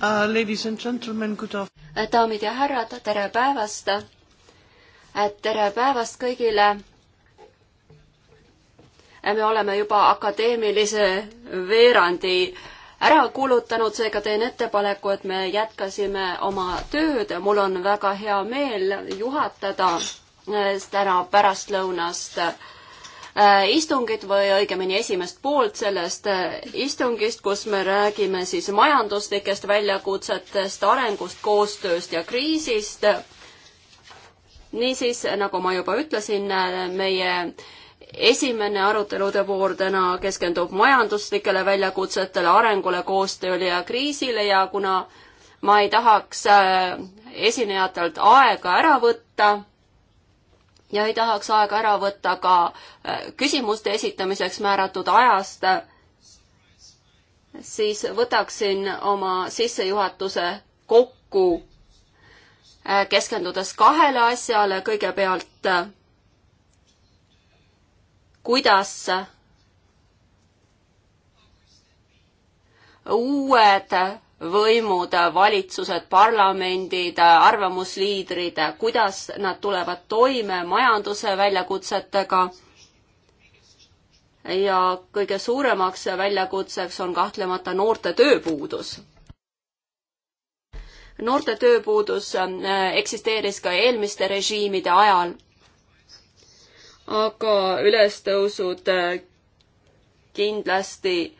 Uh, ladies and gentlemen, good afternoon. daamid ja härrad, tere päevast. Äh, tere päevast kõigile. Äh, me oleme juba akadeemilise veerandi ära kuulutanud, seega teen ettepaneku, et me jätkasime oma tööd. mul on väga hea meel juhatada äh, täna pärastlõunast äh, Äh, istungit või õigemini esimest poolt sellest äh, istungist, kus me räägime siis majanduslikest väljakutsetest, arengust, koostööst ja kriisist. niisiis, nagu ma juba ütlesin, äh, meie esimene arutelude voor täna keskendub majanduslikele väljakutsetele, arengule, koostööle ja kriisile ja kuna ma ei tahaks esinejatelt aega ära võtta, ja ei tahaks aega ära võtta ka äh, küsimuste esitamiseks määratud ajast, siis võtaksin oma sissejuhatuse kokku, äh, keskendudes kahele asjale, kõigepealt äh, kuidas uued võimud, valitsused, parlamendid, arvamusliidrid, kuidas nad tulevad toime majanduse väljakutsetega. ja kõige suuremaks väljakutseks on kahtlemata noorte tööpuudus noorte tööpuudus äh, eksisteeris ka eelmiste režiimide ajal. aga ülestõusud äh, kindlasti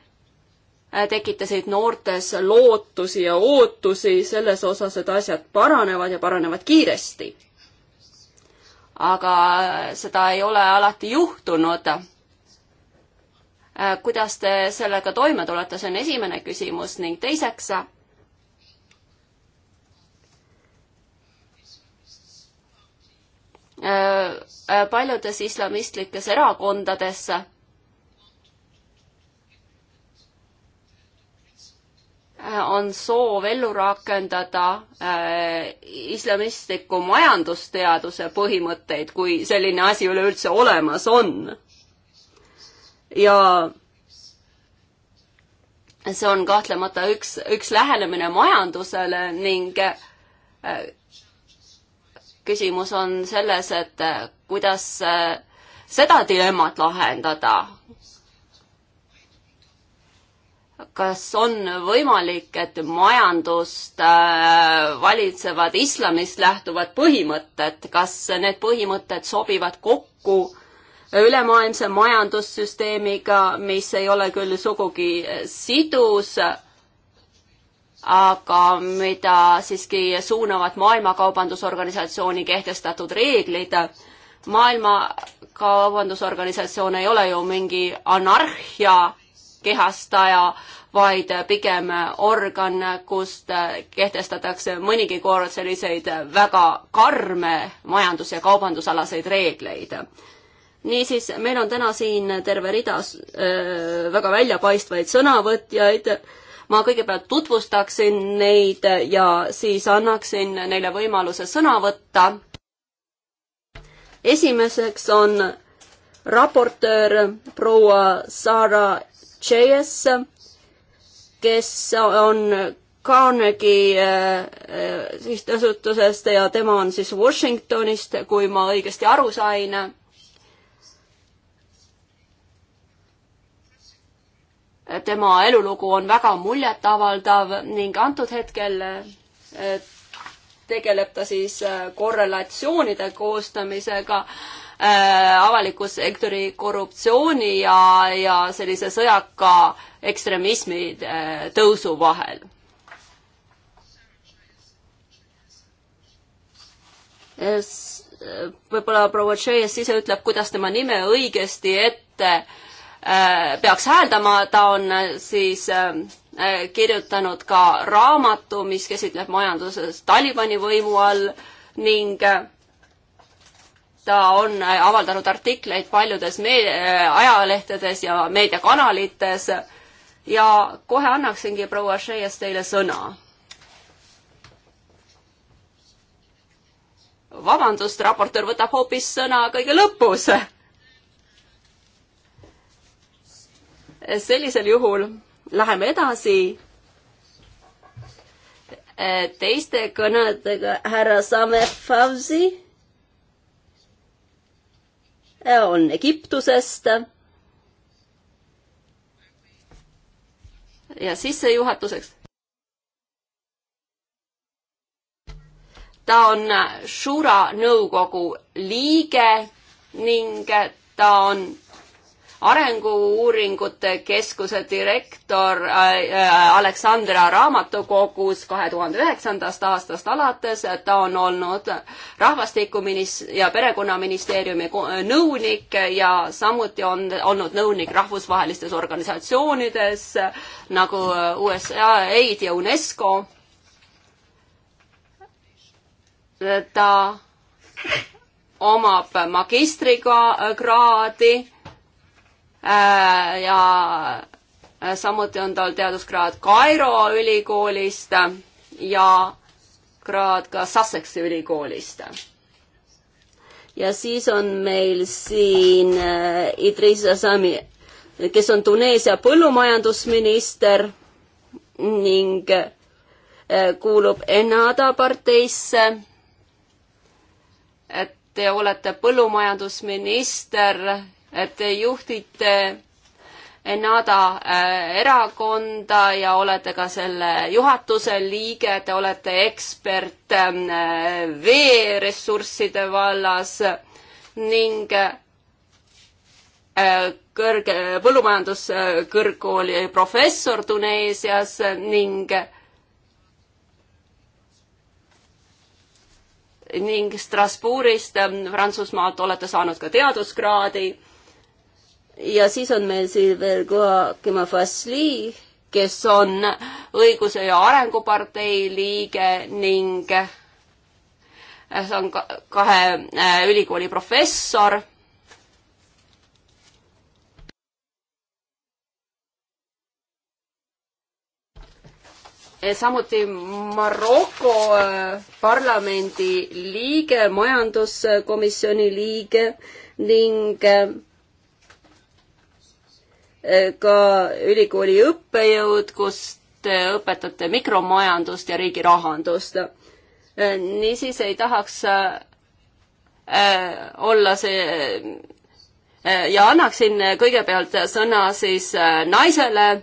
Äh, tekitasid noortes lootusi ja ootusi selles osas, et asjad paranevad ja paranevad kiiresti. aga äh, seda ei ole alati juhtunud. Äh, kuidas te sellega toime tulete, see on esimene küsimus ning teiseks paljudes islamistlikes erakondades on soov ellu rakendada äh, islamistliku majandusteaduse põhimõtteid, kui selline asi üleüldse olemas on. ja see on kahtlemata üks, üks lähenemine majandusele ning äh, küsimus on selles, et äh, kuidas seda dilemmat lahendada kas on võimalik, et majandust äh, valitsevad islamist lähtuvad põhimõtted, kas need põhimõtted sobivad kokku ülemaailmse majandussüsteemiga, mis ei ole küll sugugi sidus, aga mida siiski suunavad Maailma Kaubandusorganisatsiooni kehtestatud reeglid. maailma Kaubandusorganisatsioon ei ole ju mingi anarhia kehastaja, vaid pigem organ, kust kehtestatakse mõnigi kord selliseid väga karme majandus- ja kaubandusalaseid reegleid. niisiis, meil on täna siin terve rida äh, väga väljapaistvaid sõnavõtjaid, ma kõigepealt tutvustaksin neid ja siis annaksin neile võimaluse sõna võtta. esimeseks on raportöör proua Sara Cheyes, kes on Carnegie äh, äh, sihtasutusest ja tema on siis Washingtonist, kui ma õigesti aru sain tema elulugu on väga muljetavaldav ning antud hetkel äh, tegeleb ta siis korrelatsioonide koostamisega Äh, avaliku sektori korruptsiooni ja, ja sellise sõjaka ekstremismi äh, tõusu vahel. Äh, võib-olla proua Tšejes ise ütleb, kuidas tema nime õigesti ette peaks hääldama, ta on siis kirjutanud ka raamatu, mis käsitleb majanduses Talibani võimu all ning äh, ta on avaldanud artikleid paljudes meed-, äh, ajalehtedes ja meediakanalites ja kohe annaksingi proua Šeias teile sõna. vabandust, raportöör võtab hoopis sõna kõige lõpus. sellisel juhul läheme edasi teiste kõnedega härra Samer Fauzi on Egiptusest. ja sissejuhatuseks. ta on äh, Shura nõukogu liige ning äh, ta on arengu-uuringute keskuse direktor äh, äh, Aleksandra raamatukogus kahe tuhande üheksandast aastast alates. ta on olnud rahvastikuminis- ja perekonnaministeeriumi nõunik ja samuti on olnud nõunik rahvusvahelistes organisatsioonides nagu USA, EID ja UNESCO. ta omab magistrikraadi Äh, ja samuti on tal teaduskraad Kairo ülikoolist ja kraad ka Sussexi ülikoolist. ja siis on meil siin äh, Idris Asami, kes on Tuneesia põllumajandusminister ning äh, kuulub Ennada parteisse. et te olete põllumajandusminister Te juhtite NADA äh, erakonda ja olete ka selle juhatuse liige, te olete ekspert ähm, äh, veeressursside vallas ning äh, kõrge, põllumajanduskõrgkooli professor Tuneesias ning ning Strasbourgist ähm, Prantsusmaalt olete saanud ka teaduskraadi ja siis on meil siin veel Guakima Fasli, kes on õiguse ja arengupartei liige ning äh, see on kahe äh, ülikooli professor. samuti Maroko äh, parlamendi liige, majanduskomisjoni liige ning ka ülikooli õppejõud, kus te õpetate mikromajandust ja riigi rahandust. niisiis ei tahaks äh, olla see äh, ja annaksin kõigepealt sõna siis äh, naisele.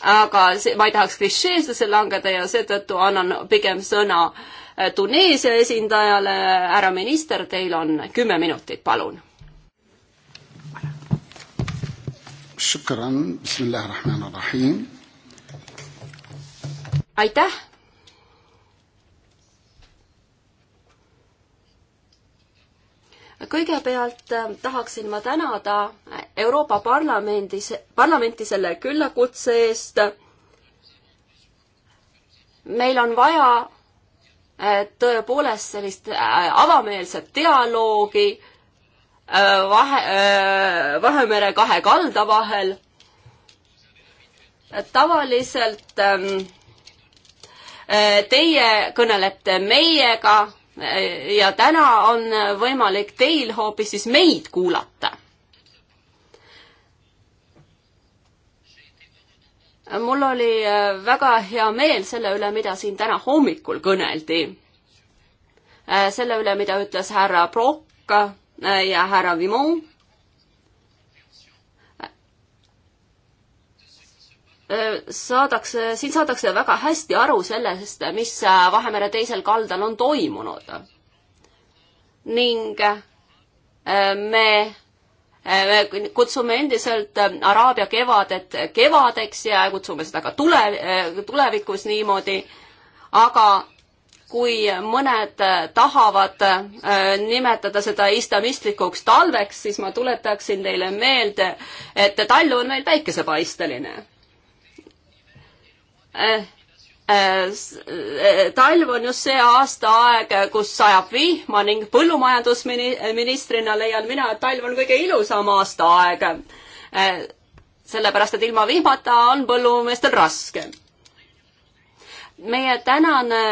aga see, ma ei tahaks klišeesse langeda ja seetõttu annan pigem sõna äh, Äh, Tuneesia esindajale. härra minister, teil on kümme minutit, palun. aitäh kõigepealt äh, tahaksin ma tänada Euroopa Parlamendis, parlamenti selle küllakutse eest. meil on vaja tõepoolest sellist äh, avameelset dialoogi äh, vahe, äh, Vahemere kahe kalda vahel. tavaliselt ähm, teie kõnelete meiega ja täna on võimalik teil hoopis siis meid kuulata mul oli äh, väga hea meel selle üle, mida siin täna hommikul kõneldi. Äh, selle üle, mida ütles härra Prokk äh, ja härra Vimon. saadakse, siin saadakse väga hästi aru sellest, mis Vahemere teisel kaldal on toimunud. ning me me kutsume endiselt äh, Araabia kevadet kevadeks ja kutsume seda ka tule, äh, tulevikus niimoodi, aga kui mõned äh, tahavad nimetada seda islamistlikuks talveks, siis ma tuletaksin teile meelde, et talv on meil päikesepaisteline Äh, äh, talv on just see aastaaeg, äh, kus sajab vihma ning põllumajandusministrina leian mina, et talv on kõige ilusam aastaaeg. sellepärast, et ilma vihmata on põllumeestel raske. meie tänane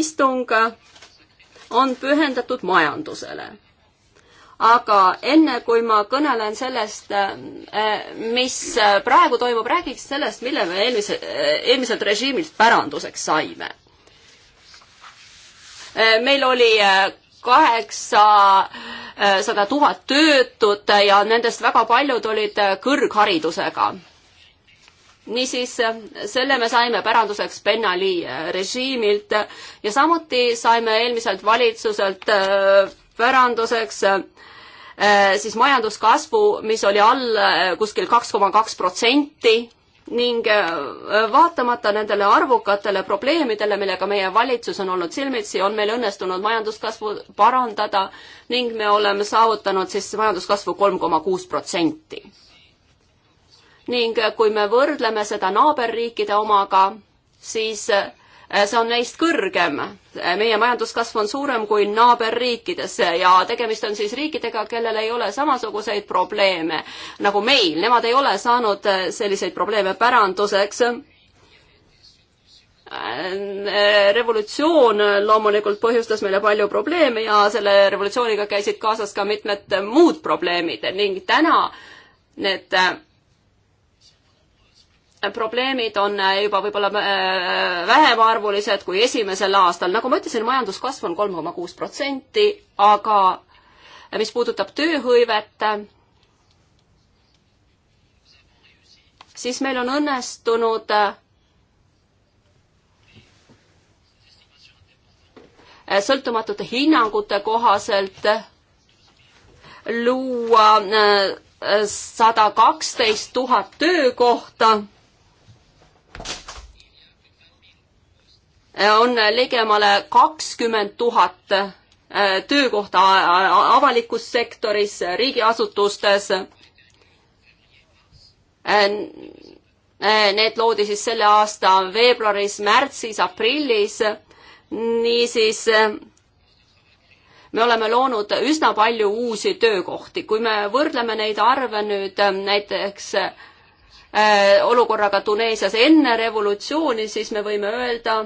istung on pühendatud majandusele aga enne, kui ma kõnelen sellest, äh, mis praegu toimub, räägiks sellest, mille me eelmise, äh, eelmiselt režiimilt päranduseks saime. Äh, meil oli kaheksasada tuhat töötut ja nendest väga paljud olid kõrgharidusega. niisiis, selle me saime päranduseks Ben Ali režiimilt ja samuti saime eelmiselt valitsuselt päranduseks Äh, siis majanduskasvu, mis oli all äh, kuskil kaks koma kaks protsenti ning äh, vaatamata nendele arvukatele probleemidele, millega meie valitsus on olnud silmitsi, on meil õnnestunud majanduskasvu parandada ning me oleme saavutanud siis majanduskasvu kolm koma kuus protsenti. ning kui me võrdleme seda naaberriikide omaga, siis Äh, see on neist kõrgem. Äh, meie majanduskasv on suurem kui naaberriikides ja tegemist on siis riikidega, kellel ei ole samasuguseid probleeme nagu meil, nemad ei ole saanud äh, selliseid probleeme päranduseks revolutsioon loomulikult põhjustas meile palju probleeme ja selle revolutsiooniga käisid kaasas ka mitmed muud probleemid ning täna need probleemid on äh, juba võib-olla äh, vähemarvulised kui esimesel aastal. nagu ma ütlesin, majanduskasv on kolm koma kuus protsenti, aga äh, mis puudutab tööhõivet, siis meil on õnnestunud sõltumatute hinnangute kohaselt luua sada kaksteist tuhat töökohta on ligemale kakskümmend tuhat äh, töökohta avalikus sektoris, riigiasutustes. Äh, äh, need loodi siis selle aasta veebruaris, märtsis, aprillis. niisiis me oleme loonud üsna palju uusi töökohti, kui me võrdleme neid arve nüüd näiteks olukorraga Tuneesias enne revolutsiooni, siis me võime öelda,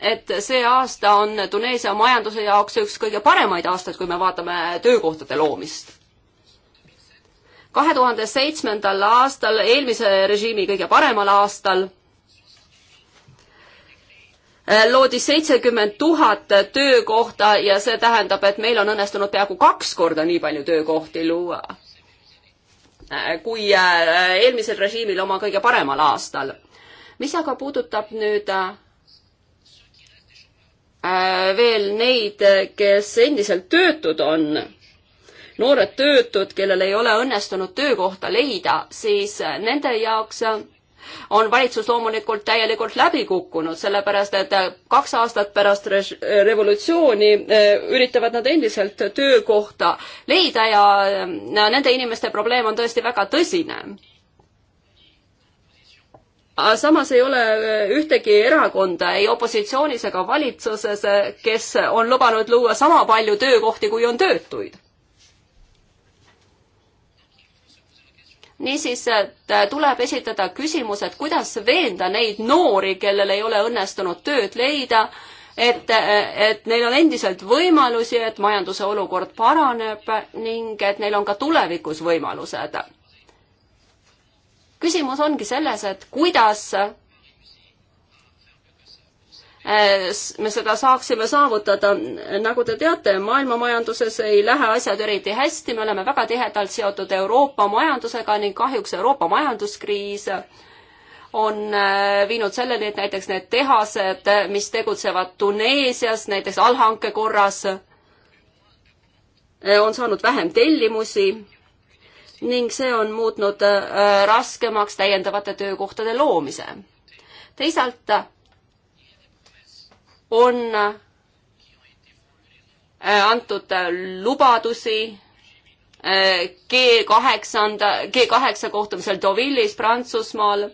et see aasta on Tuneesia majanduse jaoks üks kõige paremaid aastaid, kui me vaatame töökohtade loomist. kahe tuhande seitsmendal aastal, eelmise režiimi kõige paremal aastal, eh, loodi seitsekümmend tuhat töökohta ja see tähendab, et meil on õnnestunud peaaegu kaks korda nii palju töökohti luua eh, kui eh, eelmisel režiimil oma kõige paremal aastal. mis aga puudutab nüüd Äh, veel neid, kes endiselt töötud on, noored töötud, kellel ei ole õnnestunud töökohta leida, siis nende jaoks on valitsus loomulikult täielikult läbi kukkunud, sellepärast et kaks aastat pärast revolutsiooni äh, üritavad nad endiselt töökohta leida ja äh, nende inimeste probleem on tõesti väga tõsine samas ei ole äh, ühtegi erakonda ei opositsioonis ega valitsuses, äh, kes on lubanud luua sama palju töökohti, kui on töötuid. niisiis äh, tuleb esitada küsimus, et kuidas veenda neid noori, kellel ei ole õnnestunud tööd leida, et, et neil on endiselt võimalusi, et majanduse olukord paraneb ning et neil on ka tulevikus võimalused küsimus ongi selles, et kuidas äh, me seda saaksime saavutada. nagu te teate, maailmamajanduses ei lähe asjad eriti hästi, me oleme väga tihedalt seotud Euroopa majandusega ning kahjuks Euroopa majanduskriis on äh, viinud selleni, et näiteks need tehased, mis tegutsevad Tuneesias näiteks allhanke korras, äh, on saanud vähem tellimusi ning see on muutnud äh, raskemaks täiendavate töökohtade loomise. teisalt on äh, antud lubadusi äh, G kaheksanda, G kaheksa kohtumisel Deauvillis Prantsusmaal.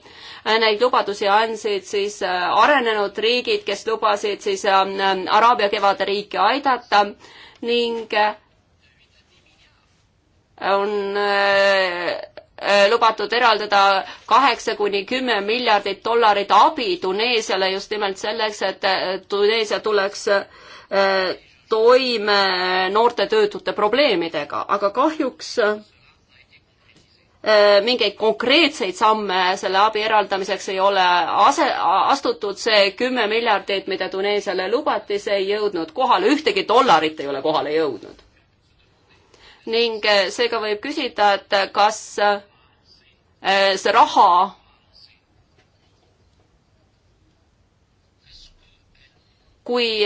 Neid lubadusi andsid siis arenenud riigid, kes lubasid siis Araabia kevade riiki aidata ning äh, on äh, äh, lubatud eraldada kaheksa kuni kümme miljardit dollarit abi Tuneesiale just nimelt selleks, et Tuneesia tuleks äh, toime noorte töötute probleemidega, aga kahjuks mingeid konkreetseid samme selle abi eraldamiseks ei ole ase, astutud, see kümme miljardit, mida Tuneesiale lubati, see ei jõudnud kohale, ühtegi dollarit ei ole kohale jõudnud ning äh, seega võib küsida, et äh, kas äh, see raha kui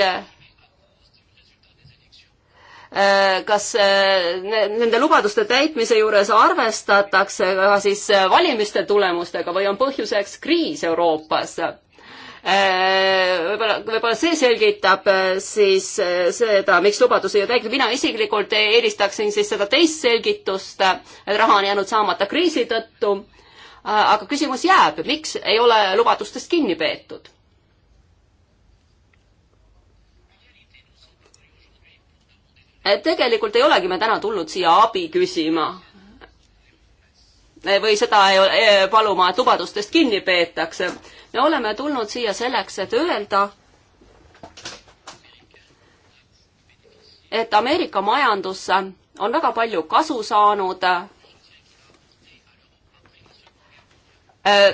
kas nende lubaduste täitmise juures arvestatakse ka siis valimiste tulemustega või on põhjuseks kriis Euroopas? Äh, võib-olla, võib-olla see selgitab äh, siis äh, seda, miks lubadusi ei täitnud. mina isiklikult eelistaksin siis seda teist selgitust, et raha on jäänud saamata kriisi tõttu. aga küsimus jääb, miks ei ole lubadustest kinni peetud? tegelikult ei olegi me täna tulnud siia abi küsima või seda ei ole, paluma, et lubadustest kinni peetakse me oleme tulnud siia selleks, et öelda, et Ameerika majandus on väga palju kasu saanud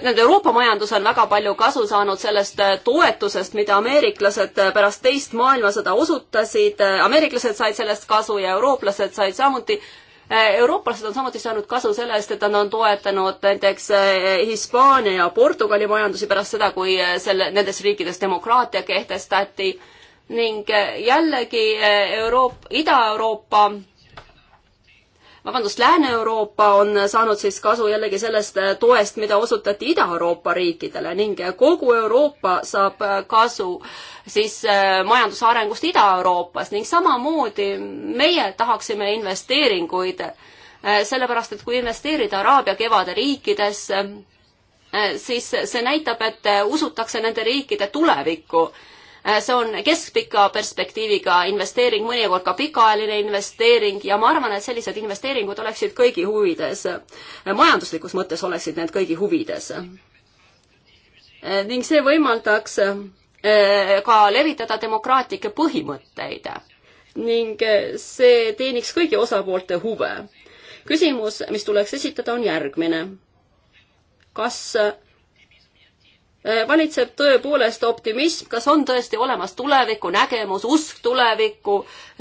Nüüd Euroopa majandus on väga palju kasu saanud sellest toetusest, mida ameeriklased pärast teist maailmasõda osutasid. ameeriklased said sellest kasu ja eurooplased said samuti. Eh, eurooplased on samuti saanud kasu sellest, et nad on toetanud näiteks eh, Hispaania ja Portugali majandusi pärast seda, kui eh, selle, nendes riikides demokraatia kehtestati ning jällegi Euroop, Ida-Euroopa, Ida-Euroopa vabandust, Lääne-Euroopa on saanud siis kasu jällegi sellest äh, toest, mida osutati Ida-Euroopa riikidele ning kogu Euroopa saab äh, kasu siis äh, majanduse arengust Ida-Euroopas ning samamoodi meie tahaksime investeeringuid, sellepärast et kui investeerida Araabia kevade riikidesse, siis see näitab, et usutakse nende riikide tulevikku Äh, see on keskpika perspektiiviga investeering, mõnikord ka pikaajaline investeering ja ma arvan, et sellised investeeringud oleksid kõigi huvides. majanduslikus mõttes oleksid need kõigi huvides. Äh, ning see võimaldaks äh, ka levitada demokraatlikke põhimõtteid ning see teeniks kõigi osapoolte huve. küsimus, mis tuleks esitada, on järgmine. kas Äh, valitseb tõepoolest optimism, kas on tõesti olemas tulevikunägemus, usk tulevikku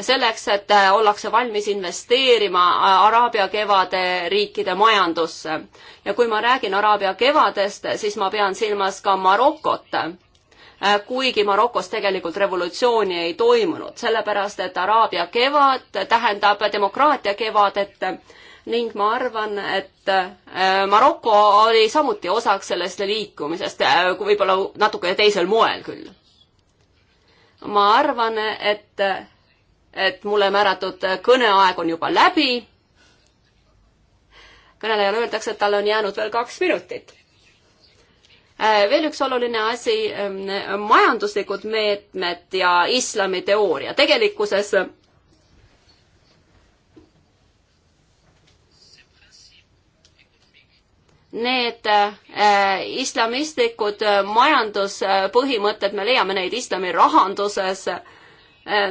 selleks, et äh, ollakse valmis investeerima äh, Araabia kevade riikide majandusse. ja kui ma räägin Araabia kevadest, siis ma pean silmas ka Marokot kuigi Marokos tegelikult revolutsiooni ei toimunud, sellepärast et Araabia kevad tähendab demokraatia kevadet ning ma arvan, et äh, Maroko oli samuti osaks sellest liikumisest, äh, võib-olla natuke teisel moel küll. ma arvan, et, et mulle määratud kõneaeg on juba läbi. kõnelejale öeldakse, et tal on jäänud veel kaks minutit äh, veel üks oluline asi, ähm, majanduslikud meetmed ja islamiteooria. tegelikkuses need äh, islamistlikud äh, majanduspõhimõtted, me leiame neid islami rahanduses äh,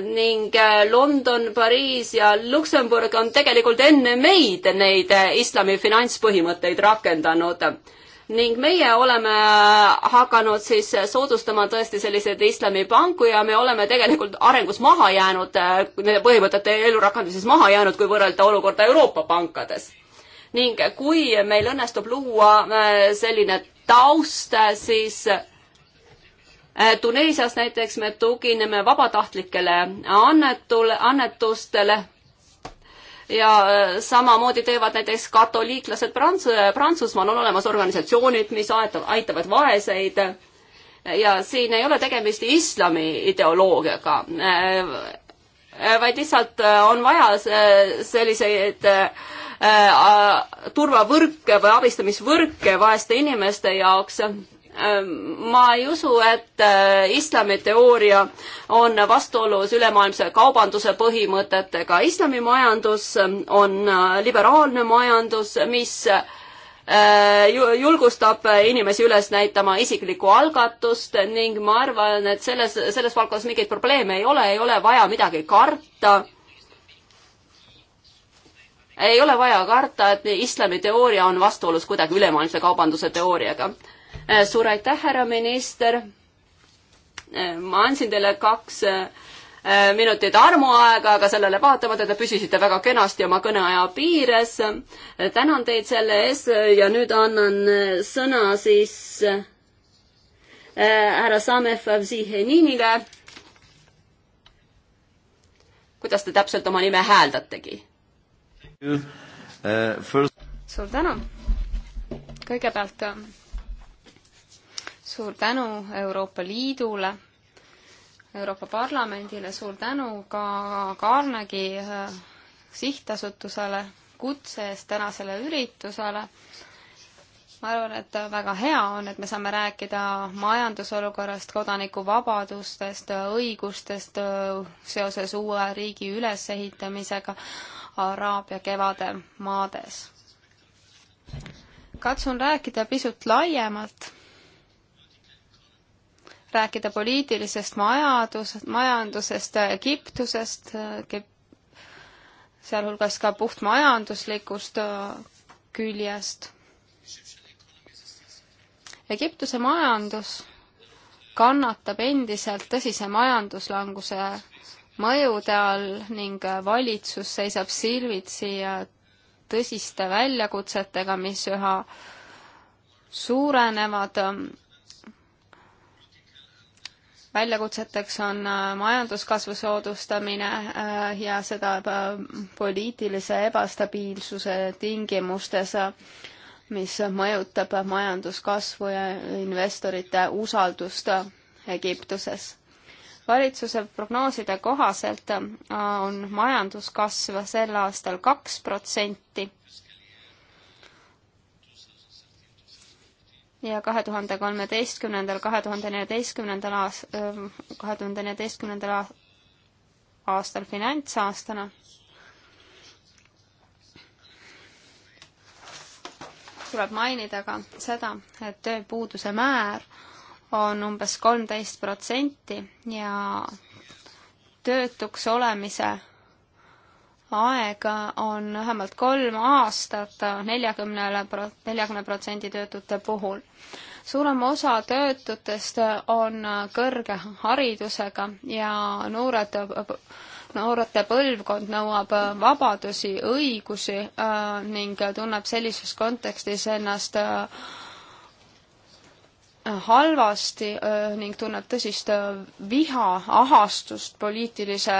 ning äh, London, Pariis ja Luksemburg on tegelikult enne meid neid äh, islami finantspõhimõtteid rakendanud ning meie oleme äh, hakanud siis soodustama tõesti selliseid islamipanku ja me oleme tegelikult arengus maha jäänud, nende äh, põhimõtete ellurakendamises maha jäänud, kui võrrelda olukorda Euroopa pankades ning kui meil õnnestub luua äh, selline taust, äh, siis äh, Tuneesias näiteks me tugineme vabatahtlikele annetule, annetustele ja samamoodi teevad näiteks katoliiklased Prants-, Prantsusmaal on olemas organisatsioonid, mis aetav, aitavad vaeseid ja siin ei ole tegemist islami ideoloogiaga, vaid lihtsalt on vaja selliseid Äh, turvavõrke või abistamisvõrke vaeste inimeste jaoks ähm, ma ei usu, et äh, islamiteooria on vastuolus ülemaailmse kaubanduse põhimõtetega. islamimajandus ähm, on äh, liberaalne majandus, mis julgustab inimesi üles näitama isiklikku algatust ning ma arvan, et selles, selles valdkonnas mingeid probleeme ei ole, ei ole vaja midagi karta ei ole vaja karta, et islamiteooria on vastuolus kuidagi ülemaailmse kaubanduse teooriaga. Äh, suur aitäh, härra minister. Äh, ma andsin teile kaks äh, minutit armuaega, aga sellele vaatamata te püsisite väga kenasti oma kõneaja piires. tänan teid selle eest ja nüüd annan sõna siis härra Samef Avziheninile. kuidas te täpselt oma nime hääldategi? suur tänu. kõigepealt ähm, suur tänu Euroopa Liidule, Euroopa Parlamendile, suur tänu ka Carnegie äh, sihtasutusele kutse eest tänasele üritusele ma arvan, et väga hea on, et me saame rääkida majandusolukorrast, kodanikuvabadustest, õigustest äh, seoses uue riigi ülesehitamisega, Araabia kevade maades. katsun rääkida pisut laiemalt, rääkida poliitilisest majadus, majandusest Egiptusest, sealhulgas ka puhtmajanduslikust küljest. Egiptuse majandus kannatab endiselt tõsise majanduslanguse mõjude all ning valitsus seisab silmitsi tõsiste väljakutsetega, mis üha suurenevad. väljakutseteks on äh, majanduskasvu soodustamine äh, ja seda äh, poliitilise ebastabiilsuse tingimustes, mis mõjutab majanduskasvu ja investorite usaldust Egiptuses valitsuse prognooside kohaselt äh, on majanduskasv sel aastal kaks protsenti ja kahe tuhande kolmeteistkümnendal, kahe tuhande neljateistkümnendal aas-, äh, kahe tuhande neljateistkümnendal aastal finantsaastana tuleb mainida ka seda, et tööpuuduse määr on umbes kolmteist protsenti ja töötuks olemise aega on vähemalt kolm aastat neljakümnele, neljakümne protsendi töötute puhul. suurem osa töötutest on kõrge haridusega ja noored, noorete põlvkond nõuab vabadusi, õigusi äh, ning tunneb sellises kontekstis ennast äh, halvasti ning tunneb tõsist viha, ahastust poliitilise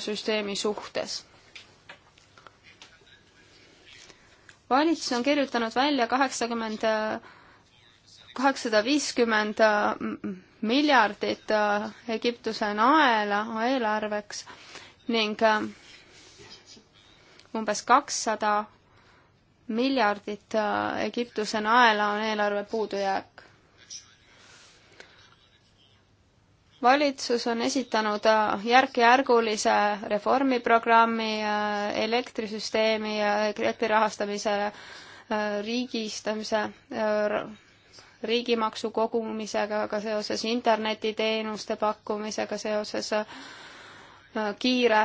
süsteemi suhtes. valitsus on kirjutanud välja kaheksakümmend, kaheksasada viiskümmend miljardit Egiptuse naela eelarveks ning umbes kakssada miljardit Egiptuse naela on eelarve puudujääk valitsus on esitanud äh, järk-järgulise reformiprogrammi äh, elektrisüsteemi ja äh, elektri rahastamise riigistamise, riigimaksu kogumisega, ka seoses internetiteenuste pakkumisega, seoses kiire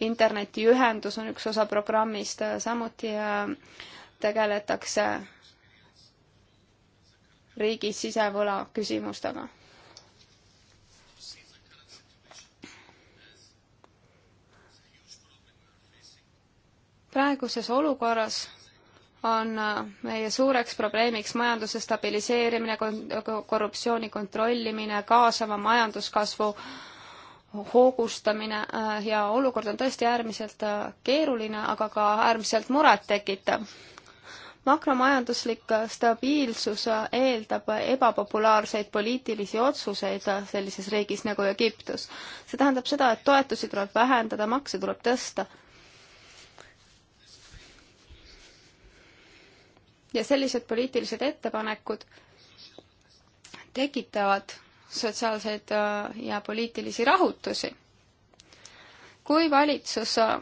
internetiühendus on üks osa programmist, samuti tegeletakse riigi sisevõla küsimustega praeguses olukorras on äh, meie suureks probleemiks majanduse stabiliseerimine, korruptsiooni kontrollimine, kaasava majanduskasvu hoogustamine äh, ja olukord on tõesti äärmiselt äh, keeruline, aga ka äärmiselt murettekitav. makromajanduslik stabiilsus eeldab ebapopulaarseid poliitilisi otsuseid sellises riigis nagu Egiptus. see tähendab seda, et toetusi tuleb vähendada, makse tuleb tõsta ja sellised poliitilised ettepanekud tekitavad sotsiaalseid äh, ja poliitilisi rahutusi. kui valitsus äh,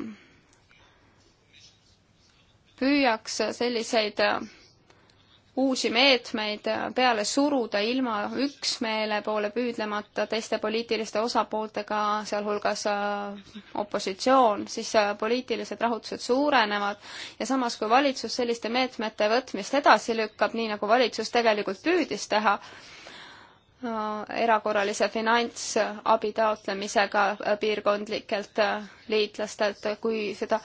püüaks selliseid äh, uusi meetmeid peale suruda ilma üksmeele poole püüdlemata teiste poliitiliste osapooltega, sealhulgas äh, opositsioon, siis äh, poliitilised rahutused suurenevad ja samas, kui valitsus selliste meetmete võtmist edasi lükkab, nii nagu valitsus tegelikult püüdis teha, äh, erakorralise finantsabi taotlemisega piirkondlikelt liitlastelt, kui seda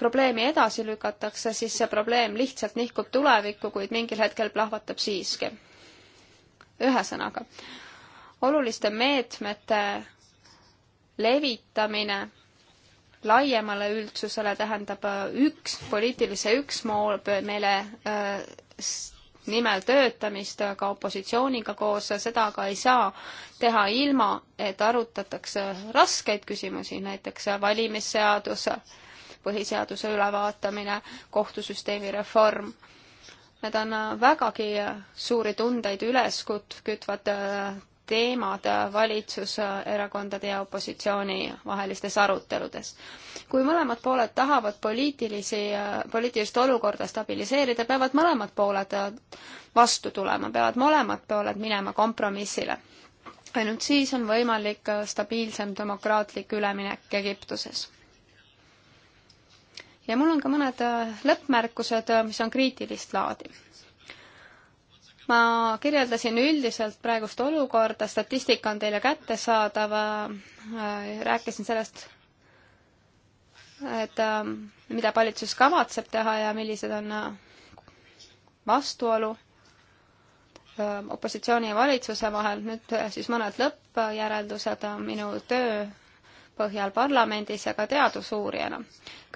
probleemi edasi lükatakse, siis see probleem lihtsalt nihkub tulevikku, kuid mingil hetkel plahvatab siiski. ühesõnaga, oluliste meetmete levitamine laiemale üldsusele tähendab äh, üks, poliitilise üksmeele äh, nimel töötamist äh, ka opositsiooniga koos, seda aga ei saa teha ilma, et arutatakse raskeid küsimusi, näiteks valimisseadus, põhiseaduse ülevaatamine, kohtusüsteemi reform. Need on vägagi suuri tundeid üles küt-, kütvad äh, teemad valitsuserakondade ja opositsiooni vahelistes aruteludes. kui mõlemad pooled tahavad poliitilisi, äh, poliitilist olukorda stabiliseerida, peavad mõlemad pooled äh, vastu tulema, peavad mõlemad pooled minema kompromissile. ainult siis on võimalik stabiilsem demokraatlik üleminek Egiptuses ja mul on ka mõned äh, lõppmärkused, äh, mis on kriitilist laadi. ma kirjeldasin üldiselt praegust olukorda, statistika on teile kättesaadav, äh, rääkisin sellest, et mida valitsus kavatseb teha ja millised on vastuolu opositsiooni ja valitsuse vahel, nüüd siis mõned lõppjäreldused minu töö põhjal parlamendis ja ka teadusuurijana.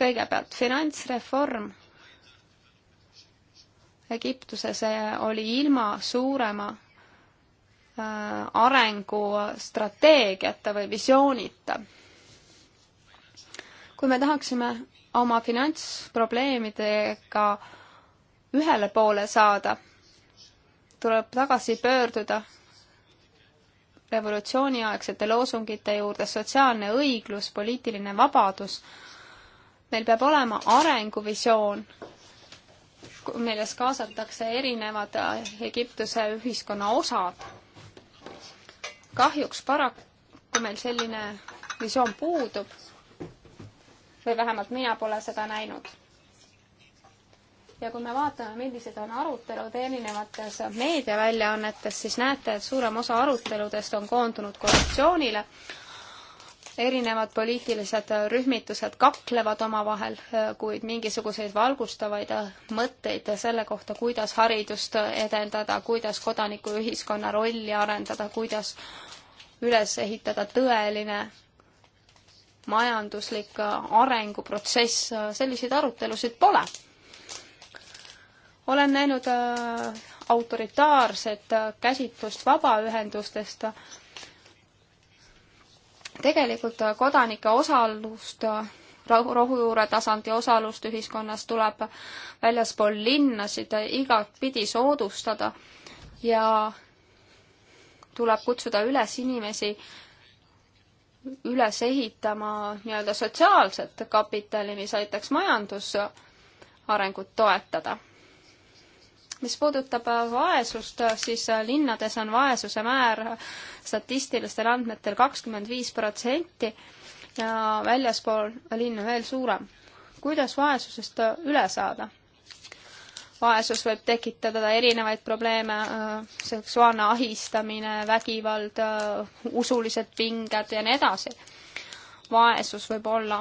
kõigepealt finantsreform Egiptuses eh, oli ilma suurema eh, arengustrateegiata või visioonita. kui me tahaksime oma finantsprobleemidega ühele poole saada, tuleb tagasi pöörduda revolutsiooniaegsete loosungite juurde sotsiaalne õiglus, poliitiline vabadus. meil peab olema arenguvisioon, milles kaasatakse erinevad äh, Egiptuse ühiskonna osad. kahjuks paraku meil selline visioon puudub või vähemalt mina pole seda näinud ja kui me vaatame, millised on arutelud erinevates meediaväljaannetes, siis näete, et suurem osa aruteludest on koondunud korruptsioonile. erinevad poliitilised rühmitused kaklevad omavahel, kuid mingisuguseid valgustavaid mõtteid selle kohta, kuidas haridust edendada, kuidas kodanikuühiskonna rolli arendada, kuidas üles ehitada tõeline majanduslik arenguprotsess, selliseid arutelusid pole olen näinud äh, autoritaarset äh, käsitlust vabaühendustest, tegelikult äh, kodanike osalust rohujuure tasandi osalust ühiskonnas tuleb väljaspool linnasid igatpidi soodustada ja tuleb kutsuda üles inimesi üles ehitama nii-öelda sotsiaalset kapitali, mis aitaks majandusarengut toetada mis puudutab äh, vaesust, äh, siis äh, linnades on vaesuse määr statistilistel andmetel kakskümmend viis protsenti ja väljaspool linnu veel suurem. kuidas vaesusest üle saada? vaesus võib tekitada erinevaid probleeme, seksuaalne ahistamine, vägivald, usulised pinged ja nii edasi. vaesus võib olla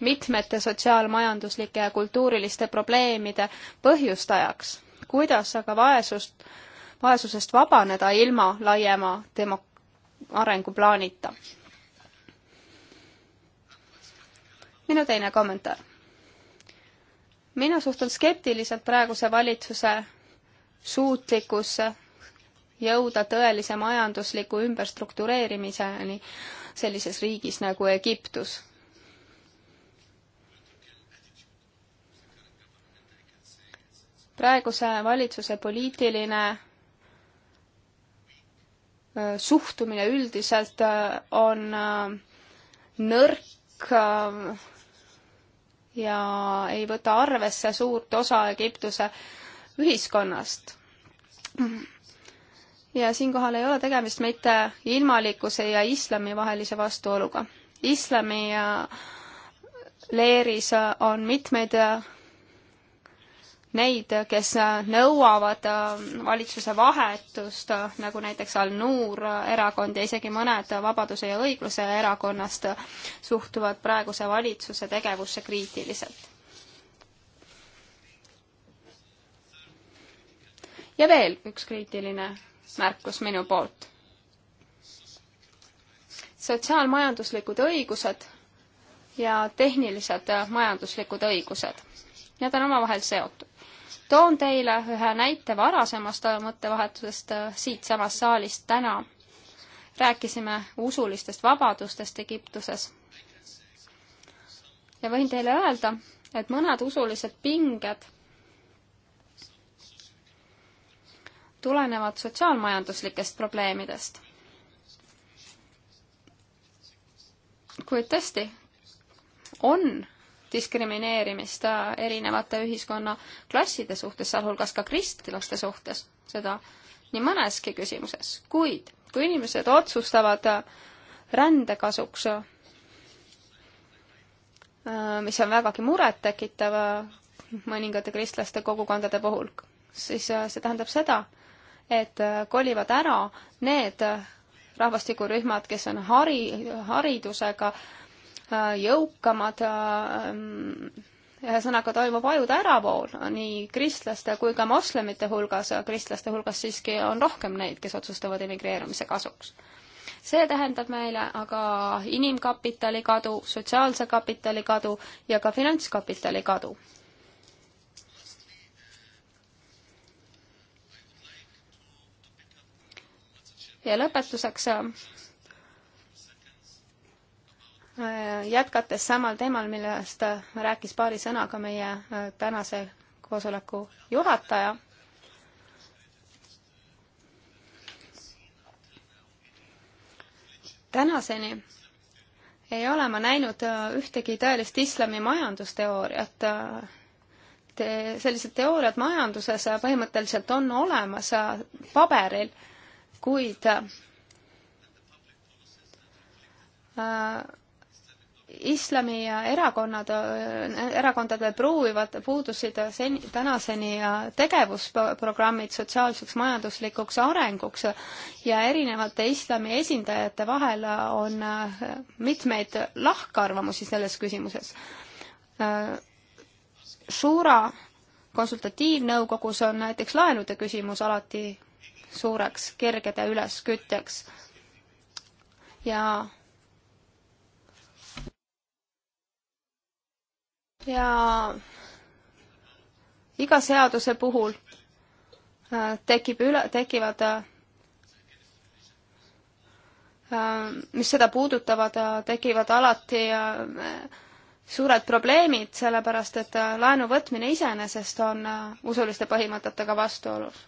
mitmete sotsiaalmajanduslike ja kultuuriliste probleemide põhjustajaks kuidas aga vaesust, vaesusest vabaneda ilma laiema demo-, arenguplaanita. minu teine kommentaar. mina suhtun skeptiliselt praeguse valitsuse suutlikkusse jõuda tõelise majandusliku ümberstruktureerimiseni sellises riigis nagu Egiptus praeguse valitsuse poliitiline äh, suhtumine üldiselt äh, on äh, nõrk ja ei võta arvesse suurt osa Egiptuse ühiskonnast. ja siinkohal ei ole tegemist mitte ilmalikkuse ja islami vahelise vastuoluga. islami leeris on mitmeid neid, kes nõuavad äh, valitsuse vahetust, äh, nagu näiteks Al-Nur erakond ja isegi mõned Vabaduse ja õigluse erakonnast suhtuvad praeguse valitsuse tegevusse kriitiliselt. ja veel üks kriitiline märkus minu poolt. sotsiaalmajanduslikud õigused ja tehnilised majanduslikud õigused. Need on omavahel seotud toon teile ühe näite varasemast mõttevahetusest äh, siitsamast saalist täna. rääkisime usulistest vabadustest Egiptuses. ja võin teile öelda, et mõned usulised pinged tulenevad sotsiaalmajanduslikest probleemidest. kuid tõesti, on diskrimineerimist äh, erinevate ühiskonnaklasside suhtes, sealhulgas ka kristlaste suhtes, seda nii mõneski küsimuses, kuid kui inimesed otsustavad äh, rände kasuks, äh, mis on vägagi murettekitav mõningate kristlaste kogukondade puhul, siis see tähendab seda, et kolivad ära need rahvastikurühmad, kes on hari, haridusega äh, Äh, jõukamad äh, ühesõnaga toimub ajude äravool nii kristlaste kui ka moslemite hulgas, kristlaste hulgas siiski on rohkem neid, kes otsustavad emigreerumise kasuks. see tähendab meile aga inimkapitali kadu, sotsiaalse kapitali kadu ja ka finantskapitali kadu. ja lõpetuseks äh, Äh, jätkates samal teemal, millest äh, rääkis paari sõnaga meie äh, tänase koosoleku juhataja, tänaseni ei ole ma näinud ühtegi tõelist islami majandusteooriat. Te-, sellised teooriad majanduses põhimõtteliselt on olemas paberil, kuid äh, islami erakonnad, erakondadel proovivad, puudusid seni, tänaseni äh, tegevusprogrammid sotsiaalseks majanduslikuks arenguks ja erinevate islami esindajate vahel on äh, mitmeid lahkarvamusi selles küsimuses. Äh, Suura konsultatiivnõukogus on näiteks laenude küsimus alati suureks kirgede üleskütteks ja ja iga seaduse puhul äh, tekib üle, tekivad, äh, mis seda puudutavad, äh, tekivad alati suured probleemid, sellepärast et laenu võtmine iseenesest on usuliste põhimõtetega vastuolus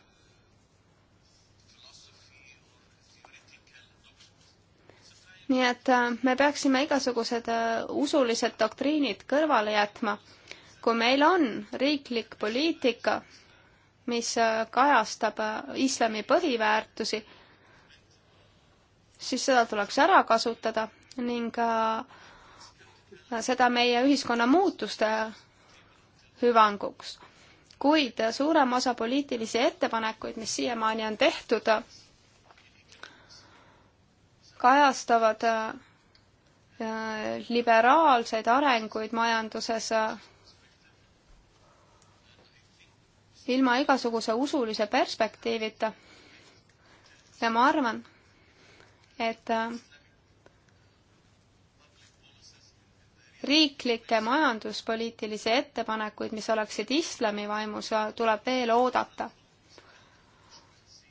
nii et äh, me peaksime igasugused äh, usulised doktriinid kõrvale jätma. kui meil on riiklik poliitika, mis äh, kajastab islami põhiväärtusi, siis seda tuleks ära kasutada ning seda meie ühiskonna muutuste hüvanguks. kuid suurem osa poliitilisi ettepanekuid, mis siiamaani on tehtud, kajastavad äh, äh, liberaalseid arenguid majanduses äh, ilma igasuguse usulise perspektiivita. ja ma arvan, et riiklikke majanduspoliitilisi ettepanekuid, mis oleksid islami vaimus, tuleb veel oodata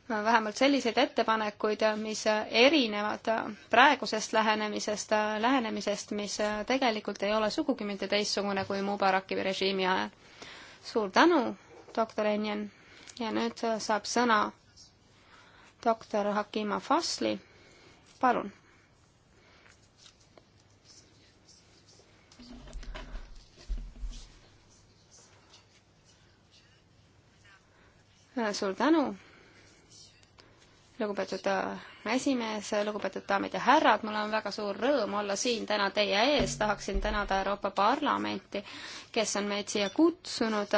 vähemalt selliseid ettepanekuid, mis erinevad praegusest lähenemisest, lähenemisest, mis tegelikult ei ole sugugi mitte teistsugune kui Mubaraki režiimi ajal. suur tänu, doktor Enjen ja nüüd saab sõna doktor Hakima Fasli, palun. suur tänu lugupeetud äh, esimees, lugupeetud daamid ja härrad, mul on väga suur rõõm olla siin täna teie ees, tahaksin tänada Euroopa Parlamenti, kes on meid siia kutsunud.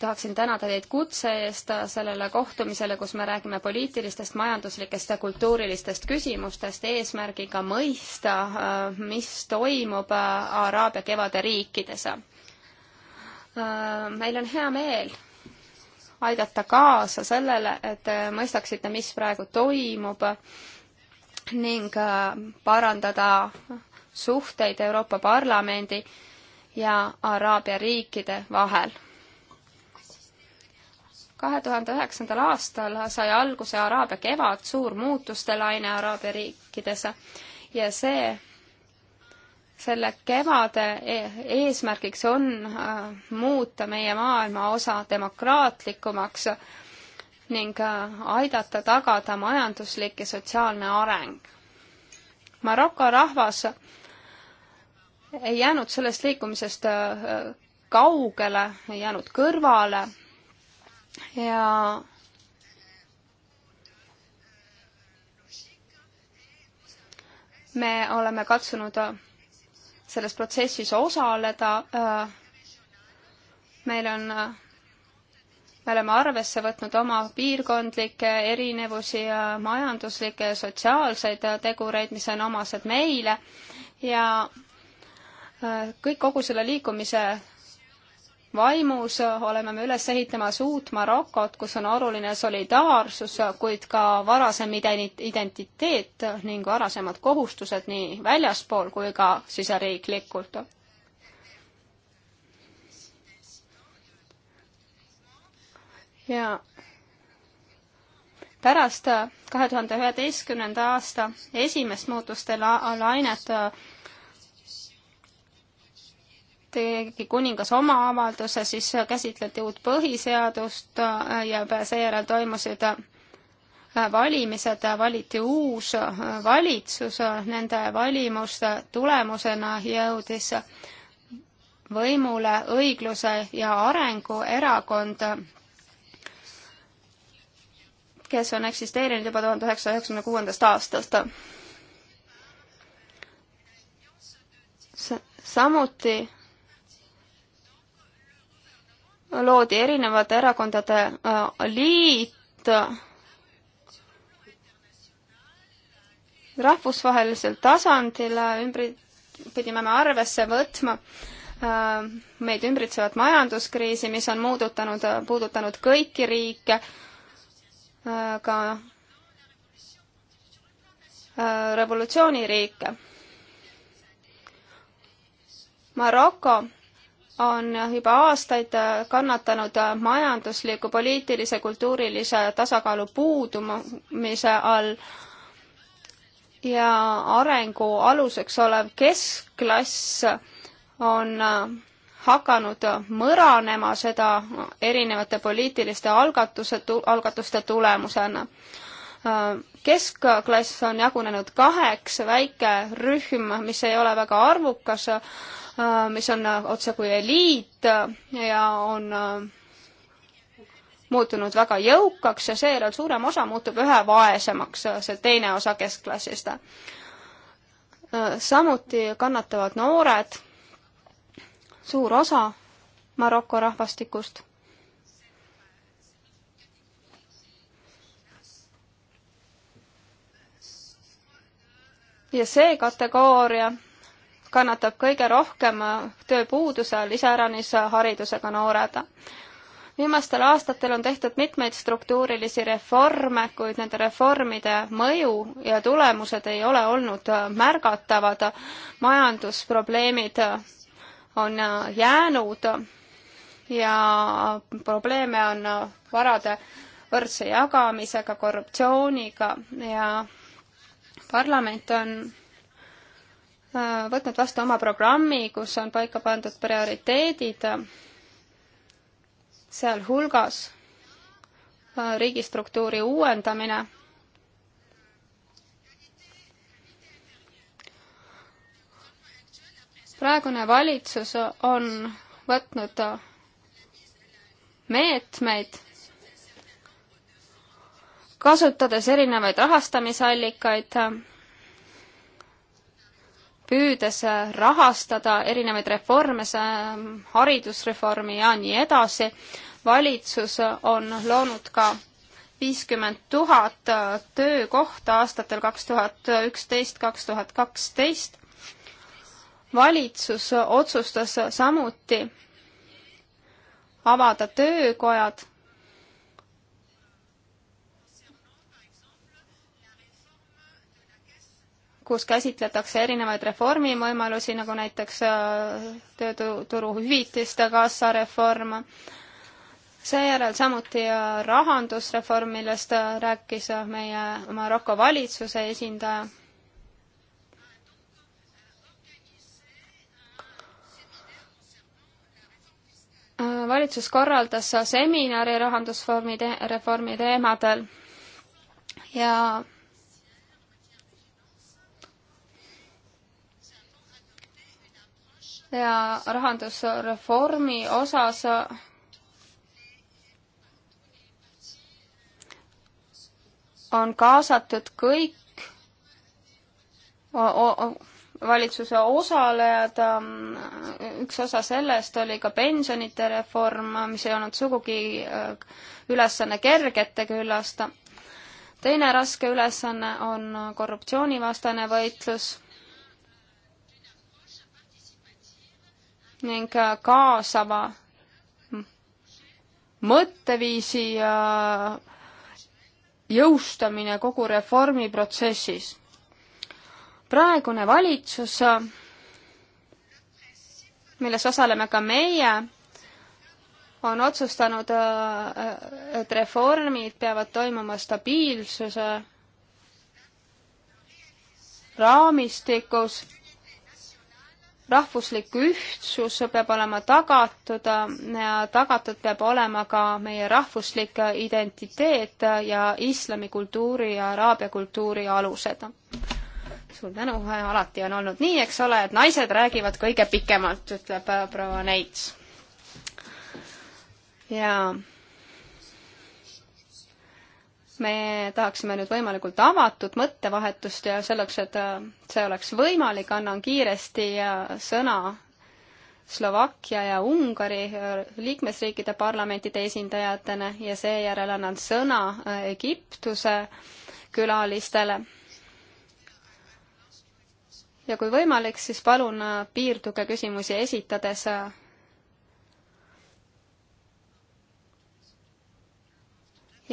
tahaksin tänada teid kutse eest sellele kohtumisele, kus me räägime poliitilistest, majanduslikest ja kultuurilistest küsimustest eesmärgiga mõista, äh, mis toimub äh, Araabia kevade riikides. meil on hea meel aidata kaasa sellele, et mõistaksite, mis praegu toimub ning äh, parandada suhteid Euroopa Parlamendi ja Araabia riikide vahel. kahe tuhande üheksandal aastal sai alguse Araabia kevad, suur muutuste laine Araabia riikides ja see selle kevade e-, eesmärgiks on äh, muuta meie maailma osa demokraatlikumaks ning äh, aidata tagada majanduslik ja sotsiaalne areng. Maroko rahvas ei jäänud sellest liikumisest äh, kaugele, ei jäänud kõrvale ja me oleme katsunud selles protsessis osaleda. Äh, meil on, äh, me oleme arvesse võtnud oma piirkondlikke erinevusi ja majanduslikke ja sotsiaalseid äh, tegureid, mis on omased meile ja kõik kogu selle liikumise vaimus oleme me üles ehitamas uut Marokot, kus on oluline solidaarsus, kuid ka varasem identiteet ning varasemad kohustused nii väljaspool kui ka siseriiklikult. ja pärast kahe tuhande üheteistkümnenda aasta esimest muutuste lainet la tegi kuningas oma avalduse, siis käsitleti uut põhiseadust äh, ja seejärel toimusid äh, valimised, valiti uus äh, valitsus, nende valimuste tulemusena jõudis võimule õigluse ja arengu erakond, kes on eksisteerinud juba tuhande üheksasaja üheksakümne kuuendast aastast samuti loodi erinevate erakondade äh, liit rahvusvahelisel tasandil ümbri-, pidime me arvesse võtma äh, meid ümbritsevat majanduskriisi, mis on muudutanud, puudutanud kõiki riike, äh, ka revolutsiooniriike. Maroko on juba aastaid kannatanud majandusliku, poliitilise, kultuurilise tasakaalu puudumise all ja arengu aluseks olev keskklass on hakanud mõranema seda erinevate poliitiliste algatuse, algatuste tulemusena. keskklass on jagunenud kaheks, väike rühm, mis ei ole väga arvukas, Äh, mis on äh, otsekui eliit äh, ja on muutunud väga jõukaks ja seejärel suurem osa muutub ühe vaesemaks, see teine osa keskklassist. samuti kannatavad noored, suur osa Maroko rahvastikust. ja see kategooria kannatab kõige rohkem äh, tööpuuduse all, iseäranis äh, haridusega noored. viimastel aastatel on tehtud mitmeid struktuurilisi reforme, kuid nende reformide mõju ja tulemused ei ole olnud äh, märgatavad. majandusprobleemid on jäänud ja probleeme on varade võrdse jagamisega, korruptsiooniga ja parlament on Äh, võtnud vastu oma programmi, kus on paika pandud prioriteedid, sealhulgas äh, riigistruktuuri uuendamine praegune valitsus on võtnud äh, meetmeid, kasutades erinevaid rahastamisallikaid püüdes äh, rahastada erinevaid reforme, ähm, haridusreformi ja nii edasi, valitsus äh, on loonud ka viiskümmend tuhat äh, töökohta aastatel kaks tuhat üksteist, kaks tuhat kaksteist. valitsus otsustas samuti avada töökojad kus käsitletakse erinevaid reformivõimalusi, nagu näiteks äh, tööturu hüvitiste kassareform, seejärel samuti äh, rahandusreform, millest äh, rääkis meie Maroko valitsuse esindaja valitsus korraldas seminari rahandusreformi te reformi teemadel ja ja rahandusreformi osas on kaasatud kõik o o valitsuse osalejad, üks osa sellest oli ka pensionite reform, mis ei olnud sugugi äh, ülesanne kergete küljest. teine raske ülesanne on korruptsioonivastane võitlus ning äh, kaasava mõtteviisi äh, jõustamine kogu reformiprotsessis. praegune valitsus, milles osaleme ka meie, on otsustanud, äh, et reformid peavad toimuma stabiilsuse raamistikus rahvuslik ühtsus peab olema tagatud ja tagatud peab olema ka meie rahvuslik identiteet ja islamikultuuri ja araabia kultuuri alused. suur tänu, alati on olnud nii, eks ole, et naised räägivad kõige pikemalt, ütleb proua Neits. jaa me tahaksime nüüd võimalikult avatud mõttevahetust ja selleks, et äh, see oleks võimalik, annan kiiresti äh, sõna Slovakkia ja Ungari äh, liikmesriikide parlamentide esindajatele ja seejärel annan sõna Egiptuse külalistele. ja kui võimalik, siis palun piirduge küsimusi esitades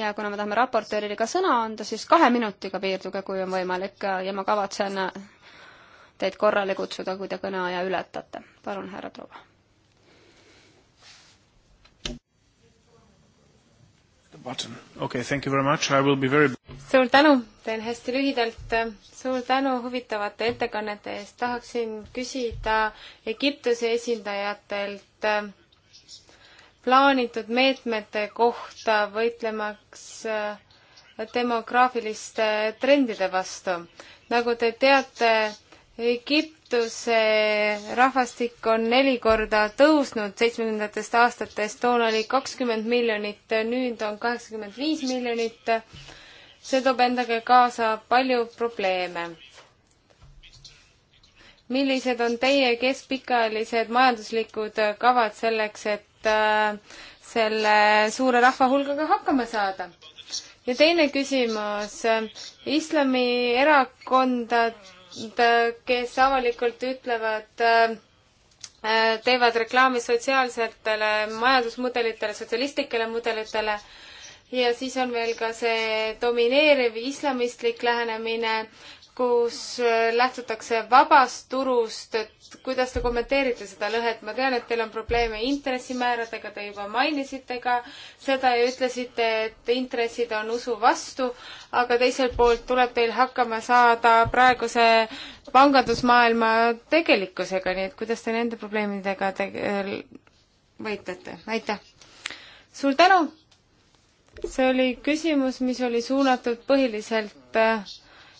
ja kuna me tahame raportöörile ka sõna anda, siis kahe minutiga piirduge, kui on võimalik ja ma kavatsen teid korrale kutsuda, kui te kõneaja ületate. palun, härra Truva. Okay, very... suur tänu, teen hästi lühidalt. suur tänu huvitavate ettekannete eest. tahaksin küsida Egiptuse esindajatelt plaanitud meetmete kohta võitlemaks äh, demograafiliste trendide vastu. nagu te teate, Egiptuse rahvastik on neli korda tõusnud seitsmekümnendatest aastatest, toona oli kakskümmend miljonit, nüüd on kaheksakümmend viis miljonit. see toob endaga kaasa palju probleeme. millised on teie keskpikaajalised majanduslikud kavad selleks, et Äh, selle suure rahvahulgaga hakkama saada. ja teine küsimus, islamierakondad, kes avalikult ütlevad äh, teevad reklaami sotsiaalsetele majandusmudelitele, sotsialistlikele mudelitele ja siis on veel ka see domineeriv islamistlik lähenemine, kus äh, lähtutakse vabast turust, et kuidas te kommenteerite seda lõhet, ma tean, et teil on probleeme intressimääradega, te juba mainisite ka seda ja ütlesite, et intressid on usu vastu, aga teiselt poolt tuleb teil hakkama saada praeguse pangandusmaailma tegelikkusega, nii et kuidas te nende probleemidega te-, äh, võitlete, aitäh! suur tänu! see oli küsimus, mis oli suunatud põhiliselt äh,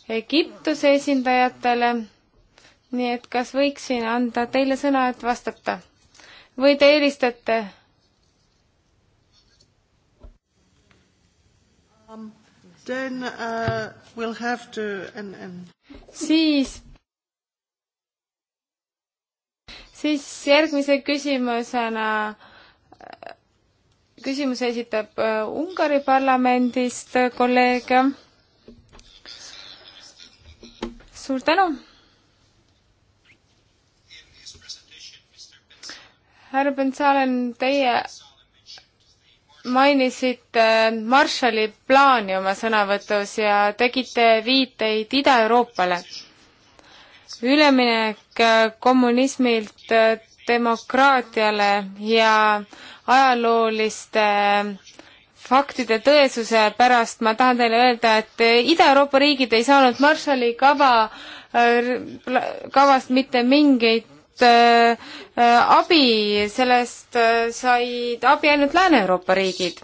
Egiptuse esindajatele. nii et kas võiksin anda teile sõna, et vastata või te eelistate? Um, then uh, we'll have to and, and... siis siis järgmise küsimusena äh, küsimuse esitab äh, Ungari parlamendist kolleeg suur tänu. härra Bensalen, teie mainisite äh, Marshalli plaani oma sõnavõtus ja tegite viiteid Ida-Euroopale. üleminek äh, kommunismilt äh, demokraatiale ja ajalooliste faktide tõesuse pärast ma tahan teile öelda, et eh, Ida-Euroopa riigid ei saanud Marshalli kava, eh, kavast mitte mingit äh, abi, sellest äh, said abi ainult Lääne-Euroopa riigid.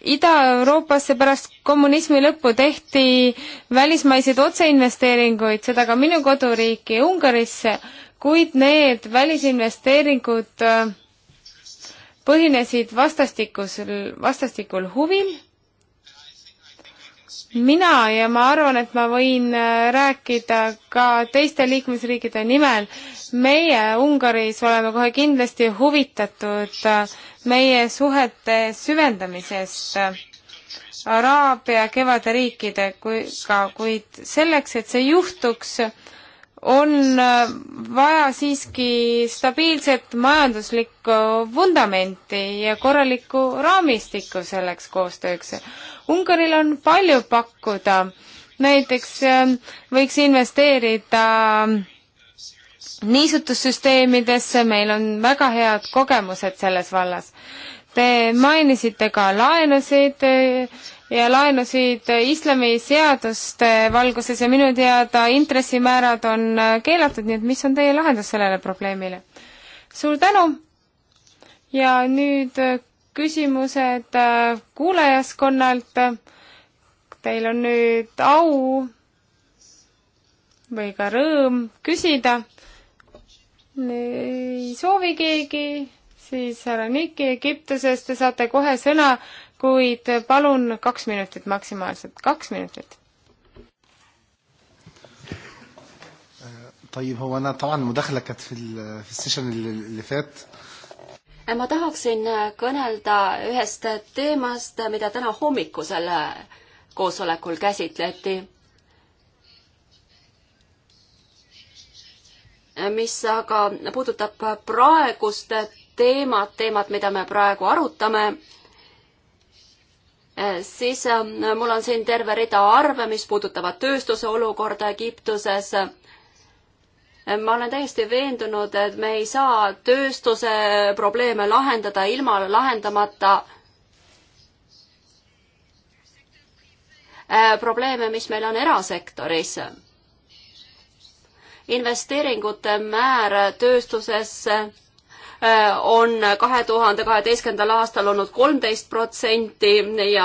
Ida-Euroopasse pärast kommunismi lõppu tehti välismaiseid otseinvesteeringuid, seda ka minu koduriiki Ungarisse, kuid need välisinvesteeringud äh, põhinesid vastastikusel, vastastikul huvil. mina ja ma arvan, et ma võin äh, rääkida ka teiste liikmesriikide nimel, meie Ungaris oleme kohe kindlasti huvitatud äh, meie suhete süvendamisest äh, Araabia kevade riikidega, kuid selleks, et see juhtuks, on äh, vaja siiski stabiilset majanduslikku vundamenti ja korralikku raamistikku selleks koostööks. Ungaril on palju pakkuda, näiteks äh, võiks investeerida äh, niisutussüsteemidesse, meil on väga head kogemused selles vallas. Te mainisite ka laenusid ja laenusid islamiseaduste valguses ja minu teada intressimäärad on äh, keelatud, nii et mis on teie lahendus sellele probleemile? suur tänu ja nüüd äh, küsimused äh, kuulajaskonnalt. Teil on nüüd au või ka rõõm küsida. ei soovi keegi, siis härra Niki Egiptusest, te saate kohe sõna kuid palun kaks minutit maksimaalselt, kaks minutit. طيب هو أنا طبعا مداخلة كانت في في السيشن اللي فات ma tahaksin kõnelda ühest teemast, mida täna hommikusel koosolekul käsitleti. mis aga puudutab praegust teemat, teemat, mida me praegu arutame Eh, siis eh, mul on siin terve rida arve, mis puudutavad tööstuse olukorda Egiptuses. Eh, ma olen täiesti veendunud, et me ei saa tööstuse probleeme lahendada ilma lahendamata probleeme, mis meil on erasektoris. investeeringute määr tööstusesse Äh, on kahe tuhande kaheteistkümnendal aastal olnud kolmteist protsenti ja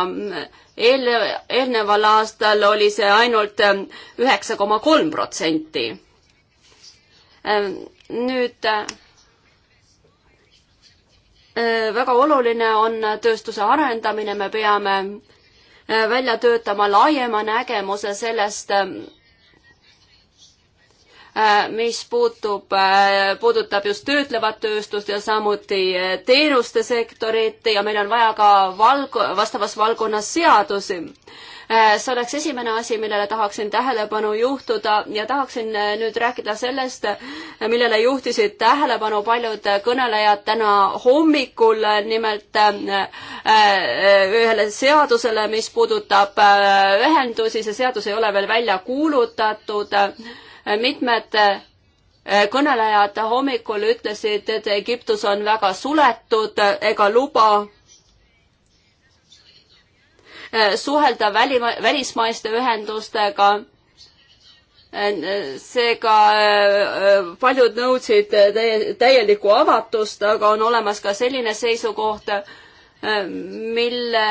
eel, eelneval aastal oli see ainult ähm, üheksa koma kolm protsenti. Ähm, nüüd äh, äh, väga oluline on tööstuse arendamine, me peame välja töötama laiema nägemuse sellest, ähm, Äh, mis puutub, äh, puudutab just töötlevat tööstust ja samuti äh, teenuste sektorit ja meil on vaja ka valg-, vastavas valdkonnas seadusi. see oleks esimene asi, millele tahaksin tähelepanu juhtuda ja tahaksin nüüd rääkida sellest, millele juhtisid tähelepanu paljud kõnelejad täna hommikul, nimelt ühele seadusele, mis puudutab ühendusi, see seadus ei ole veel välja kuulutatud mitmed eh, kõnelejad hommikul ütlesid, et Egiptus on väga suletud ega luba eh, suhelda väli, välismaiste ühendustega. seega eh, paljud nõudsid täielikku avatust, aga on olemas ka selline seisukoht, mille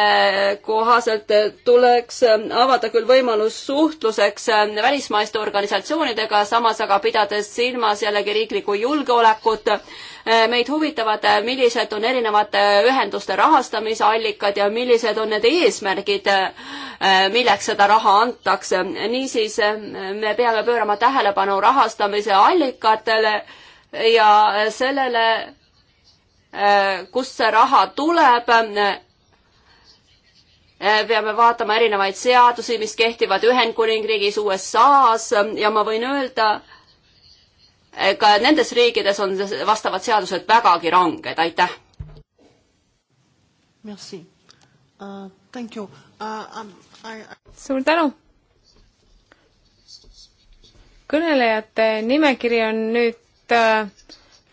kohaselt tuleks avada küll võimalus suhtluseks välismaiste organisatsioonidega, samas aga pidades silmas jällegi riiklikku julgeolekut. meid huvitavad, millised on erinevate ühenduste rahastamise allikad ja millised on need eesmärgid, milleks seda raha antakse. niisiis me peame pöörama tähelepanu rahastamise allikatele ja sellele, Äh, kust see raha tuleb. Äh, peame vaatama erinevaid seadusi, mis kehtivad Ühendkuningriigis, USA-s ja ma võin öelda, äh, ka nendes riikides on vastavad seadused vägagi ranged, aitäh. Merci uh,. Thank you uh,. Um, I... suur tänu kõnelejate nimekiri on nüüd äh,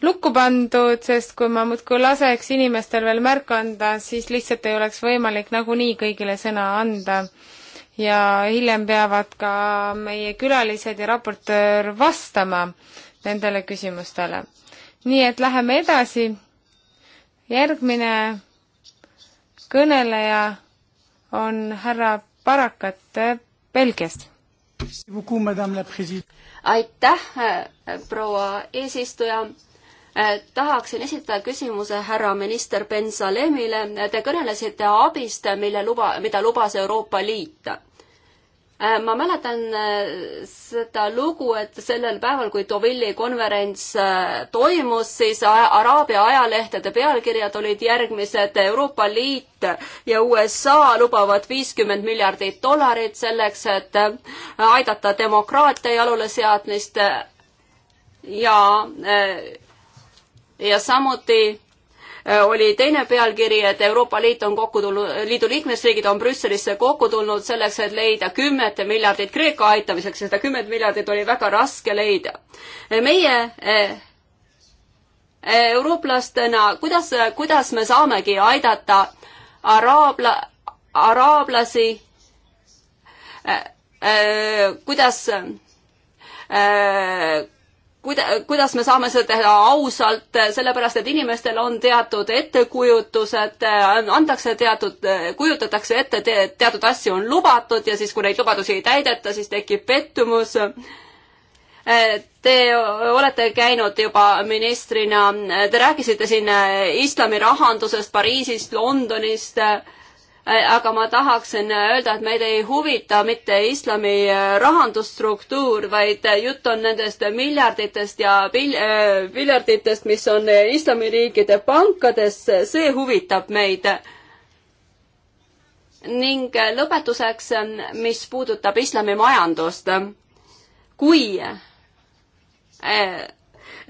lukku pandud, sest kui ma muudkui laseks inimestel veel märku anda, siis lihtsalt ei oleks võimalik nagunii kõigile sõna anda. ja hiljem peavad ka meie külalised ja raportöör vastama nendele küsimustele. nii et läheme edasi. järgmine kõneleja on härra Barakat Belgiast. aitäh, proua eesistuja Äh, tahaksin esitada küsimuse härra minister Bensalemile. Te kõnelesite abist, mille luba, mida lubas Euroopa Liit äh, ma mäletan äh, seda lugu, et sellel päeval, kui Deauville'i konverents toimus, siis Araabia ajalehtede pealkirjad olid järgmised. Euroopa Liit ja USA lubavad viiskümmend miljardit dollarit selleks, et aidata demokraatia jaluleseadmist ja ja samuti äh, oli teine pealkiri, et Euroopa Liit on kokku tulnud, liidu liikmesriigid on Brüsselisse kokku tulnud selleks, et leida kümmet miljardit Kreeka aitamiseks ja seda kümmet miljardit oli väga raske leida. meie äh, äh, eurooplastena, kuidas, kuidas me saamegi aidata araabla, araablasi, kuidas kuida-, kuidas me saame seda teha ausalt, sellepärast et inimestel on teatud ettekujutused, antakse teatud, kujutatakse ette te,, teatud asju on lubatud ja siis, kui neid lubadusi ei täideta, siis tekib pettumus. Te olete käinud juba ministrina, te rääkisite siin islami rahandusest, Pariisist, Londonist Äh, aga ma tahaksin äh, öelda, et meid ei huvita mitte islami äh, rahandusstruktuur, vaid jutt on nendest miljarditest ja pil-, miljarditest, mis on islamiriikide pankades, see huvitab meid. ning lõpetuseks, mis puudutab islami majandust. kui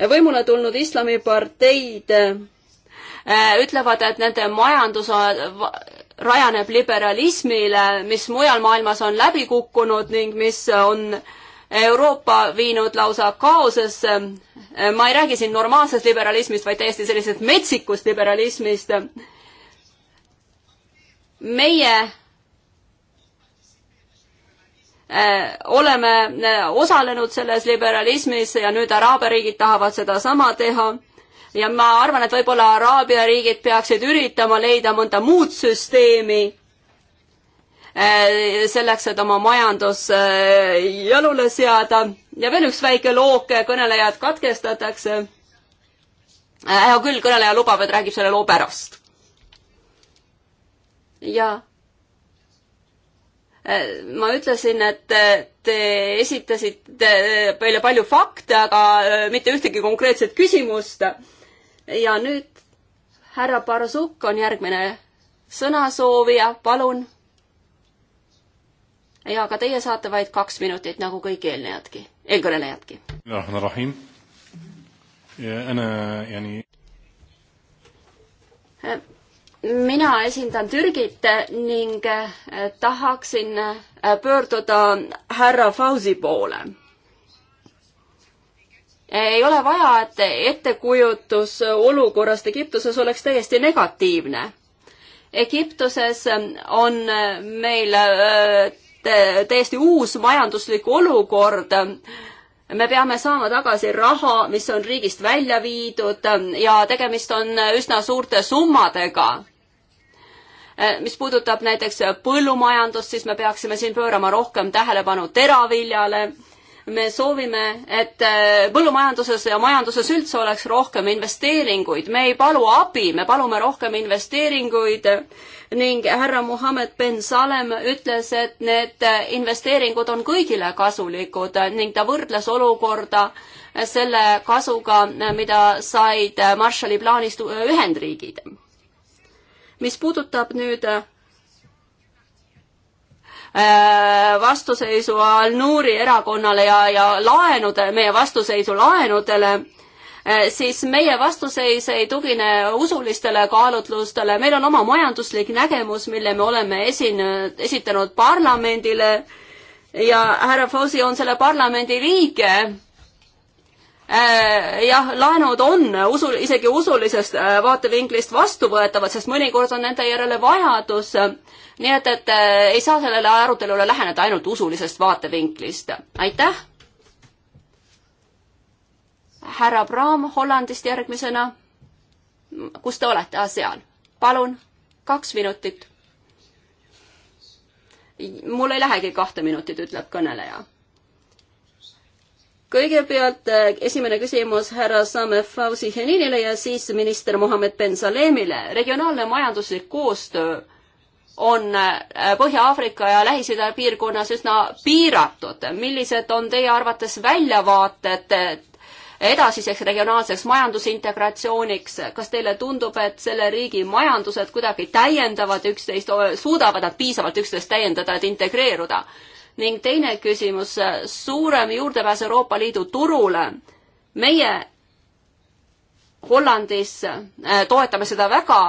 võimule tulnud islamiparteid ütlevad, et nende majandus rajaneb liberalismile, mis mujal maailmas on läbi kukkunud ning mis on Euroopa viinud lausa kaosesse. ma ei räägi siin normaalsest liberalismist, vaid täiesti sellisest metsikust liberalismist. meie äh, oleme äh, osalenud selles liberalismis ja nüüd araabia riigid tahavad sedasama teha ja ma arvan, et võib-olla Araabia riigid peaksid üritama leida mõnda muud süsteemi eh, selleks, et oma majandus eh, jalule seada. ja veel üks väike look, kõnelejad katkestatakse. Eh, hea küll, kõneleja lubab, et räägib selle loo pärast. ja ma ütlesin, et te esitasite meile palju fakte, aga mitte ühtegi konkreetset küsimust ja nüüd härra Barzuk on järgmine sõnasoovija, palun. ja ka teie saate vaid kaks minutit, nagu kõik eelnejadki, eelkõnelejadki. mina esindan Türgit ning tahaksin pöörduda härra Fausi poole ei ole vaja, et ettekujutus olukorrast Egiptuses oleks täiesti negatiivne. Egiptuses on meil äh, täiesti uus majanduslik olukord. me peame saama tagasi raha, mis on riigist välja viidud ja tegemist on üsna suurte summadega. Äh, mis puudutab näiteks põllumajandust, siis me peaksime siin pöörama rohkem tähelepanu teraviljale me soovime, et äh, põllumajanduses ja majanduses üldse oleks rohkem investeeringuid, me ei palu abi, me palume rohkem investeeringuid ning härra Mohammed Ben Salem ütles, et need äh, investeeringud on kõigile kasulikud ning ta võrdles olukorda äh, selle kasuga, mida said Marshalli plaanist Ühendriigid. mis puudutab nüüd Äh, vastuseisu Al-Nuri erakonnale ja, ja laenude, meie vastuseisu laenudele, äh, siis meie vastuseis ei tugine usulistele kaalutlustele, meil on oma majanduslik nägemus, mille me oleme esinenud, esitanud parlamendile ja härra Fausi on selle parlamendi liige Äh, jah, laenud on usu, isegi usulisest äh, vaatevinklist vastuvõetavad, sest mõnikord on nende järele vajadus. nii et, et äh, ei saa sellele arutelule läheneda ainult usulisest vaatevinklist. aitäh! härra Braam Hollandist järgmisena. kus te olete? aa, ah, seal. palun, kaks minutit. mul ei lähegi kahte minutit, ütleb kõneleja kõigepealt äh, esimene küsimus härra Same Fausi Heninile ja siis minister Mohammed Ben Salemile. regionaalne majanduslik koostöö on äh, Põhja-Aafrika ja Lähis-Ida piirkonnas üsna piiratud. millised on teie arvates väljavaated äh, edasiseks regionaalseks majandusintegratsiooniks, kas teile tundub, et selle riigi majandused kuidagi täiendavad üksteist, suudavad nad piisavalt üksteist täiendada, et integreeruda? ning teine küsimus, suurem juurdepääs Euroopa Liidu turule. meie Hollandis äh, toetame seda väga.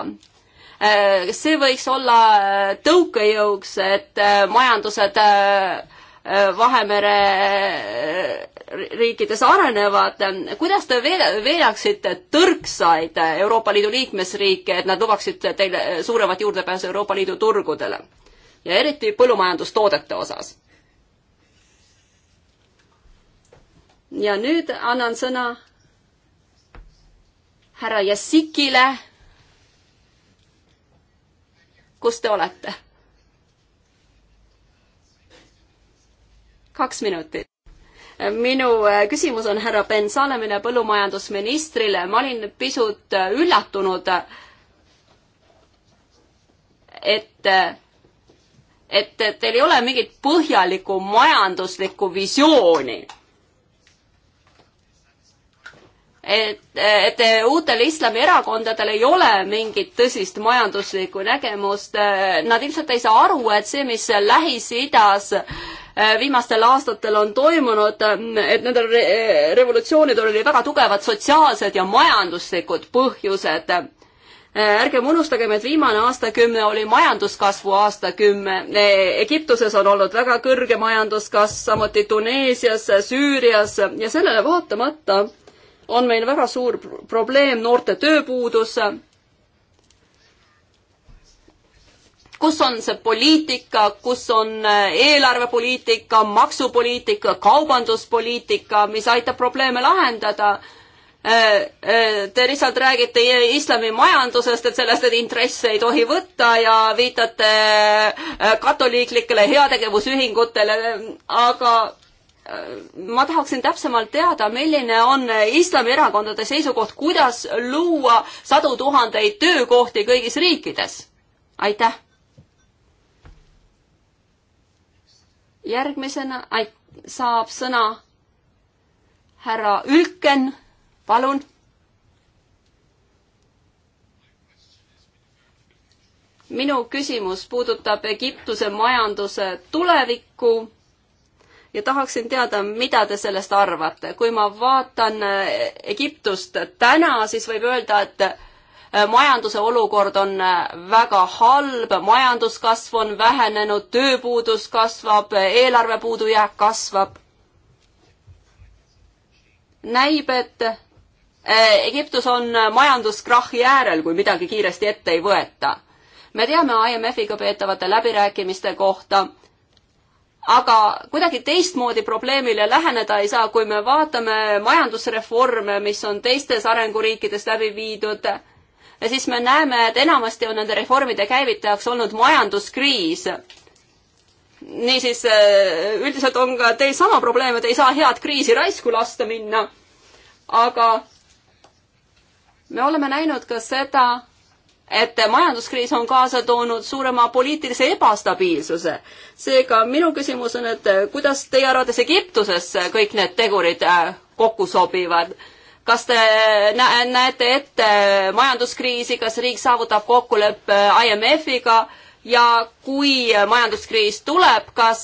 Äh, see võiks olla äh, tõukejõuks, et majandused Vahemere riikides arenevad. kuidas te veedaksite tõrksaid Euroopa Liidu liikmesriike, et nad lubaksid teile suuremat juurdepääsu Euroopa Liidu turgudele ja eriti põllumajandustoodete osas? ja nüüd annan sõna härra Jassikile. kus te olete? kaks minutit. minu äh, küsimus on härra Ben Salemile, põllumajandusministrile. ma olin pisut äh, üllatunud, et, äh, et teil ei ole mingit põhjalikku majanduslikku visiooni et, et uutel islamierakondadel ei ole mingit tõsist majanduslikku nägemust. Nad ilmselt ei saa aru, et see, mis Lähis-Idas eh, viimastel aastatel on toimunud, et nendel re revolutsioonidel oli väga tugevad sotsiaalsed ja majanduslikud põhjused eh, ärgem unustagem, et viimane aastakümne oli majanduskasvu aastakümme. Eh, Egiptuses on olnud väga kõrge majanduskasv, samuti Tuneesias, Süürias ja sellele vaatamata on meil väga suur probleem noorte tööpuudus. kus on see poliitika, kus on eh, eelarvepoliitika, maksupoliitika, kaubanduspoliitika, mis aitab probleeme lahendada? Eh, eh, te lihtsalt räägite islami majandusest, et sellest, et intresse ei tohi võtta ja viitate katoliiklikele heategevusühingutele, aga ma tahaksin täpsemalt teada, milline on islamierakondade seisukoht, kuidas luua sadu tuhandeid töökohti kõigis riikides. aitäh. järgmisena saab sõna härra Ülken, palun. minu küsimus puudutab Egiptuse majanduse tulevikku ja tahaksin teada, mida te sellest arvate. kui ma vaatan eh, Egiptust täna, siis võib öelda, et eh, majanduse olukord on eh, väga halb, majanduskasv on vähenenud, tööpuudus kasvab, eelarve puudujääk kasvab. näib, et Egiptus on majanduskrahhi äärel, kui midagi kiiresti ette ei võeta. me teame IMF-iga peetavate läbirääkimiste kohta aga kuidagi teistmoodi probleemile läheneda ei saa, kui me vaatame majandusreforme, mis on teistes arenguriikides läbi viidud, siis me näeme, et enamasti on nende reformide käivitajaks olnud majanduskriis. niisiis äh, üldiselt on ka teil sama probleem, et ei saa head kriisi raisku lasta minna, aga me oleme näinud ka seda, et majanduskriis on kaasa toonud suurema poliitilise ebastabiilsuse. seega minu küsimus on, et kuidas teie arvates Egiptuses kõik need tegurid äh, kokku sobivad? kas te näete ette majanduskriisi, kas riik saavutab kokkuleppe IMF-iga äh, ja kui majanduskriis tuleb, kas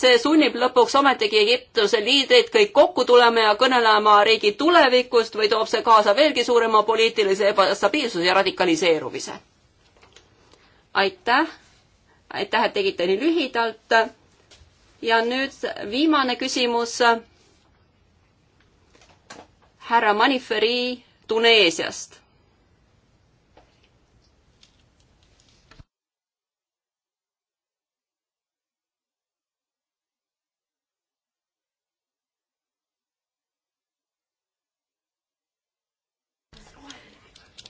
see sunnib lõpuks ometigi Egiptuse liidrid kõik kokku tulema ja kõnelema riigi tulevikust või toob see kaasa veelgi suurema poliitilise ebastabiilsuse ja radikaliseerumise? aitäh, aitäh, et tegite nii lühidalt. ja nüüd viimane küsimus. härra Maniferi Tuneesiast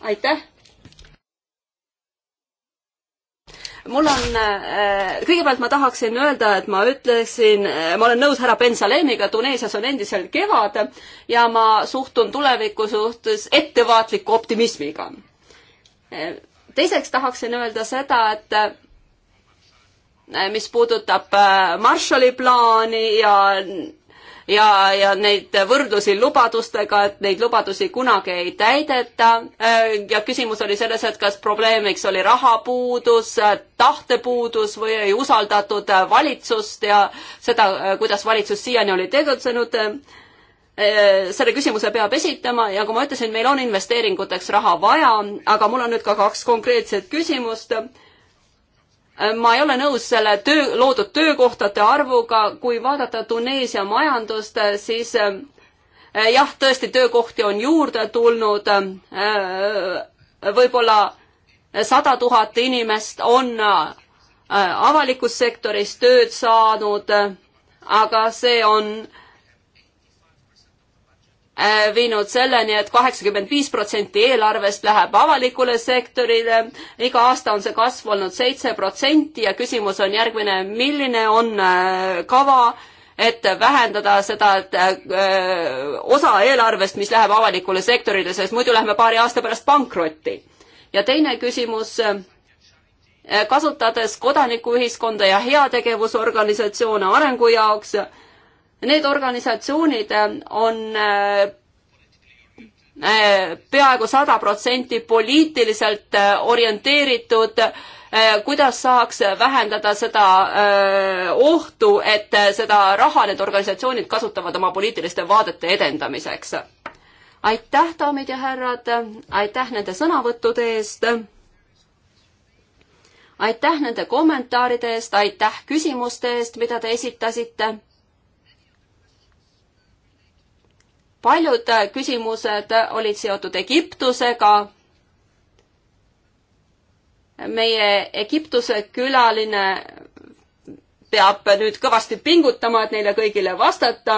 aitäh. mul on, äh, kõigepealt ma tahaksin öelda, et ma ütlesin, äh, ma olen nõus härra Bensalemiga, Tuneesias on endiselt kevad ja ma suhtun tuleviku suhtes ettevaatliku optimismiga. Äh, teiseks tahaksin öelda seda, et mis puudutab Marshalli plaani ja ja, ja neid võrdlusi lubadustega, et neid lubadusi kunagi ei täideta. Äh, ja küsimus oli selles, et kas probleemiks oli rahapuudus, tahtepuudus või ei usaldatud valitsust ja seda, kuidas valitsus siiani oli tegutsenud äh, selle küsimuse peab esitama ja kui ma ütlesin, meil on investeeringuteks raha vaja, aga mul on nüüd ka kaks konkreetset küsimust Äh, ma ei ole nõus selle töö, loodud töökohtade arvuga, kui vaadata Tuneesia majandust, äh, siis äh, jah, tõesti, töökohti on juurde tulnud, võib-olla sada tuhat inimest on avalikus sektoris tööd saanud, aga see on äh, Äh, viinud selleni et, et kaheksakümmend viis protsenti eelarvest läheb avalikule sektorile. iga aasta on see kasv olnud seitse protsenti ja küsimus on järgmine, milline on äh, kava, et vähendada seda et, öö, äh, osa eelarvest, mis läheb avalikule sektorile, sest muidu läheme paari aasta pärast pankrotti. ja teine küsimus kasutades kodanikuühiskonda ja heategevusorganisatsioone arengu jaoks Need organisatsioonid äh, on äh, äh, peaaegu sada protsenti poliitiliselt orienteeritud, kuidas saaks vähendada seda ohtu, et seda raha need organisatsioonid kasutavad oma poliitiliste vaadete edendamiseks. aitäh, daamid ja härrad, aitäh nende sõnavõttude eest. aitäh nende kommentaaride eest, aitäh küsimuste eest, mida te esitasite paljud äh, küsimused olid seotud Egiptusega. meie Egiptuse külaline peab nüüd kõvasti pingutama, et neile kõigile vastata.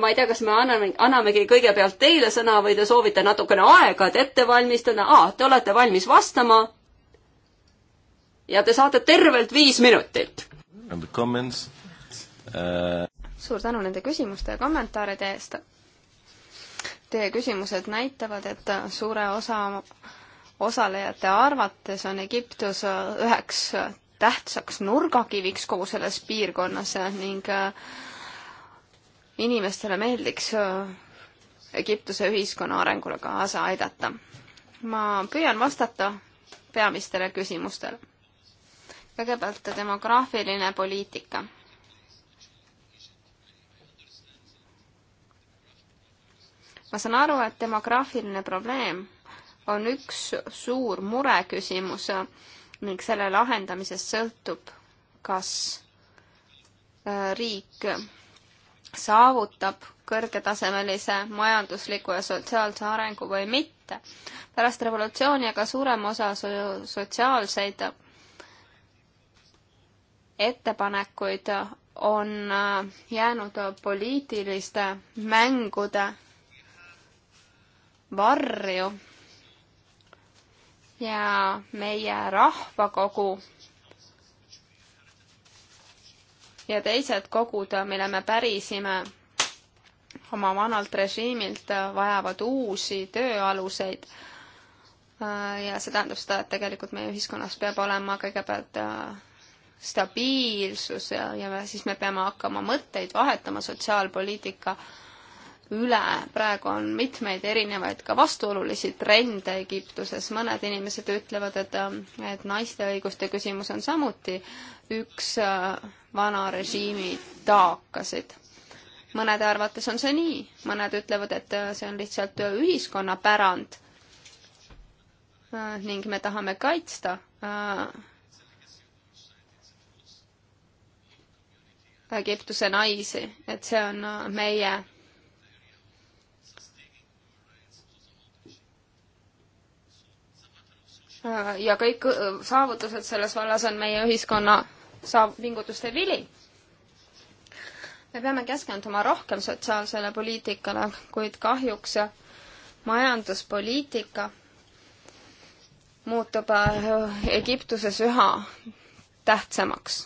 ma ei tea, kas me anname, annamegi kõigepealt teile sõna või te soovite natukene aega, et ette valmistada ah,. Te olete valmis vastama. ja te saate tervelt viis minutit. Uh... suur tänu nende küsimuste ja kommentaaride eest Teie küsimused näitavad, et suure osa osalejate arvates on Egiptus äh, üheks äh, tähtsaks nurgakiviks kogu selles piirkonnas äh, ning inimestele meeldiks Egiptuse ühiskonna arengule kaasa aidata. ma püüan vastata peamistele küsimustele. kõigepealt demograafiline poliitika ma saan aru, et demograafiline probleem on üks suur mureküsimus ning selle lahendamisest sõltub, kas äh, riik saavutab kõrgetasemelise majandusliku ja sotsiaalse arengu või mitte. pärast revolutsiooni aga suurem osa sotsiaalseid ettepanekuid on äh, jäänud poliitiliste mängude varju ja meie rahvakogu ja teised kogud, mille me pärisime oma vanalt režiimilt, vajavad uusi tööaluseid. ja see tähendab seda, et tegelikult meie ühiskonnas peab olema kõigepealt äh, stabiilsus ja, ja siis me peame hakkama mõtteid vahetama sotsiaalpoliitika äh, üle. praegu on mitmeid erinevaid ka vastuolulisi trende Egiptuses. mõned inimesed ütlevad, et, et naiste õiguste küsimus on samuti üks äh, vana režiimi taakasid. mõnede arvates on see nii, mõned ütlevad, et äh, see on lihtsalt äh, ühiskonna pärand ning me tahame kaitsta Egiptuse naisi, et see on meie Äh, ja kõik äh, saavutused selles vallas on meie ühiskonna saav-, pingutuste vili. me peame keskenduma rohkem sotsiaalsele poliitikale, kuid kahjuks majanduspoliitika muutub äh, Egiptuses üha tähtsamaks.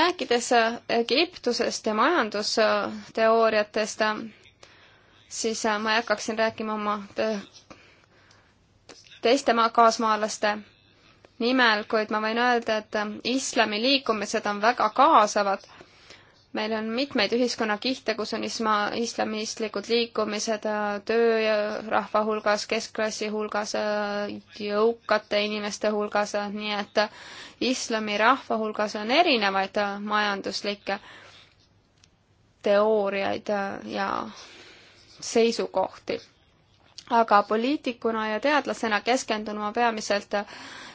rääkides Egiptusest ja majandusteooriatest, siis ma ei hakkaks siin rääkima oma teiste maa kaasmaalaste nimel, kuid ma võin öelda, et islami liikumised on väga kaasavad. meil on mitmeid ühiskonnakihte, kus on isma, islamistlikud liikumised äh, töörahva hulgas, keskklassi hulgas, äh, jõukate inimeste hulgas, äh, nii et islamirahva hulgas on erinevaid majanduslikke teooriaid ja seisukohti aga poliitikuna ja teadlasena keskendun ma peamiselt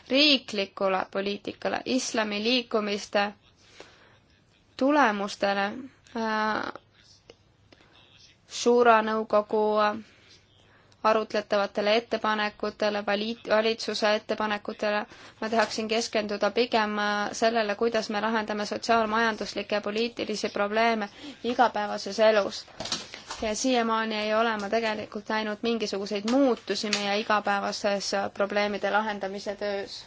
riiklikule poliitikale, islami liikumiste tulemustele äh,, Shura nõukogu arutletavatele ettepanekutele, valitsuse ettepanekutele, ma tahaksin keskenduda pigem äh, sellele, kuidas me lahendame sotsiaalmajanduslikke ja poliitilisi probleeme igapäevases elus ja siiamaani ei ole ma tegelikult näinud mingisuguseid muutusi meie igapäevases äh, probleemide lahendamise töös.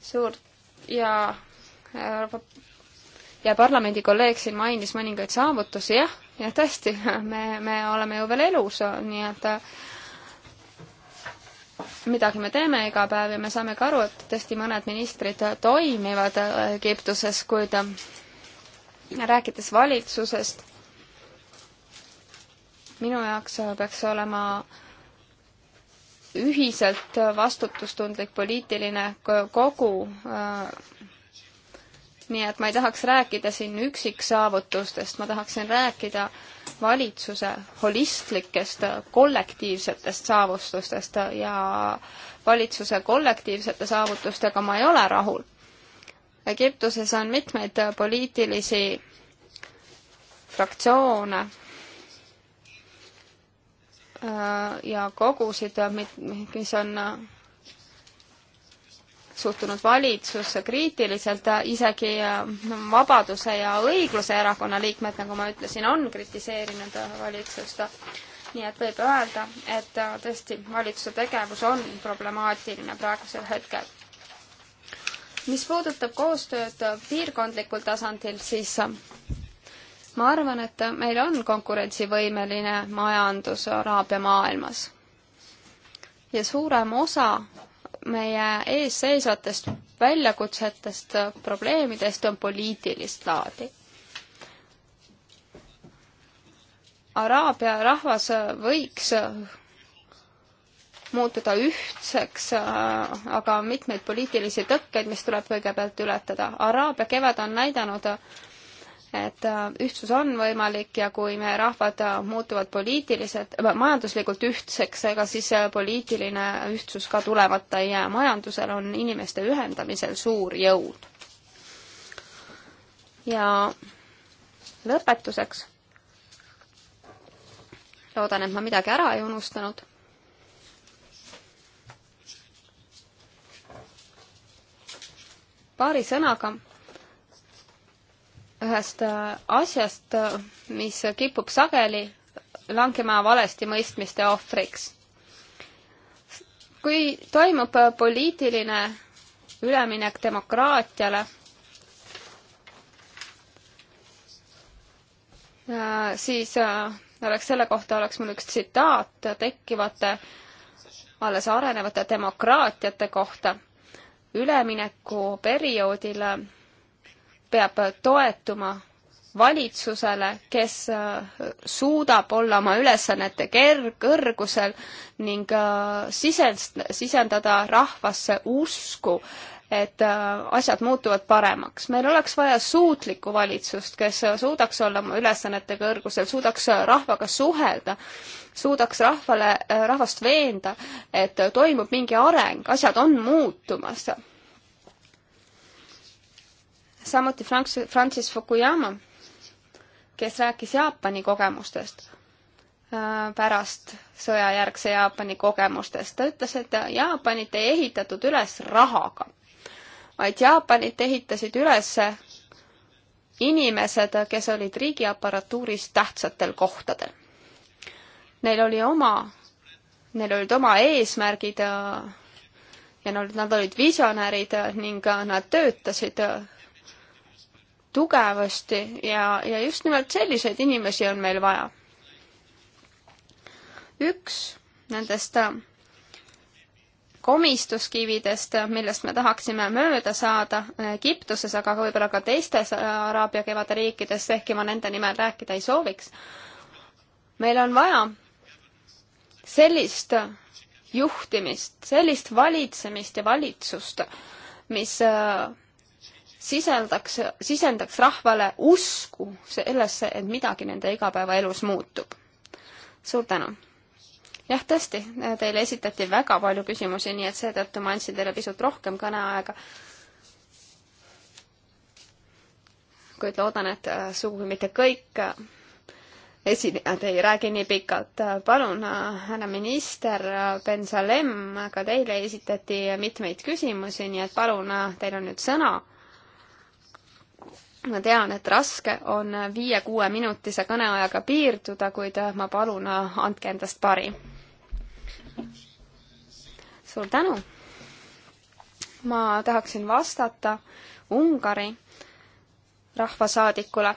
suur ja äh, ja parlamendi kolleeg siin mainis mõningaid saavutusi, jah, ja tõesti, me, me oleme ju veel elus, nii et äh, midagi me teeme iga päev ja me saame ka aru, et tõesti mõned ministrid toimivad Egiptuses, kuid rääkides valitsusest, minu jaoks peaks olema ühiselt vastutustundlik poliitiline kogu. Äh, nii et ma ei tahaks rääkida siin üksiksaavutustest, ma tahaksin rääkida valitsuse holistlikest kollektiivsetest saavutustest ja valitsuse kollektiivsete saavutustega ma ei ole rahul. Egiptuses on mitmeid poliitilisi fraktsioone Äh, ja kogusid, mis on äh, suhtunud valitsusse kriitiliselt, äh, isegi Vabaduse ja Õigluse erakonna liikmed, nagu ma ütlesin, on kritiseerinud valitsust. nii et võib öelda, et tõesti, valitsuse tegevus on problemaatiline praegusel hetkel. mis puudutab koostööd piirkondlikul tasandil, siis ma arvan, et meil on konkurentsivõimeline majandus Araabia maailmas. ja suurem osa meie ees seisvatest väljakutsetest, probleemidest on poliitilist laadi. Araabia rahvas võiks muutuda ühtseks, aga on mitmeid poliitilisi tõkkeid, mis tuleb kõigepealt ületada. Araabia kevad on näidanud, et äh, ühtsus on võimalik ja kui me rahvad äh, muutuvad poliitiliselt, äh, majanduslikult ühtseks, ega siis poliitiline ühtsus ka tulemata ei jää. majandusel on inimeste ühendamisel suur jõud. ja lõpetuseks. loodan, et ma midagi ära ei unustanud paari sõnaga ühest äh, asjast, äh, mis kipub sageli langema valesti mõistmiste ohvriks. kui toimub äh, poliitiline üleminek demokraatiale, siis oleks selle kohta oleks mul üks tsitaat tekkivate alles arenevate demokraatiate kohta. üleminekuperioodil peab toetuma valitsusele, kes äh, suudab olla oma ülesannete ker-, kõrgusel ning äh, sisend-, sisendada rahvasse usku, et äh, asjad muutuvad paremaks. meil oleks vaja suutlikku valitsust, kes suudaks olla oma ülesannete kõrgusel, suudaks rahvaga suhelda, suudaks rahvale, rahvast veenda, et toimub mingi areng, asjad on muutumas samuti Franks-, Francis Fukuyama, kes rääkis Jaapani kogemustest äh, pärast sõjajärgse Jaapani kogemustest. ta ütles, et Jaapanit ei ehitatud üles rahaga, vaid Jaapanit ehitasid üles inimesed, kes olid riigiaparatuuris tähtsatel kohtadel. Neil oli oma, neil olid oma eesmärgid äh, ja nad olid visionärid ning äh, nad töötasid tugevasti ja, ja just nimelt selliseid inimesi on meil vaja. üks nendest äh, komistuskividest, äh, millest me tahaksime mööda saada äh, Egiptuses, aga ka võib-olla ka teistes Araabia kevade riikides, ehkki ma nende nimel rääkida ei sooviks. meil on vaja sellist juhtimist, sellist valitsemist ja valitsust, mis sisendaks, sisendaks rahvale usku sellesse, et midagi nende igapäevaelus muutub. suur tänu! jah, tõesti, teile esitati väga palju küsimusi, nii et seetõttu ma andsin teile pisut rohkem kõneaega. kuid loodan, et äh, sugugi mitte kõik äh, esinejad ei räägi nii pikalt. Äh, palun, härra minister Bensalem, ka teile esitati mitmeid küsimusi, nii et palun, teil on nüüd sõna ma tean, et raske on viie-kuue minutise kõneajaga piirduda, kuid eh, ma palun, eh, andke endast parim. suur tänu! ma tahaksin vastata Ungari rahvasaadikule.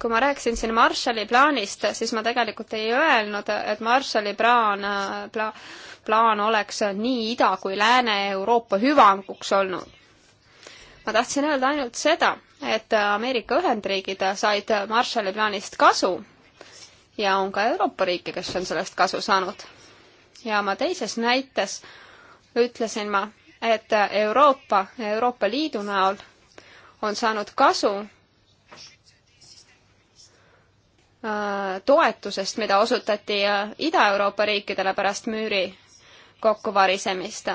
kui ma rääkisin siin Marshalli plaanist, siis ma tegelikult ei öelnud, et Marshalli plaan, eh, pla-, plaan oleks nii Ida- kui Lääne-Euroopa hüvanguks olnud ma tahtsin öelda ainult seda, et Ameerika Ühendriigid said Marshalli plaanist kasu ja on ka Euroopa riike, kes on sellest kasu saanud. ja oma teises näites ütlesin ma, et Euroopa ja Euroopa Liidu näol on saanud kasu äh, toetusest, mida osutati äh, Ida-Euroopa riikidele pärast müüri kokkuvarisemist.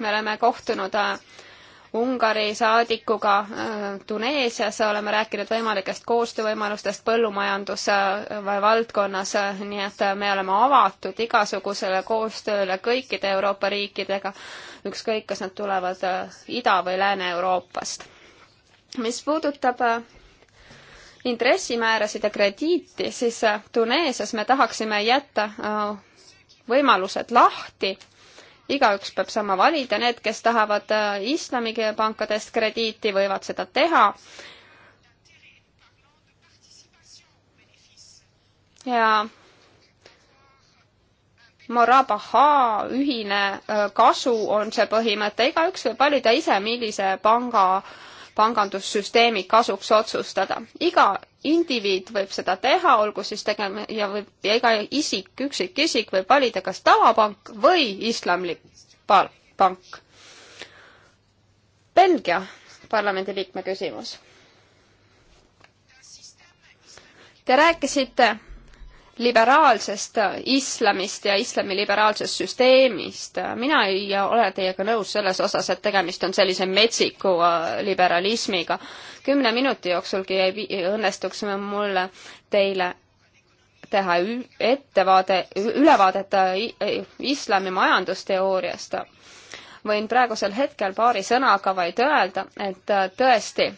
me oleme kohtunud äh, Ungari saadikuga äh, Tuneesias, oleme rääkinud võimalikest koostöövõimalustest põllumajandusvaldkonnas, äh, äh, nii et me oleme avatud igasugusele koostööle kõikide Euroopa riikidega, ükskõik, kas nad tulevad Ida- või Lääne-Euroopast. mis puudutab intressimäärasid ja krediiti, siis Tuneesias me tahaksime jätta võimalused lahti igaüks peab saama valida, need, kes tahavad äh, islami pankadest krediiti, võivad seda teha. ja Morabaha ühine äh, kasu on see põhimõte, igaüks võib valida ise, millise panga äh, pangandussüsteemi kasuks otsustada. iga indiviid võib seda teha, olgu siis tegema ja võib, ja iga isik, üksikisik võib valida kas tavapank või islamlik pank. Belgia parlamendiliikme küsimus. Te rääkisite liberaalsest islamist ja islami liberaalsest süsteemist. mina ei ole teiega nõus selles osas, et tegemist on sellise metsiku äh, liberalismiga. kümne minuti jooksulgi ei õnnestuks mulle teile teha ettevaade, ülevaadet äh, äh, islami majandusteooriast. võin praegusel hetkel paari sõnaga vaid öelda, et tõesti,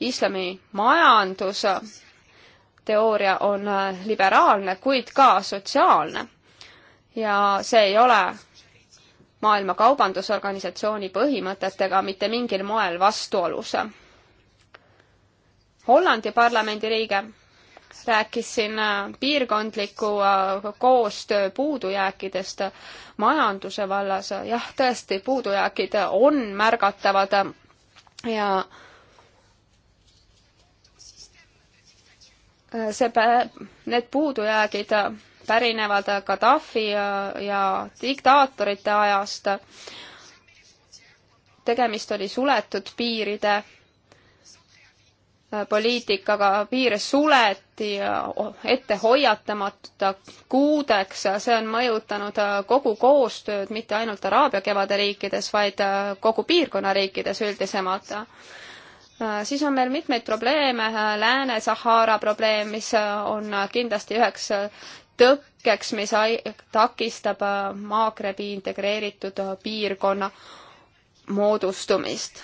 islami majandus teooria on äh, liberaalne, kuid ka sotsiaalne. ja see ei ole Maailma Kaubandusorganisatsiooni põhimõtetega mitte mingil moel vastuolus. Hollandi parlamendi liige rääkis siin äh, piirkondliku äh, koostöö puudujääkidest majanduse vallas. jah, tõesti, puudujääkid on märgatavad ja see, need puudujäägid pärinevad Gaddafi ja, ja diktaatorite ajast. tegemist oli suletud piiride poliitikaga, piire suleti ette hoiatamata kuudeks ja see on mõjutanud kogu koostööd mitte ainult Araabia kevade riikides, vaid kogu piirkonna riikides üldisemalt Äh, siis on meil mitmeid probleeme, äh, Lääne-Sahara probleem, mis äh, on kindlasti üheks tõkkeks, mis takistab Maagrebi integreeritud piirkonna moodustumist.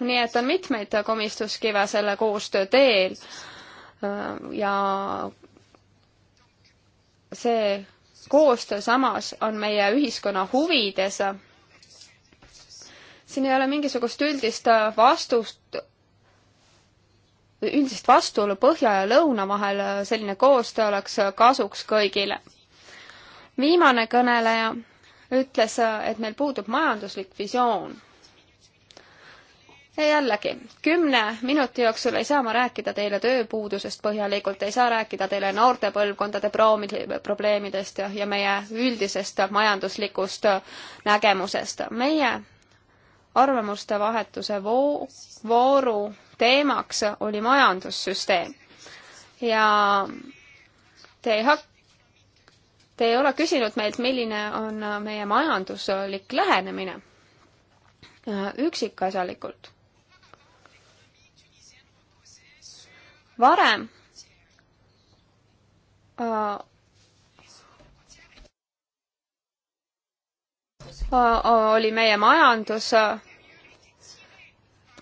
nii et on mitmeid komistuskive selle koostöö teel ja see koostöö samas on meie ühiskonna huvides. siin ei ole mingisugust üldist vastust üldist vastuolu põhja ja lõuna vahel, selline koostöö oleks kasuks kõigile. viimane kõneleja ütles, et meil puudub majanduslik visioon. ja jällegi, kümne minuti jooksul ei saa ma rääkida teile tööpuudusest põhjalikult, ei saa rääkida teile noorte põlvkondade proomide, probleemidest ja, ja meie üldisest majanduslikust nägemusest. meie arvamuste vahetuse voo-, vooru teemaks oli majandussüsteem. ja te ei hak-, te ei ole küsinud meilt, milline on meie majanduslik lähenemine üksikasjalikult. varem äh, äh oli meie majandus äh,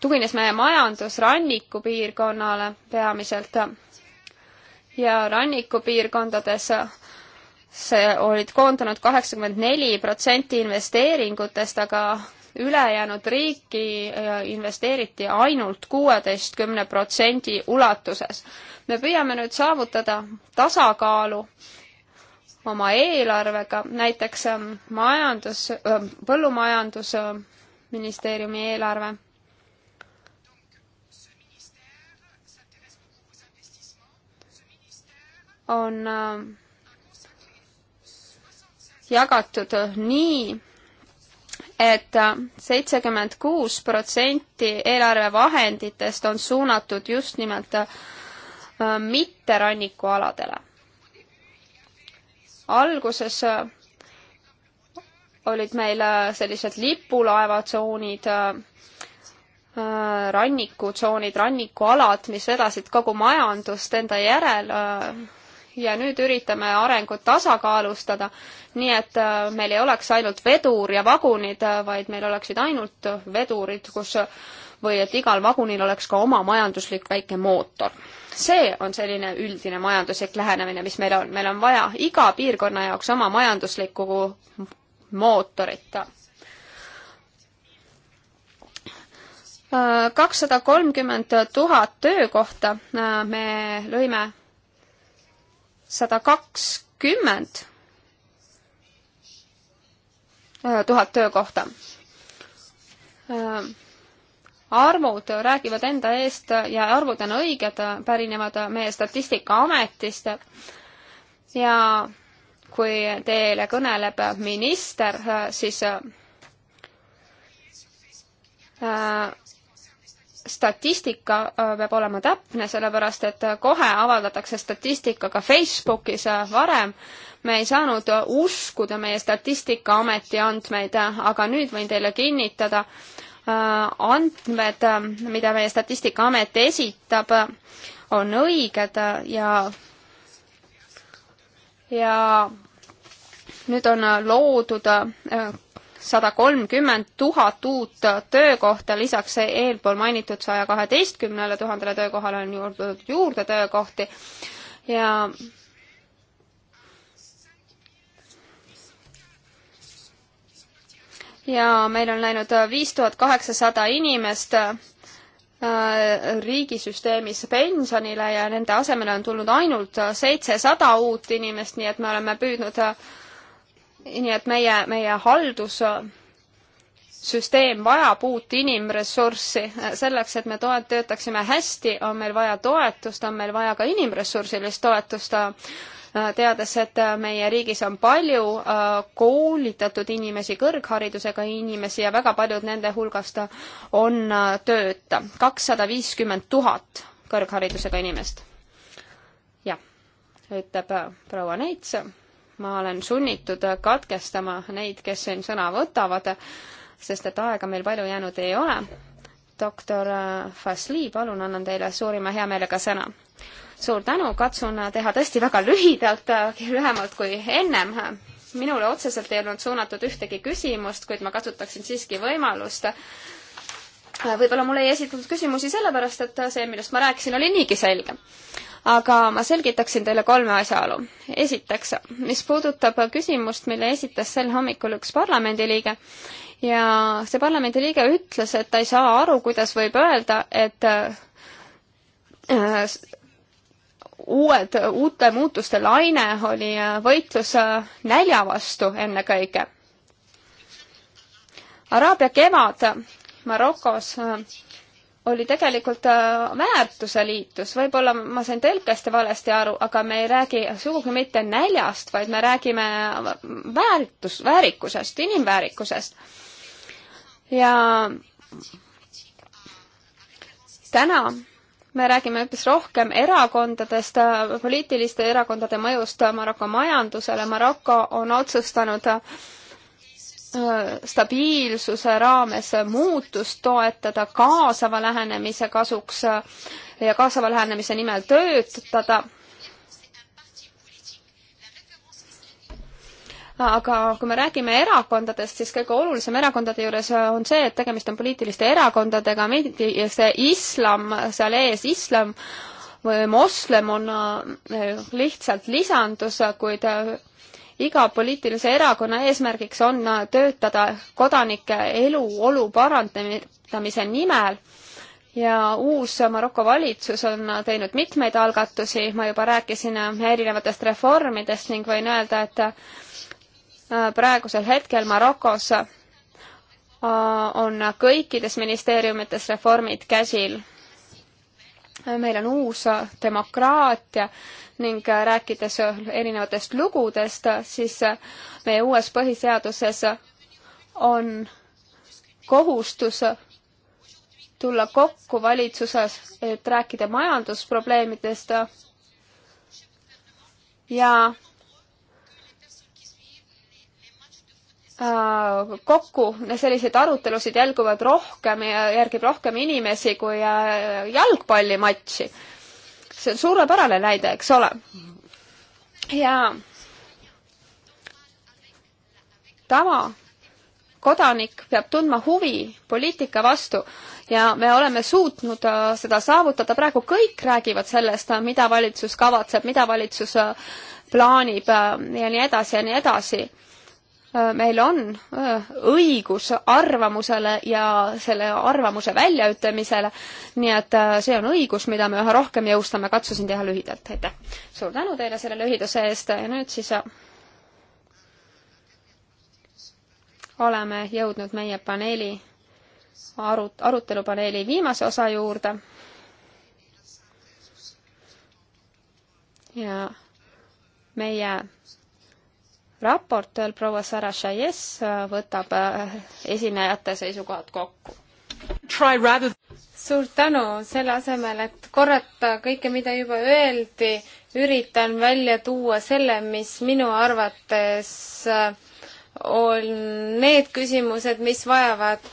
tugines meie majandus rannikupiirkonnale peamiselt ja rannikupiirkondades see olid koondanud kaheksakümmend neli protsenti investeeringutest, aga ülejäänud riiki äh, investeeriti ainult kuueteistkümne protsendi ulatuses. me püüame nüüd saavutada tasakaalu oma eelarvega, näiteks ähm, majandus, äh, põllumajandusministeeriumi äh, eelarve on äh, jagatud nii, et äh, seitsekümmend kuus protsenti eelarvevahenditest on suunatud just nimelt äh, mitterannikualadele. alguses olid meil sellised lipulaevatsoonid, rannikutsoonid, rannikualad, mis vedasid kogu majandust enda järel ja nüüd üritame arengut tasakaalustada, nii et äh, meil ei oleks ainult vedur ja vagunid, äh, vaid meil oleksid ainult vedurid, kus või et igal vagunil oleks ka oma majanduslik väike mootor. see on selline üldine majanduslik lähenemine, mis meil on, meil on vaja iga piirkonna jaoks oma majanduslikku mootorit äh, kakssada kolmkümmend tuhat töökohta me lõime sada kakskümmend tuhat töökohta. arvud räägivad enda eest ja arvud on õiged, pärinevad meie Statistikaametist ja kui teile kõneleb minister, siis äh, statistika äh, peab olema täpne, sellepärast et äh, kohe avaldatakse statistika ka Facebookis äh, varem. me ei saanud uskuda meie Statistikaameti andmeid, aga nüüd võin teile kinnitada, andmed, mida meie Statistikaamet esitab, on õiged ja, ja nüüd on loodud sada kolmkümmend tuhat uut töökohta, lisaks eelpool mainitud saja kaheteistkümnele tuhandele töökohale on juurde, juurde töökohti ja ja meil on läinud viis tuhat kaheksasada inimest äh, riigisüsteemis pensionile ja nende asemele on tulnud ainult seitsesada uut inimest, nii et me oleme püüdnud äh, nii et meie, meie haldussüsteem vajab uut inimressurssi. selleks, et me toet-, töötaksime hästi, on meil vaja toetust, on meil vaja ka inimressursilist toetust, teades, et meie riigis on palju äh, koolitatud inimesi, kõrgharidusega inimesi ja väga paljud nende hulgast on äh, tööta. kakssada viiskümmend tuhat kõrgharidusega inimest. jah, ütleb äh, proua Neits ma olen sunnitud katkestama neid, kes siin sõna võtavad, sest et aega meil palju jäänud ei ole. doktor Fasli, palun annan teile suurima heameelega sõna. suur tänu, katsun teha tõesti väga lühidalt, lühemalt kui ennem minule otseselt ei olnud suunatud ühtegi küsimust, kuid ma kasutaksin siiski võimalust võib-olla mulle ei esitatud küsimusi sellepärast, et see, millest ma rääkisin, oli niigi selge aga ma selgitaksin teile kolme asjaolu. esiteks, mis puudutab küsimust, mille esitas sel hommikul üks parlamendiliige ja see parlamendiliige ütles, et ta ei saa aru, kuidas võib öelda, et äh, uued, uute muutuste laine oli äh, võitlus äh, nälja vastu ennekõike. Araabia kevad Marokos oli tegelikult äh, väärtuse liitus, võib-olla ma sain tõlkest valesti aru, aga me ei räägi sugugi mitte näljast, vaid me räägime väärtus, väärikusest, inimväärikusest. ja täna me räägime hoopis rohkem erakondadest, poliitiliste erakondade mõjust Maroko majandusele, Maroko on otsustanud äh, Äh, stabiilsuse raames muutust toetada, kaasava lähenemise kasuks äh, ja kaasava lähenemise nimel töötada aga kui me räägime erakondadest, siis kõige olulisem erakondade juures on see, et tegemist on poliitiliste erakondadega, see islam seal ees, islam või moslem on äh, lihtsalt lisandus, kuid iga poliitilise erakonna eesmärgiks on töötada kodanike eluolu parandamise nimel ja uus Maroko valitsus on teinud mitmeid algatusi, ma juba rääkisin erinevatest reformidest ning võin öelda, et äh, praegusel hetkel Marokos äh, on kõikides ministeeriumites reformid käsil meil on uus äh, demokraatia ning äh, rääkides äh, erinevatest lugudest, siis meie uues põhiseaduses on kohustus tulla kokku valitsuses, et rääkida majandusprobleemidest ja Äh, kokku, selliseid arutelusid jälguvad rohkem ja järgib rohkem inimesi kui äh, jalgpallimatši. see on suurepärane näide, eks ole. ja tava kodanik peab tundma huvi poliitika vastu ja me oleme suutnud äh, seda saavutada, praegu kõik räägivad sellest, mida valitsus kavatseb, mida valitsus plaanib ja nii edasi ja nii edasi Äh, meil on äh, õigus arvamusele ja selle arvamuse väljaütlemisele, nii et äh, see on õigus, mida me üha rohkem jõustame, katsusin teha lühidalt, aitäh. suur tänu teile selle lühiduse eest ja nüüd siis oleme jõudnud meie paneeli arut-, arutelupaneeli viimase osa juurde. ja meie raportöör proua Sara Šajes äh, võtab äh, esinejate seisukohad kokku. Rather... suur tänu, selle asemel, et korrata kõike, mida juba öeldi, üritan välja tuua selle, mis minu arvates äh, on need küsimused, mis vajavad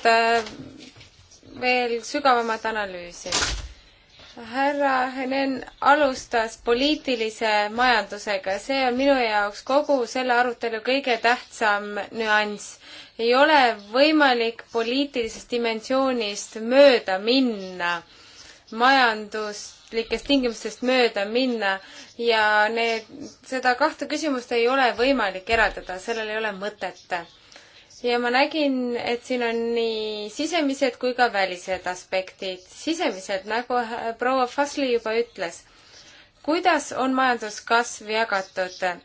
veel sügavamat analüüsi härra Henen alustas poliitilise majandusega, see on minu jaoks kogu selle arutelu kõige tähtsam nüanss. ei ole võimalik poliitilisest dimensioonist mööda minna, majanduslikest tingimustest mööda minna ja need, seda kahte küsimust ei ole võimalik eraldada, sellel ei ole mõtet ja ma nägin, et siin on nii sisemised kui ka välised aspektid. sisemised, nagu proua Fasli juba ütles, kuidas on majanduskasv jagatud?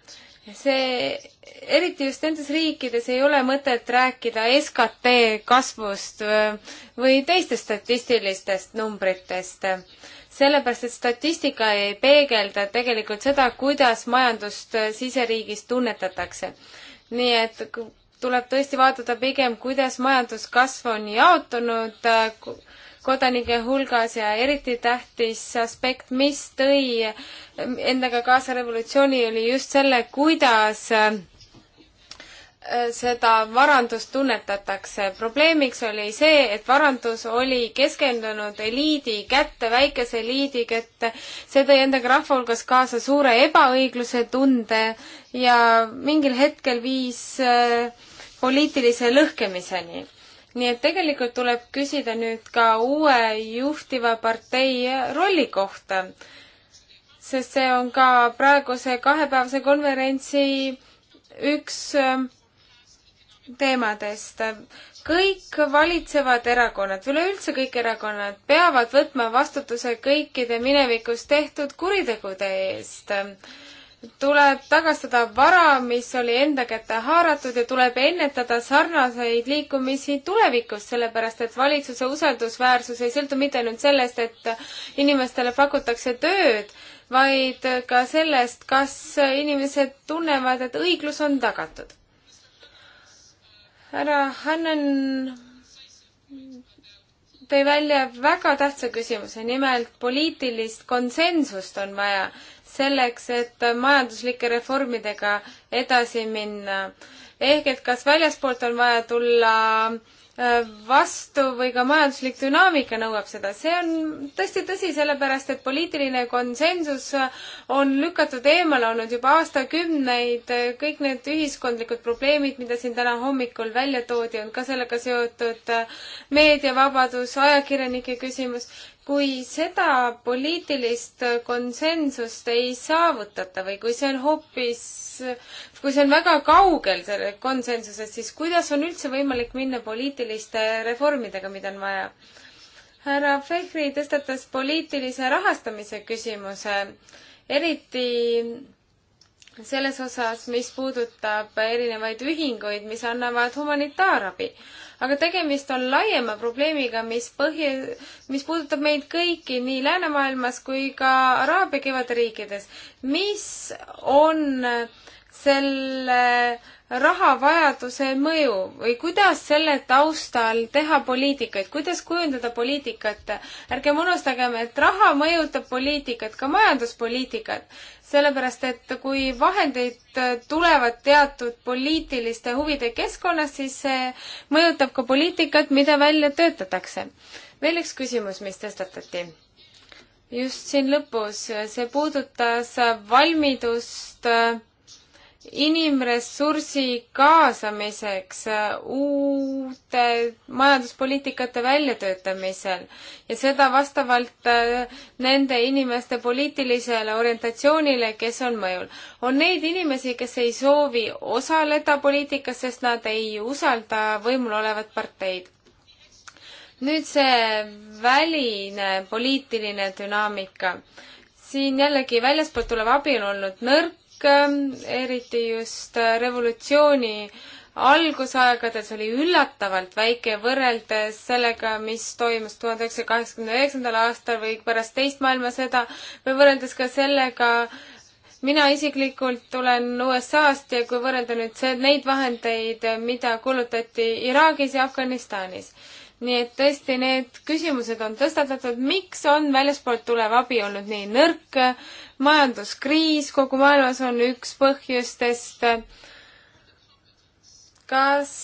see, eriti just nendes riikides ei ole mõtet rääkida SKT kasvust äh, või teistest statistilistest numbritest, sellepärast et statistika ei peegelda tegelikult seda, kuidas majandust äh, siseriigis tunnetatakse nii et tuleb tõesti vaadata pigem, kuidas majanduskasv on jaotunud äh, kodanike hulgas ja eriti tähtis aspekt, mis tõi ähm, endaga kaasa revolutsiooni, oli just selle, kuidas äh, seda varandust tunnetatakse. probleemiks oli see, et varandus oli keskendunud eliidi kätte, väikese eliidi kätte. see tõi endaga rahva hulgas kaasa suure ebaõigluse tunde ja mingil hetkel viis äh, poliitilise lõhkemiseni. nii et tegelikult tuleb küsida nüüd ka uue juhtiva partei rolli kohta, sest see on ka praeguse kahepäevase konverentsi üks ähm, teemadest. kõik valitsevad erakonnad, üleüldse kõik erakonnad peavad võtma vastutuse kõikide minevikus tehtud kuritegude eest tuleb tagastada vara, mis oli enda kätte haaratud ja tuleb ennetada sarnaseid liikumisi tulevikus, sellepärast et valitsuse usaldusväärsus ei sõltu mitte ainult sellest, et inimestele pakutakse tööd, vaid ka sellest, kas inimesed tunnevad, et õiglus on tagatud. härra Hannan tõi välja väga tähtsa küsimuse, nimelt poliitilist konsensust on vaja selleks, et majanduslike reformidega edasi minna. ehk et kas väljaspoolt on vaja tulla äh, vastu või ka majanduslik dünaamika nõuab seda. see on tõesti tõsi, sellepärast et poliitiline konsensus on lükatud eemale olnud juba aastakümneid. kõik need ühiskondlikud probleemid, mida siin täna hommikul välja toodi, on ka sellega seotud. meediavabadus, ajakirjanike küsimus kui seda poliitilist konsensust ei saavutata või kui see on hoopis, kui see on väga kaugel selle konsensusest, siis kuidas on üldse võimalik minna poliitiliste reformidega, mida on vaja? härra Fehri tõstatas poliitilise rahastamise küsimuse, eriti selles osas, mis puudutab erinevaid ühinguid, mis annavad humanitaarabi aga tegemist on laiema probleemiga, mis põhi, mis puudutab meid kõiki nii läänemaailmas kui ka Araabia kevade riikides. mis on selle rahavajaduse mõju või kuidas selle taustal teha poliitikat, kuidas kujundada poliitikat? ärgem unustagem, et raha mõjutab poliitikat, ka majanduspoliitikat sellepärast, et kui vahendid tulevad teatud poliitiliste huvide keskkonnast, siis see mõjutab ka poliitikat, mida välja töötatakse. veel üks küsimus, mis tõstatati. just siin lõpus, see puudutas valmidust äh, inimressursi kaasamiseks äh, uute majanduspoliitikate väljatöötamisel ja seda vastavalt äh, nende inimeste poliitilisele orientatsioonile, kes on mõjul. on neid inimesi, kes ei soovi osaleda poliitikas, sest nad ei usalda võimul olevat parteid. nüüd see väline poliitiline dünaamika siin jällegi väljastpoolt tulev abi on olnud nõrk Ähm, eriti just äh, revolutsiooni algusaegadel, see oli üllatavalt väike võrreldes sellega, mis toimus tuhande üheksasaja kaheksakümne üheksandal aastal või pärast teist maailmasõda või võrreldes ka sellega, mina isiklikult tulen USA-st ja kui võrrelda nüüd see, neid vahendeid, mida kulutati Iraagis ja Afganistanis, nii et tõesti need küsimused on tõstatatud, miks on väljaspoolt tulev abi olnud nii nõrk, majanduskriis kogu maailmas on üks põhjustest, kas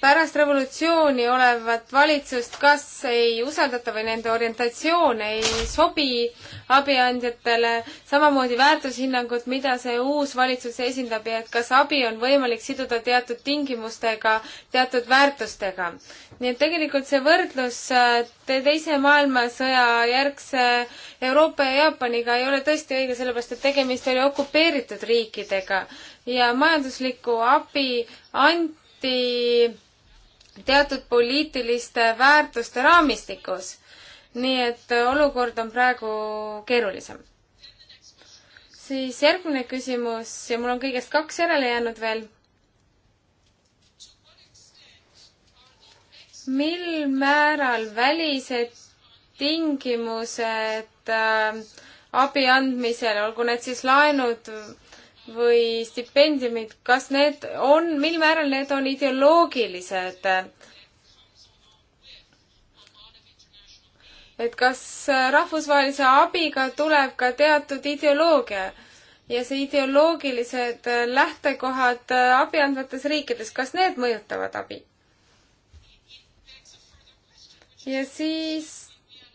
pärast revolutsiooni olevat valitsust kas ei usaldata või nende orientatsioon ei sobi abiandjatele, samamoodi väärtushinnangud, mida see uus valitsus esindab ja et kas abi on võimalik siduda teatud tingimustega, teatud väärtustega. nii et tegelikult see võrdlus äh, teise maailmasõja järgse Euroopa ja Jaapaniga ei ole tõesti õige, sellepärast et tegemist oli okupeeritud riikidega ja majanduslikku abi anti teatud poliitiliste väärtuste raamistikus. nii et olukord on praegu keerulisem. siis järgmine küsimus ja mul on kõigest kaks järele jäänud veel. mil määral välised tingimused äh, abi andmisel, olgu need siis laenud või stipendiumid, kas need on, mil määral need on ideoloogilised? et kas rahvusvahelise abiga tuleb ka teatud ideoloogia ja see ideoloogilised lähtekohad abi andvates riikides, kas need mõjutavad abi? ja siis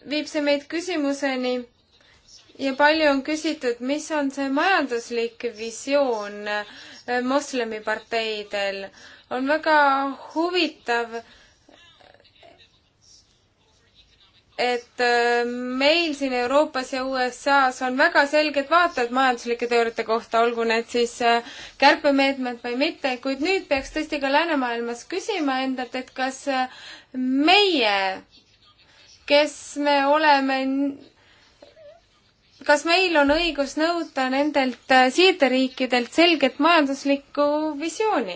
viib see meid küsimuseni ja palju on küsitud, mis on see majanduslik visioon äh, moslemiparteidel. on väga huvitav, et äh, meil siin Euroopas ja USA-s on väga selged vaated majanduslike teooriate kohta, olgu need siis äh, kärpemeetmed või mitte, kuid nüüd peaks tõesti ka läänemaailmas küsima endalt, et kas meie, kes me oleme kas meil on õigus nõuda nendelt äh, siirderiikidelt selget majanduslikku visiooni?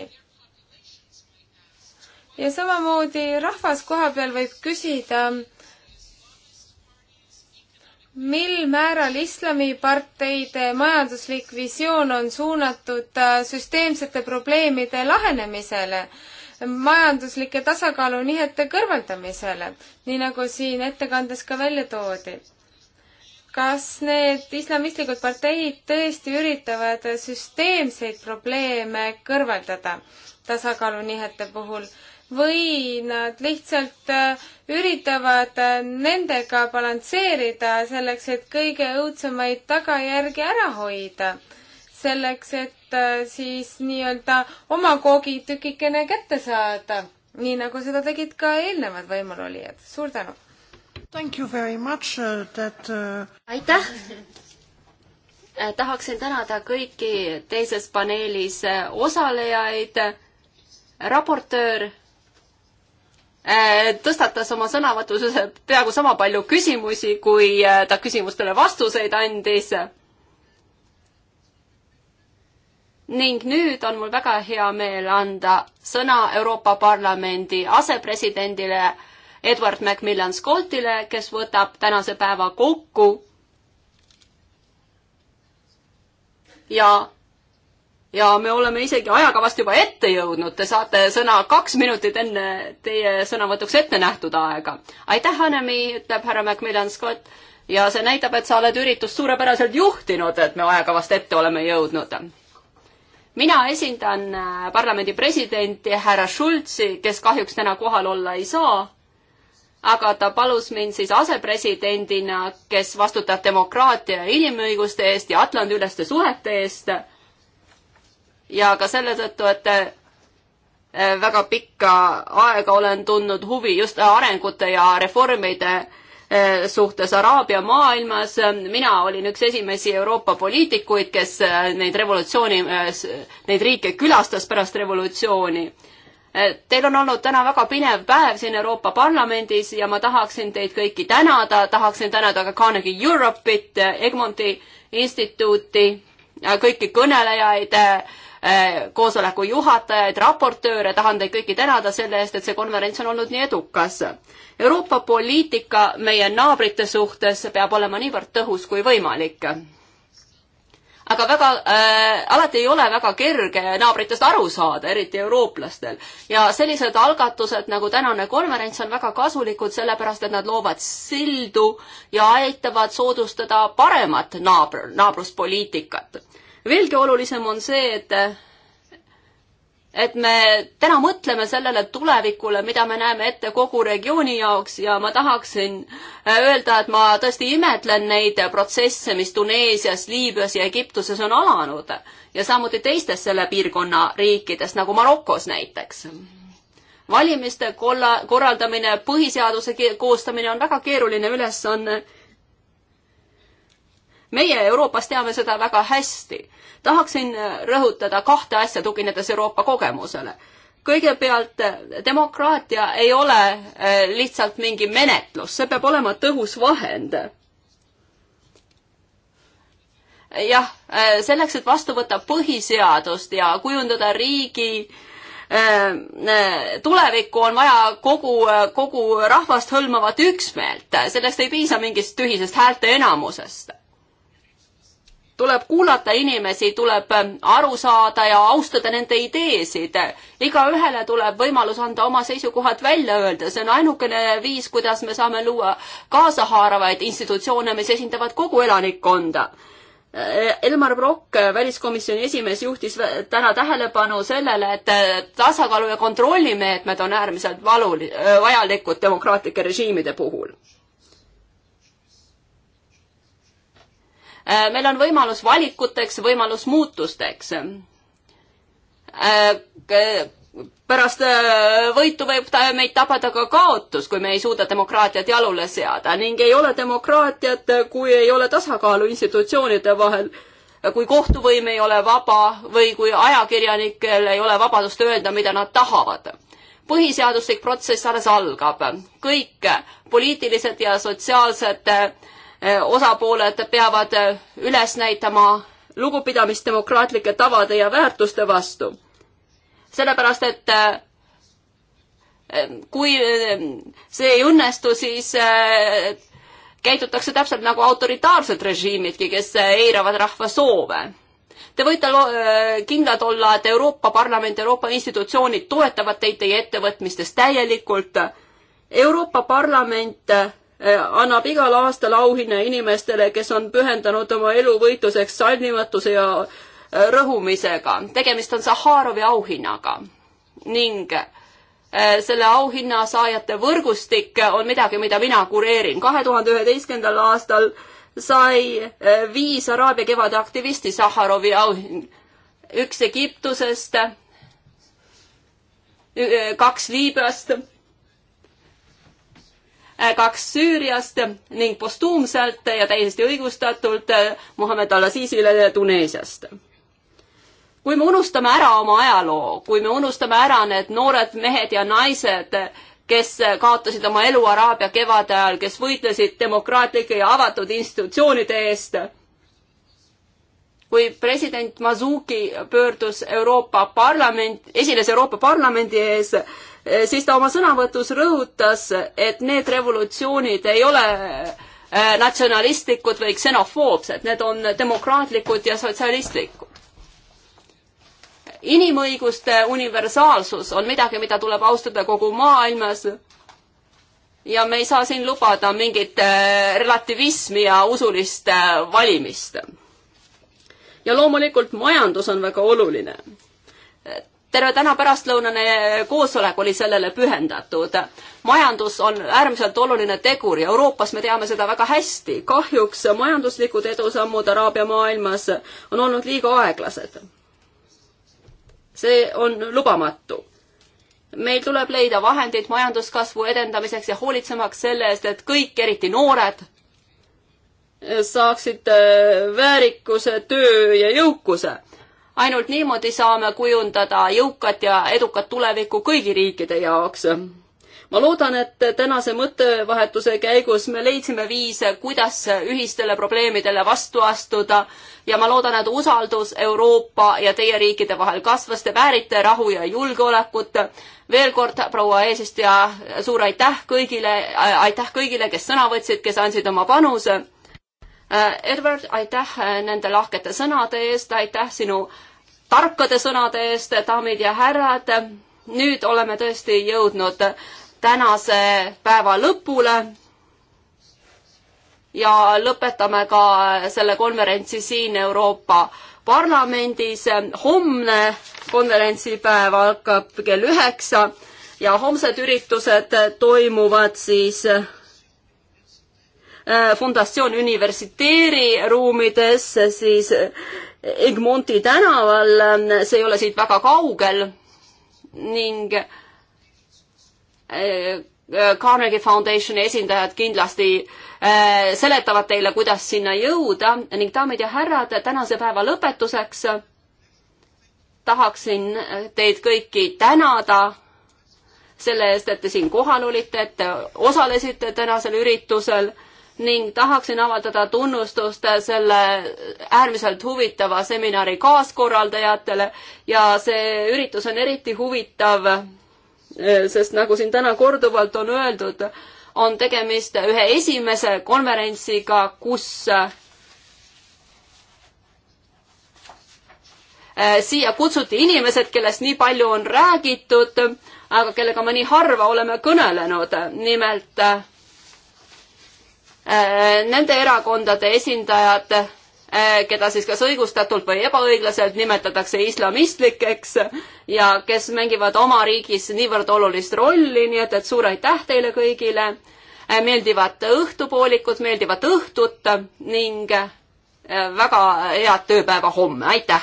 ja samamoodi rahvas koha peal võib küsida, mil määral islamiparteide majanduslik visioon on suunatud äh, süsteemsete probleemide lahenemisele, majanduslike tasakaalunihete kõrvaldamisele, nii nagu siin ettekandes ka välja toodi kas need islamistlikud parteid tõesti üritavad süsteemseid probleeme kõrvaldada tasakaalunihete puhul või nad lihtsalt äh, üritavad äh, nendega balansseerida selleks, et kõige õudsemaid tagajärgi ära hoida. selleks, et äh, siis nii-öelda oma koogitükikene kätte saada, nii nagu seda tegid ka eelnevad võimulolijad. suur tänu! Uh, that... Uh, aitäh! Äh, tahaksin tänada kõiki teises paneelis äh, osalejaid. raportöör äh, tõstatas oma sõnavõtus peaaegu sama palju küsimusi, kui ta küsimustele vastuseid andis. ning nüüd on mul väga hea meel anda sõna Euroopa Parlamendi asepresidendile Edward Macmillan Scottile, kes võtab tänase päeva kokku ja, ja me oleme isegi ajakavast juba ette jõudnud, te saate sõna kaks minutit enne teie sõnavõtuks ette nähtud aega. aitäh, Anemi, ütleb härra Macmillan Scott ja see näitab, et sa oled üritust suurepäraselt juhtinud, et me ajakavast ette oleme jõudnud mina esindan äh, parlamendi presidenti härra Schulzi, kes kahjuks täna kohal olla ei saa aga ta palus mind siis asepresidendina, kes vastutab demokraatia ja inimõiguste eest ja Atlandi-üleste suhete eest. ja ka selle tõttu, et eh, väga pikka aega olen tundnud huvi just arengute ja reformide eh, suhtes Araabia maailmas. mina olin üks esimesi Euroopa poliitikuid, kes eh, neid revolutsiooni, neid riike külastas pärast revolutsiooni Eh, teil on olnud täna väga pinev päev siin Euroopa Parlamendis ja ma tahaksin teid kõiki tänada, tahaksin tänada ka Carnegie Europe'it, Egmonti instituuti, eh, kõiki kõnelejaid, eh, koosoleku juhatajaid, raportööre, tahan teid kõiki tänada selle eest, et see konverents on olnud nii edukas. Euroopa poliitika meie naabrite suhtes peab olema niivõrd tõhus kui võimalik aga väga äh,, alati ei ole väga kerge naabritest aru saada, eriti eurooplastel. ja sellised algatused nagu tänane konverents on väga kasulikud, sellepärast et nad loovad sildu ja aitavad soodustada paremat naabr, naabruspoliitikat. veelgi olulisem on see, et et me täna mõtleme sellele tulevikule, mida me näeme ette kogu regiooni jaoks ja ma tahaksin äh, öelda, et ma tõesti imetlen neid protsesse, mis Tuneesias, Liibüas ja Egiptuses on alanud ja samuti teistes selle piirkonna riikides, nagu Marokos näiteks. valimiste kolla, korraldamine, põhiseaduse koostamine on väga keeruline ülesanne meie Euroopas teame seda väga hästi. tahaksin äh, rõhutada kahte asja, tuginedes Euroopa kogemusele. kõigepealt, äh, demokraatia ei ole äh, lihtsalt mingi menetlus, see peab olema tõhus vahend jah, selleks, et vastu võtta põhiseadust ja kujundada riigi tulevikku, on vaja kogu, kogu rahvast hõlmavat üksmeelt, sellest ei piisa mingist tühisest häälte enamusest tuleb kuulata inimesi, tuleb ähm, aru saada ja austada nende ideesid. igaühele tuleb võimalus anda oma seisukohad välja öelda, see on ainukene viis, kuidas me saame luua kaasahaaravaid institutsioone, mis esindavad kogu elanikkonda. Äh, Elmar Brokk, äh, väliskomisjoni esimees, juhtis täna tähelepanu sellele, et äh, tasakaalu ja kontrollimeetmed on äärmiselt valu-, vajalikud demokraatlike režiimide puhul Äh, meil on võimalus valikuteks, võimalus muutusteks. Äh, pärast äh, võitu võib meid tabada ka kaotus, kui me ei suuda demokraatiat jalule seada ning ei ole demokraatiat, kui ei ole tasakaalu institutsioonide vahel kui kohtuvõim ei ole vaba või kui ajakirjanikel ei ole vabadust öelda, mida nad tahavad. põhiseaduslik protsess alles algab. kõik poliitilised ja sotsiaalsed äh, Eh, osapooled peavad eh, üles näitama lugupidamist demokraatlike tavade ja väärtuste vastu. sellepärast, et eh, kui see ei õnnestu, siis käitutakse täpselt nagu autoritaarsed režiimidki, kes eiravad rahva soove. Te võite kindlad olla, et Euroopa Parlament, Euroopa institutsioonid toetavad teid teie ettevõtmistes täielikult. Euroopa Parlament Eh, annab igal aastal auhinna inimestele, kes on pühendanud oma elu võitluseks sallimatuse ja eh, rõhumisega. tegemist on Saharovi auhinnaga ning eh, selle auhinna saajate võrgustik on midagi, mida mina kureerin. kahe tuhande üheteistkümnendal aastal sai viis Araabia kevade aktivisti Saharovi auhind, üks Egiptusest, kaks Liibüast Äh, kaks Süüriast ning postuumselt ja täiesti õigustatult äh, Mohammed al-Azizile Tuneesiast. kui me unustame ära oma ajaloo, kui me unustame ära need noored mehed ja naised, kes kaotasid oma elu Araabia kevade ajal, kes võitlesid demokraatlike ja avatud institutsioonide eest. kui president Mazuki pöördus Euroopa Parlament, esines Euroopa Parlamendi ees, Eh, siis ta oma sõnavõtus rõhutas, et need revolutsioonid ei ole eh, natsionalistlikud või ksenofoobsed, need on demokraatlikud ja sotsialistlikud. inimõiguste universaalsus on midagi, mida tuleb austada kogu maailmas. ja me ei saa siin lubada mingit eh, relativismi ja usulist valimist. ja loomulikult majandus on väga oluline terve täna pärastlõunane koosolek oli sellele pühendatud. majandus on äärmiselt oluline tegur ja Euroopas me teame seda väga hästi. kahjuks majanduslikud edusammud Araabia maailmas on olnud liiga aeglased. see on lubamatu meil tuleb leida vahendeid majanduskasvu edendamiseks ja hoolitsemaks selle eest, et kõik, eriti noored, saaksid väärikuse, töö ja jõukuse ainult niimoodi saame kujundada jõukat ja edukat tulevikku kõigi riikide jaoks. ma loodan, et tänase mõttevahetuse käigus me leidsime viise, kuidas ühistele probleemidele vastu astuda ja ma loodan, et usaldus Euroopa ja teie riikide vahel kasvas, te väärite rahu ja julgeolekut. veel kord, proua eesistuja, suur aitäh kõigile, aitäh kõigile, kes sõna võtsid, kes andsid oma panuse Äh, Edward, aitäh äh, nende lahkete sõnade eest, aitäh sinu tarkade sõnade eest, daamid ja härrad. nüüd oleme tõesti jõudnud tänase päeva lõpule. ja lõpetame ka selle konverentsi siin Euroopa Parlamendis. homne konverentsipäev algab kell üheksa ja homsed üritused toimuvad siis Äh, Fundatsioon Universiteeri ruumides, siis äh, Egmonti tänaval, äh, see ei ole siit väga kaugel ning Carnegie Foundationi esindajad kindlasti seletavad teile, kuidas sinna jõuda ning daamid ja härrad, tänase päeva lõpetuseks tahaksin teid kõiki tänada selle eest, et te siin kohal olite, et te osalesite tänasel üritusel ning tahaksin avaldada tunnustust selle äärmiselt huvitava seminari kaaskorraldajatele ja see üritus on eriti huvitav, sest nagu siin täna korduvalt on öeldud, on tegemist ühe esimese konverentsiga, kus eh, siia kutsuti inimesed, kellest nii palju on räägitud, aga kellega me nii harva oleme kõnelenud, nimelt eh, Äh, nende erakondade esindajad, äh, keda siis kas õigustatult või ebaõiglaselt nimetatakse islamistlikeks ja kes mängivad oma riigis niivõrd olulist rolli, nii et, et suur aitäh teile kõigile, äh, meeldivat õhtupoolikud, meeldivat õhtut ning väga head tööpäeva homme, aitäh!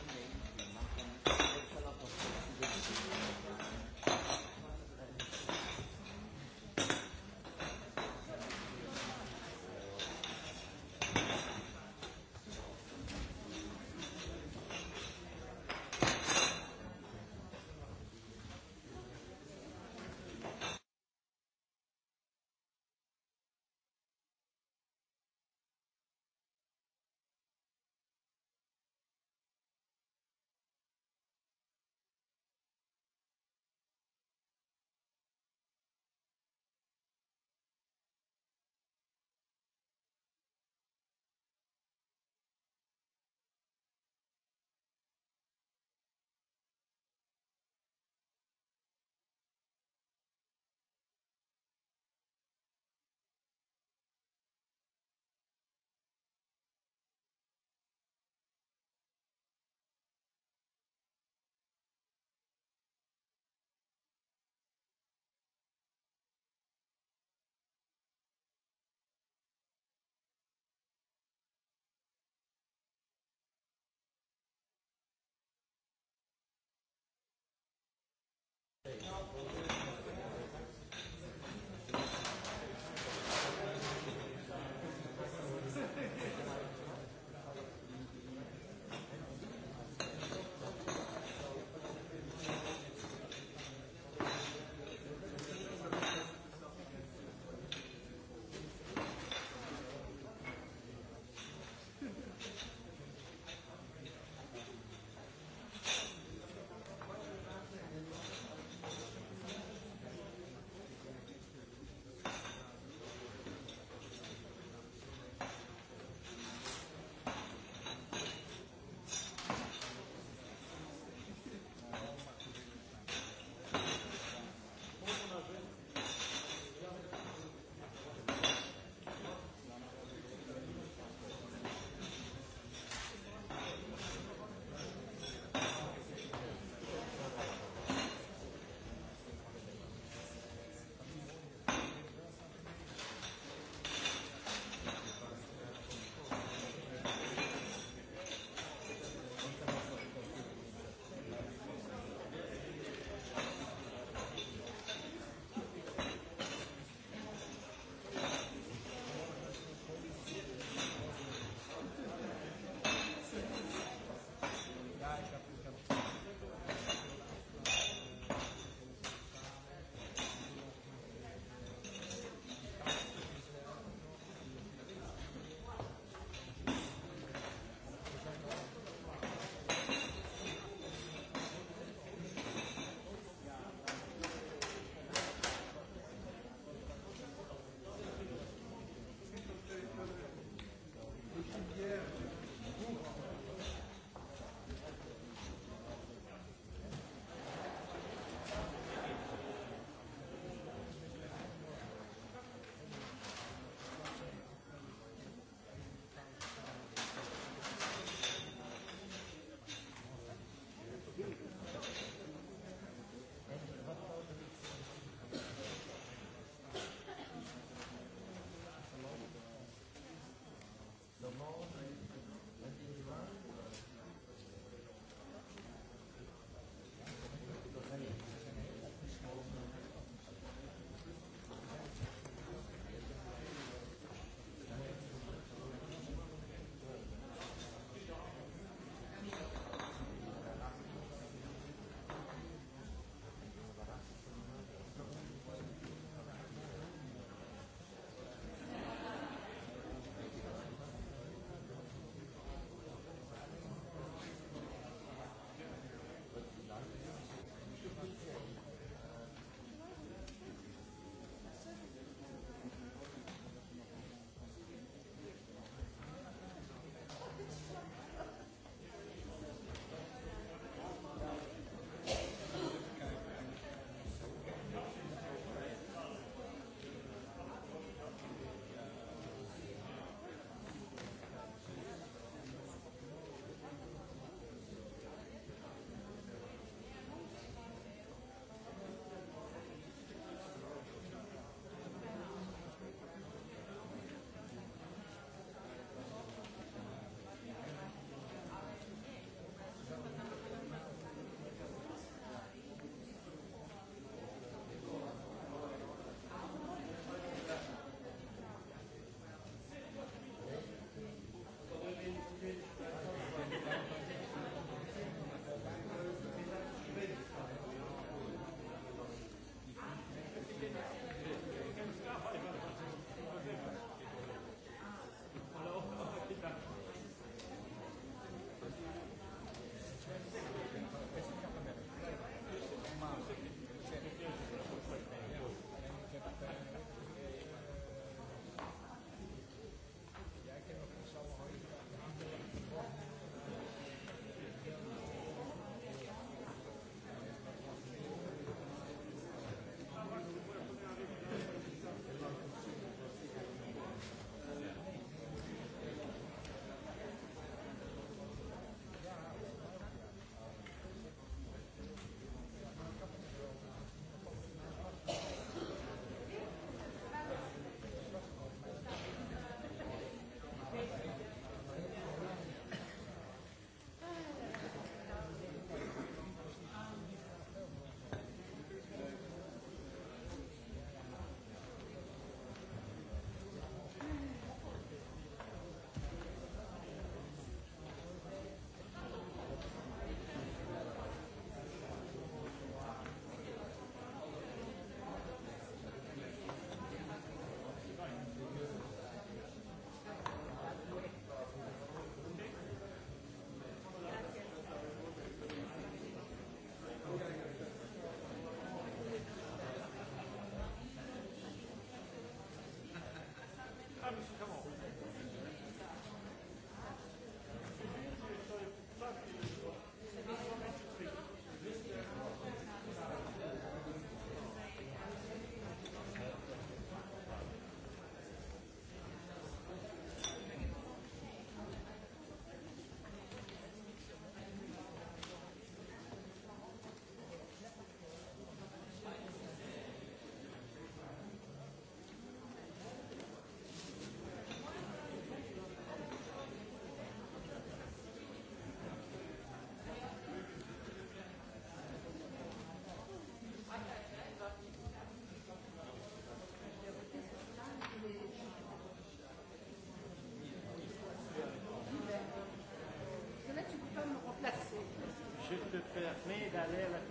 في دلالة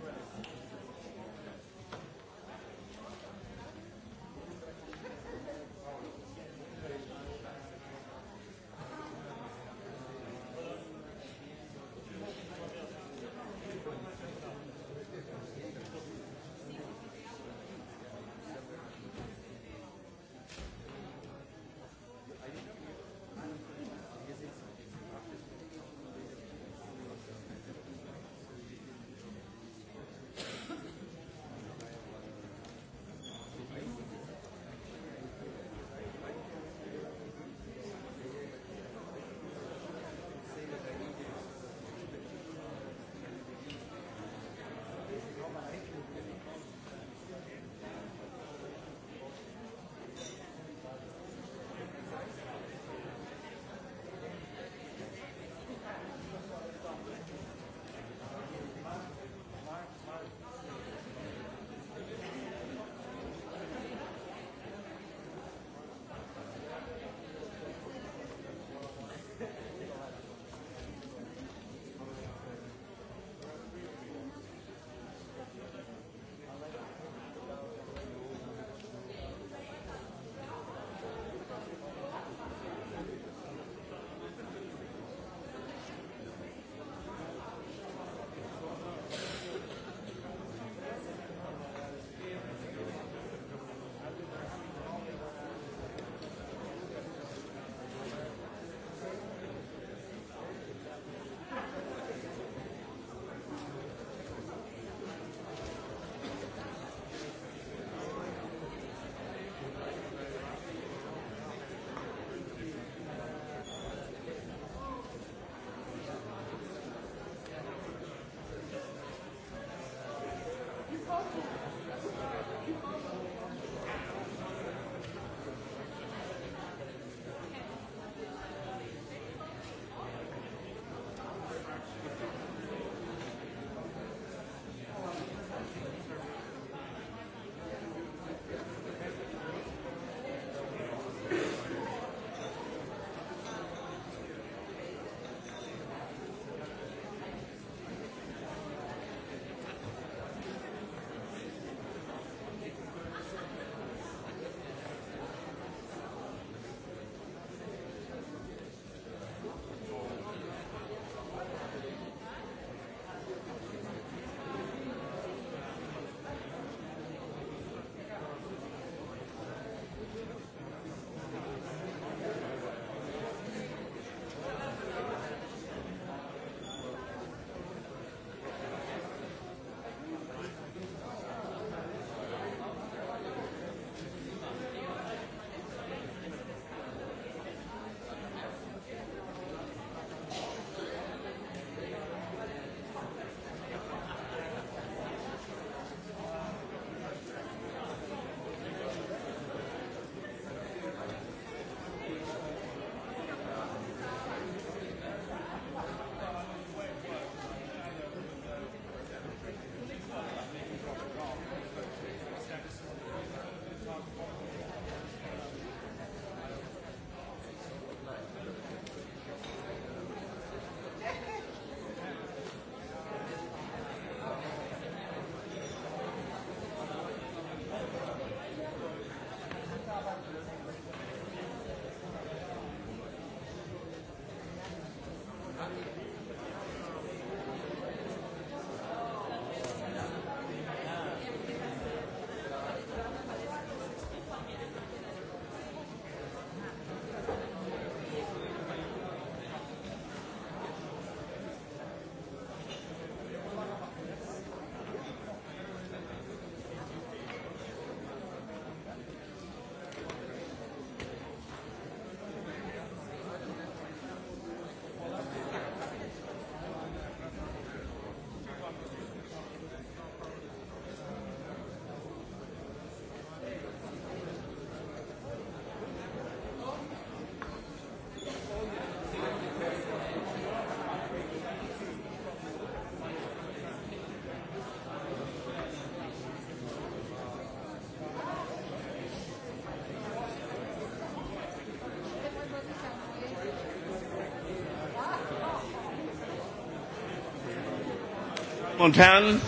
und Herren,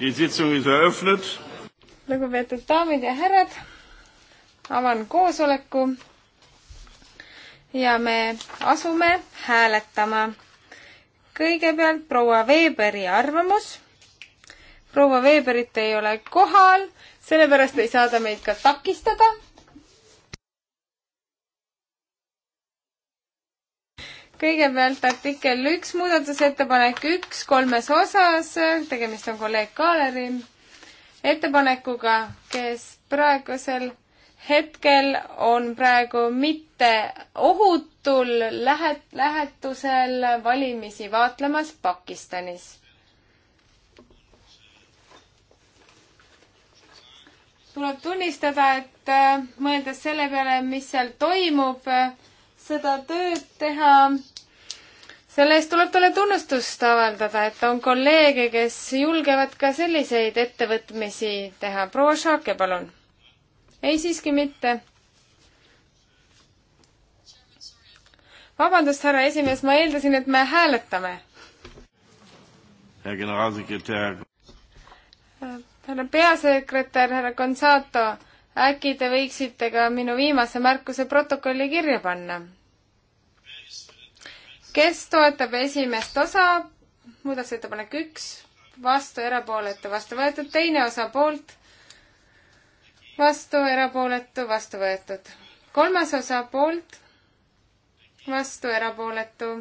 die Sitzung ist eröffnet. lugupeetud daamid ja härrad, avan koosoleku ja me asume hääletama. kõigepealt proua Weberi arvamus. proua Weberit ei ole kohal, sellepärast ei saa ta meid ka takistada kõigepealt artikkel üks, muudatusettepanek üks kolmes osas, tegemist on kolleeg Kaaleri ettepanekuga, kes praegusel hetkel on praegu mitte ohutul lähet-, lähetusel valimisi vaatlemas Pakistanis tuleb tunnistada, et äh, mõeldes selle peale, mis seal toimub, äh, seda tööd teha selle eest tuleb talle tunnustust avaldada, et on kolleege, kes julgevad ka selliseid ettevõtmisi teha. proua Šaake, palun. ei, siiski mitte. vabandust, härra esimees, ma eeldasin, et me hääletame. härra peasekretär, härra Gonzato, äkki te võiksite ka minu viimase märkuse protokolli kirja panna? kes toetab esimest osa, muudatusettepanek üks, vastu, erapooletu, vastu võetud, teine osa poolt, vastu, erapooletu, vastu võetud. kolmas osa poolt, vastu, erapooletu,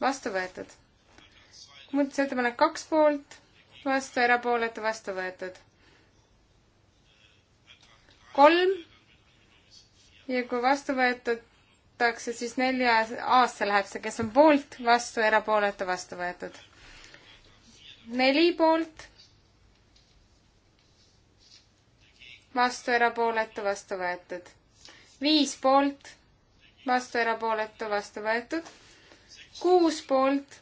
vastu võetud. muudatusettepanek kaks poolt, vastu, erapooletu, vastu võetud. kolm ja kui vastu võetud muudetakse, siis nelja aasta läheb see, kes on poolt, vastu, erapooletu, vastu võetud. neli poolt, vastu, erapooletu, vastu võetud. viis poolt, vastu, erapooletu, vastu võetud. kuus poolt,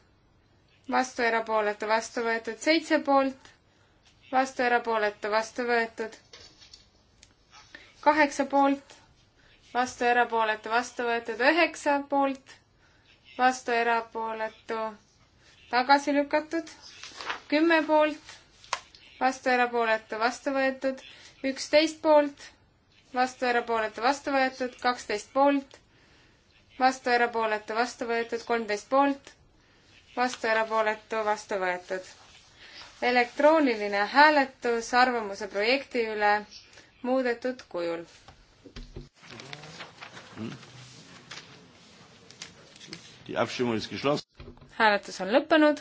vastu, erapooletu, vastu võetud. seitse poolt, vastu, erapooletu, vastu võetud. kaheksa poolt vastu erapooletu, vastu võetud üheksa poolt, vastu erapooletu, tagasi lükatud, kümme poolt, vastu erapooletu, vastu võetud, üksteist poolt, vastu erapooletu, vastu võetud, kaksteist poolt, vastu erapooletu, vastu võetud, kolmteist poolt, vastu erapooletu, vastu võetud. elektrooniline hääletus arvamuse projekti üle muudetud kujul hääletus on lõppenud.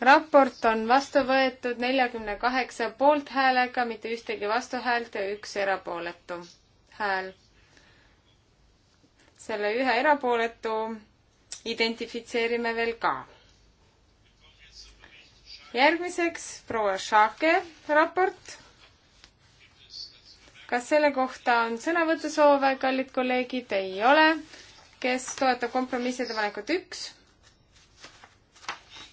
raport on vastu võetud neljakümne kaheksa poolthäälega, mitte ühtegi vastuhäält ja üks erapooletu hääl. selle ühe erapooletu identifitseerime veel ka. järgmiseks proua Šake raport kas selle kohta on sõnavõtusoove, kallid kolleegid, ei ole. kes toetab kompromissettepanekut üks?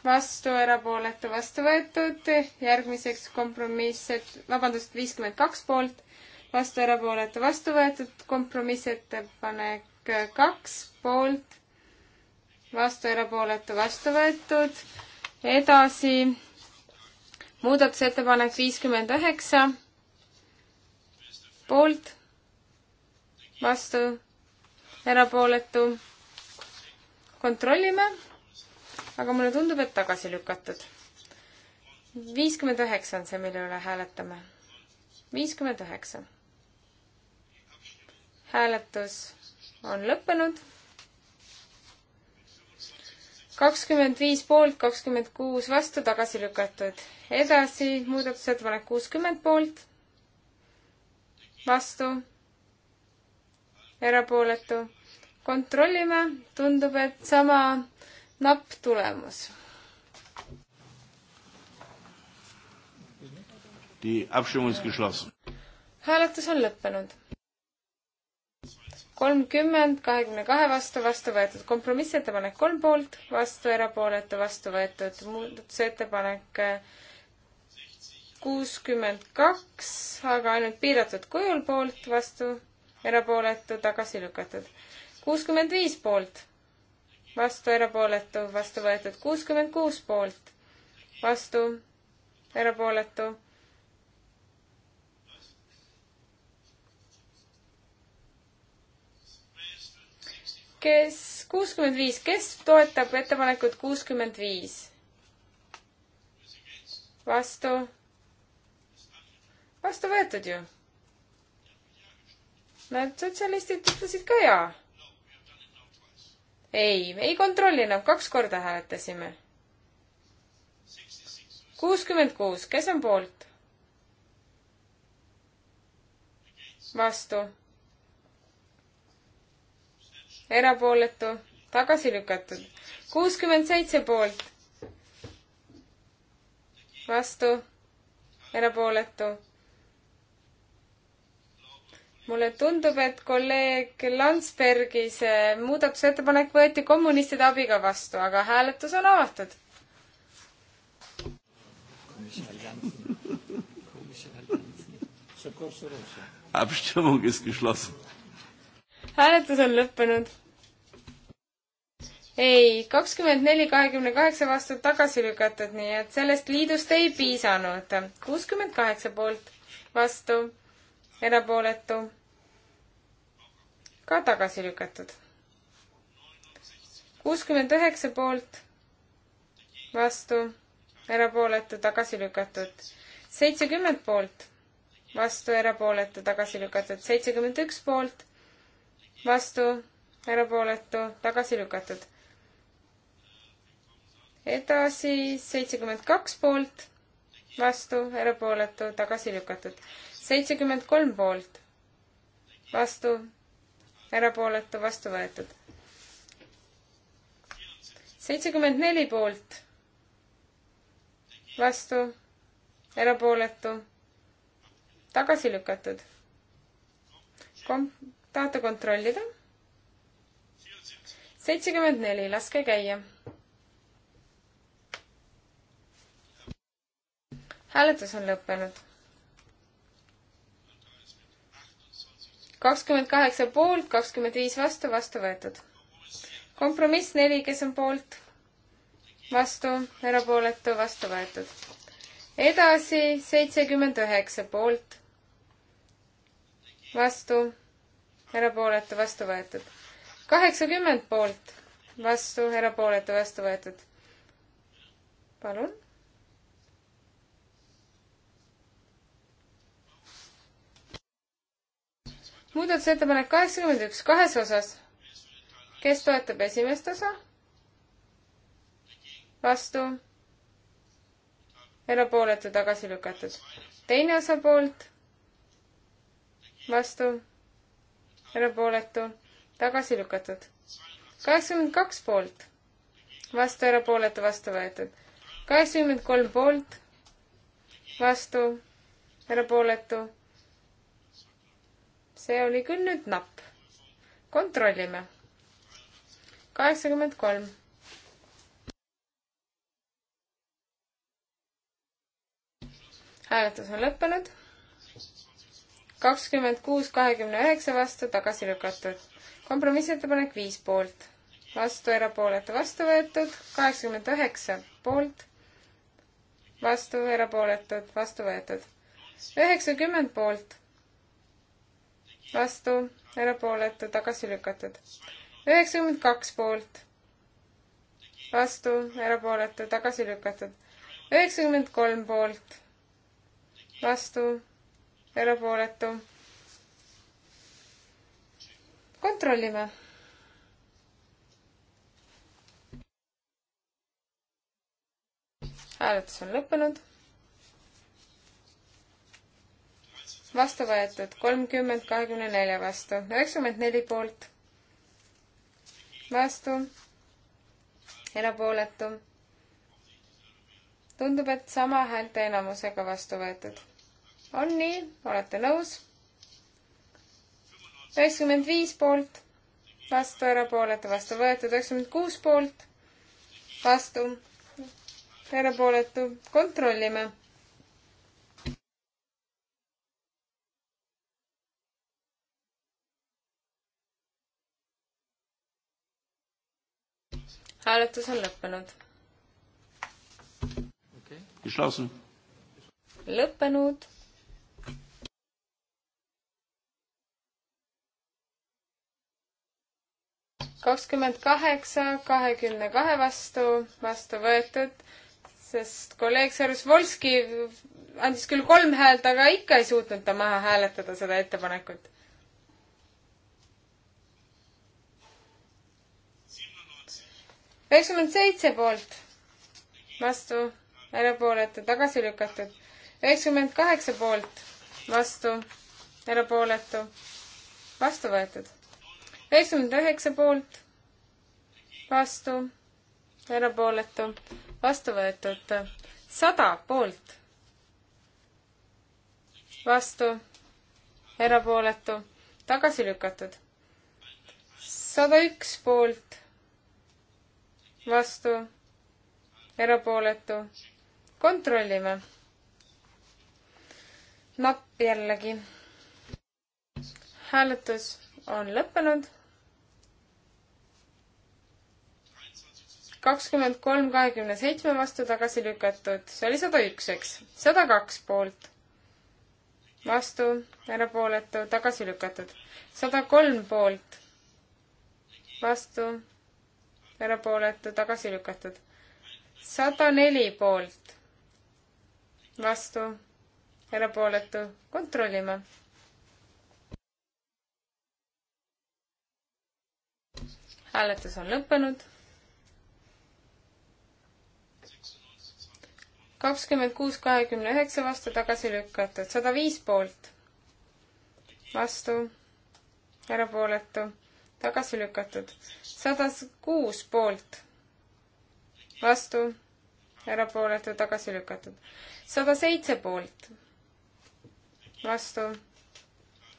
vastu, erapooletu, vastu võetud. järgmiseks kompromissed, vabandust, viiskümmend kaks poolt, vastu, erapooletu, vastu võetud. kompromissettepanek kaks poolt, vastu, erapooletu, vastu võetud. edasi muudatusettepanek viiskümmend üheksa poolt, vastu, erapooletu. kontrollime, aga mulle tundub, et tagasi lükatud. viiskümmend üheksa on see, mille üle hääletame. viiskümmend üheksa. hääletus on lõppenud kakskümmend viis poolt, kakskümmend kuus vastu, tagasi lükatud. edasi muudatusettepanek kuuskümmend poolt, vastu, erapooletu. kontrollime, tundub, et sama napp tulemus. hääletus on lõppenud. kolmkümmend, kahekümne kahe vastu, vastu võetud kompromissettepanek kolm poolt, vastu erapooletu, vastu võetud muudatusettepanek kakssada kuuskümmend kaks, aga ainult piiratud kujul poolt, vastu, erapooletu, tagasi lükatud. kuuskümmend viis poolt, vastu, erapooletu, vastu võetud. kuuskümmend kuus poolt, vastu, erapooletu kes, kuuskümmend viis, kes toetab ettepanekut kuuskümmend viis? vastu? vastu võetud ju. Nad sotsialistid ütlesid ka jaa. ei, ei kontrollinud, kaks korda hääletasime. kuuskümmend kuus, kes on poolt? vastu. erapooletu, tagasi lükatud. kuuskümmend seitse poolt. vastu, erapooletu mulle tundub, et kolleeg Landsbergi see eh, muudatusettepanek võeti kommunistide abiga vastu, aga hääletus on avatud. hääletus on lõppenud. ei, kakskümmend neli kahekümne kaheksa vastu tagasi lükatud, nii et sellest liidust ei piisanud. kuuskümmend kaheksa poolt, vastu, erapooletu ka tagasi lükatud. kuuskümmend üheksa poolt, vastu, erapooletu, tagasi lükatud. seitsekümmend poolt, vastu, erapooletu, tagasi lükatud. seitsekümmend üks poolt, vastu, erapooletu, tagasi lükatud. edasi seitsekümmend kaks poolt, vastu, erapooletu, tagasi lükatud. seitsekümmend kolm poolt, vastu, erapooletu, vastu võetud. seitsekümmend neli poolt, vastu, erapooletu, tagasi lükatud. Kom-, tahate kontrollida? seitsekümmend neli, laske käia. hääletus on lõppenud kakskümmend kaheksa poolt, kakskümmend viis vastu, vastu võetud. kompromiss neli, kes on poolt, vastu, erapooletu, vastu võetud. edasi seitsekümmend üheksa poolt, vastu, erapooletu, vastu võetud. kaheksakümmend poolt, vastu, erapooletu, vastu võetud. palun muudatusettepanek kaheksakümmend üks kahes osas. kes toetab esimest osa? vastu. erapooletu tagasi lükatud. teine osa poolt. vastu. erapooletu tagasi lükatud. kaheksakümmend kaks poolt. vastu, erapooletu, vastu võetud. kaheksakümmend kolm poolt. vastu, erapooletu see oli küll nüüd napp. kontrollime. kaheksakümmend kolm. hääletus on lõppenud. kakskümmend kuus kahekümne üheksa vastu tagasi lükatud. kompromissettepanek viis poolt, vastu erapooletu vastu võetud, kaheksakümmend üheksa poolt, vastu erapooletud vastu võetud, üheksakümmend poolt vastu, erapooletu, tagasi lükatud. üheksakümmend kaks poolt, vastu, erapooletu, tagasi lükatud. üheksakümmend kolm poolt, vastu, erapooletu. kontrollime hääletus on lõppenud. vastu võetud kolmkümmend kahekümne nelja vastu, üheksakümmend neli poolt, vastu, erapooletu. tundub, et sama häälte enamusega vastu võetud. on nii, olete nõus? üheksakümmend viis poolt, vastu, erapooletu, vastu võetud, üheksakümmend kuus poolt, vastu, erapooletu, kontrollime hääletus on lõppenud okay.. lõppenud. kakskümmend kaheksa, kahekümne kahe vastu, vastu võetud, sest kolleeg Sõrus Volski andis küll kolm häält, aga ikka ei suutnud ta maha hääletada seda ettepanekut üheksakümmend seitse poolt, vastu, erapooletu, tagasi lükatud. üheksakümmend kaheksa poolt, vastu, erapooletu, vastu võetud. üheksakümmend üheksa poolt, vastu, erapooletu, vastu võetud. sada poolt, vastu, erapooletu, tagasi lükatud. sada üks poolt vastu, erapooletu. kontrollime. napp jällegi. hääletus on lõppenud. kakskümmend kolm kahekümne seitsme vastu tagasi lükatud, see oli sada üks, eks, sada kaks poolt vastu, erapooletu, tagasi lükatud. sada kolm poolt, vastu, erapooletu, tagasi lükatud. sada neli poolt, vastu, erapooletu, kontrollime. hääletus on lõppenud. kakskümmend kuus, kahekümne üheksa vastu tagasi lükatud, sada viis poolt, vastu, erapooletu tagasi lükatud. sada kuus poolt, vastu, erapooletu, tagasi lükatud. sada seitse poolt, vastu,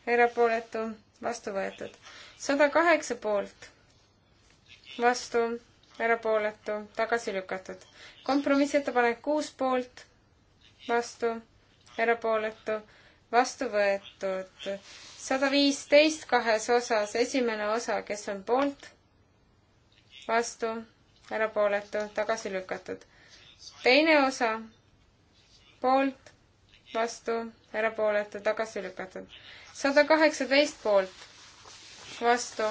erapooletu, vastu võetud. sada kaheksa poolt, vastu, erapooletu, tagasi lükatud. kompromissettepanek kuus poolt, vastu, erapooletu vastu võetud. sada viisteist kahes osas, esimene osa, kes on poolt, vastu, erapooletu, tagasi lükatud. teine osa, poolt, vastu, erapooletu, tagasi lükatud. sada kaheksateist poolt, vastu,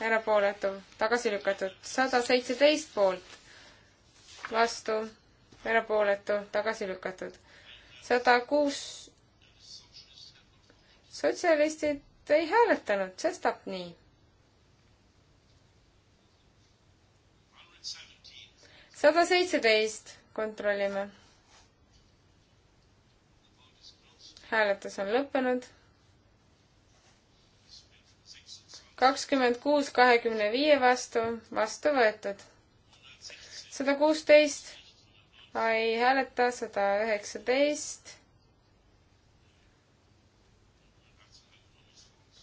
erapooletu, tagasi lükatud. sada seitseteist poolt, vastu, erapooletu, tagasi lükatud. sada kuus sotsialistid ei hääletanud, sestap nii. sada seitseteist, kontrollime. hääletus on lõppenud. kakskümmend kuus kahekümne viie vastu, vastu võetud. sada kuusteist, ei hääleta, sada üheksateist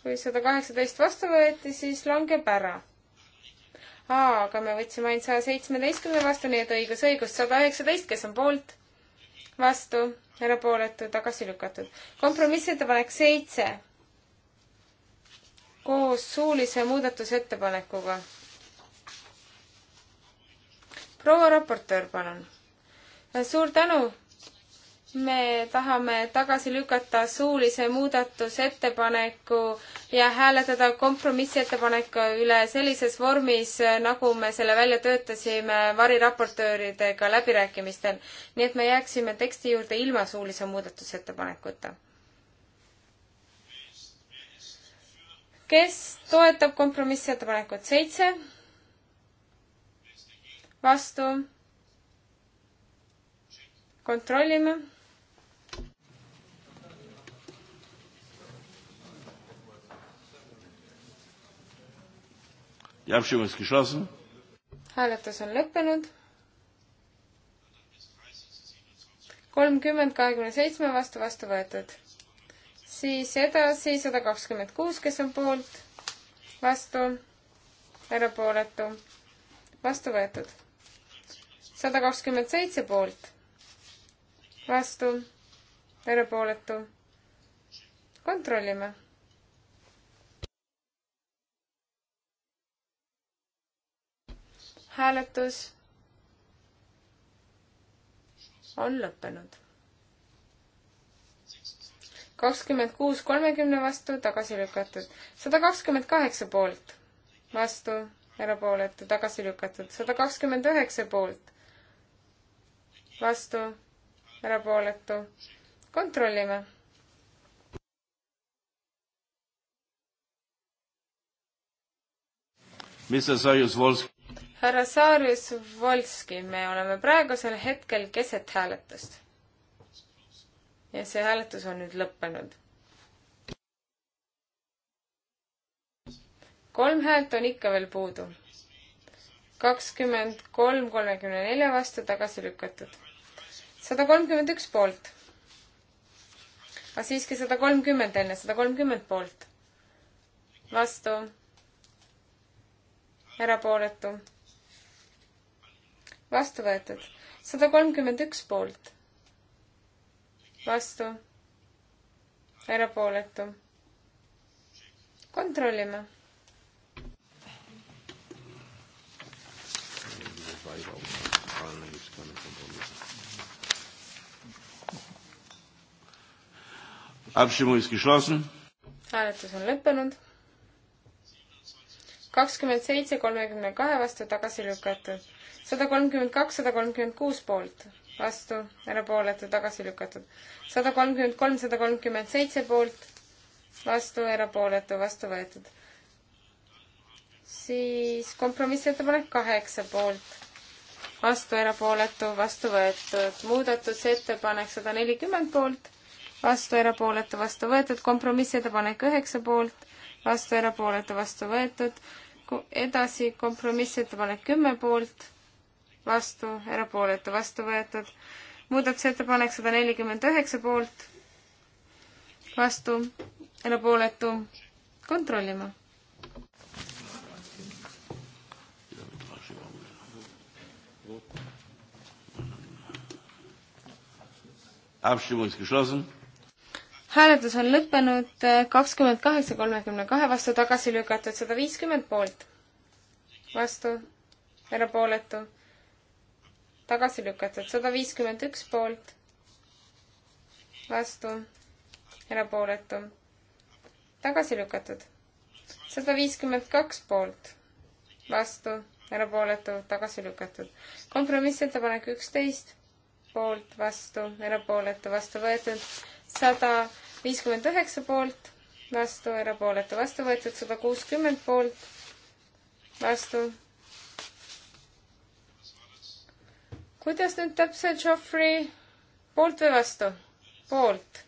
kui sada kaheksateist vastu võeti, siis langeb ära. aa, aga me võtsime ainult saja seitsmeteistkümne vastu, nii et õigus, õigus, sada üheksateist, kes on poolt, vastu, erapooletu, tagasi lükatud. kompromissettepanek seitse koos suulise muudatusettepanekuga. proua raportöör, palun. suur tänu me tahame tagasi lükata suulise muudatusettepaneku ja hääletada kompromissettepaneku üle sellises vormis, nagu me selle välja töötasime variraportööridega läbirääkimistel. nii et me jääksime teksti juurde ilma suulise muudatusettepanekuta. kes toetab kompromissettepanekut seitse? vastu kontrollime hääletus on lõppenud. kolmkümmend kahekümne seitsme vastu, vastu võetud. siis edasi sada kakskümmend kuus, kes on poolt, vastu, erapooletu, vastu võetud. sada kakskümmend seitse poolt, vastu, erapooletu. kontrollime hääletus on lõppenud. kakskümmend kuus kolmekümne vastu tagasi lükatud, sada kakskümmend kaheksa poolt vastu, erapooletu, tagasi lükatud, sada kakskümmend üheksa poolt vastu, erapooletu. kontrollime Mr. Sajus-Volski härra Saarjus Volski, me oleme praegusel hetkel keset hääletust. ja see hääletus on nüüd lõppenud. kolm häält on ikka veel puudu. kakskümmend kolm kolmekümne nelja vastu tagasi lükatud. sada kolmkümmend üks poolt. aga siiski sada kolmkümmend enne, sada kolmkümmend poolt. vastu. erapooletu vastu võetud. sada kolmkümmend üks poolt. vastu. erapooletu. kontrollime. hääletus on lõppenud kakskümmend seitse kolmekümne kahe vastu tagasi lükatud sada kolmkümmend kaks, sada kolmkümmend kuus poolt, vastu, erapooletu, tagasi lükatud. sada kolmkümmend kolm, sada kolmkümmend seitse poolt, vastu, erapooletu, vastu võetud. siis kompromissettepanek kaheksa poolt, vastu, erapooletu, vastu võetud. muudatusettepanek sada nelikümmend poolt, vastu, erapooletu, vastu võetud. kompromissettepanek üheksa poolt, vastu, erapooletu, vastu võetud. edasi kompromissettepanek kümme poolt vastu, erapooletu, vastu võetud. muudatusettepanek sada nelikümmend üheksa poolt, vastu, erapooletu, kontrollima. hääletus on lõppenud kakskümmend kaheksa kolmekümne kahe vastu tagasi lükatud sada viiskümmend poolt, vastu, erapooletu tagasi lükatud, sada viiskümmend üks poolt, vastu, erapooletu, tagasi lükatud, sada viiskümmend kaks poolt, vastu, erapooletu, tagasi lükatud. kompromissettepanek üksteist, poolt, vastu, erapooletu, vastu võetud, sada viiskümmend üheksa poolt, vastu, erapooletu, vastu võetud, sada kuuskümmend poolt, vastu, kuidas nüüd täpselt Joffrey poolt või vastu? poolt.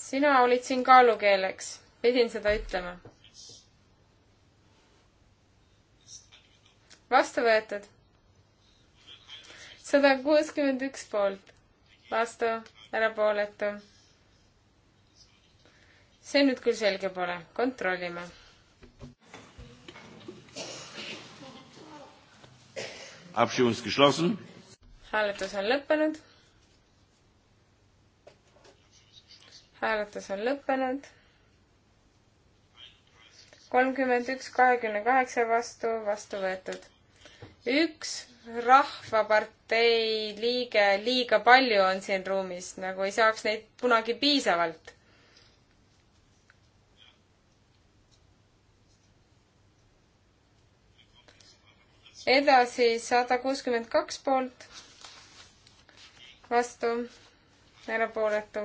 sina olid siin kaalukeeleks, pidin seda ütlema. vastu võetud. sada kuuskümmend üks poolt, vastu, erapooletu. see nüüd küll selge pole, kontrollime Abstimmung ist geschlossen. hääletus on lõppenud. hääletus on lõppenud. kolmkümmend üks kahekümne kaheksa vastu, vastu võetud. üks rahvapartei liige liiga palju on siin ruumis, nagu ei saaks neid kunagi piisavalt edasi sada kuuskümmend kaks poolt, vastu, erapooletu,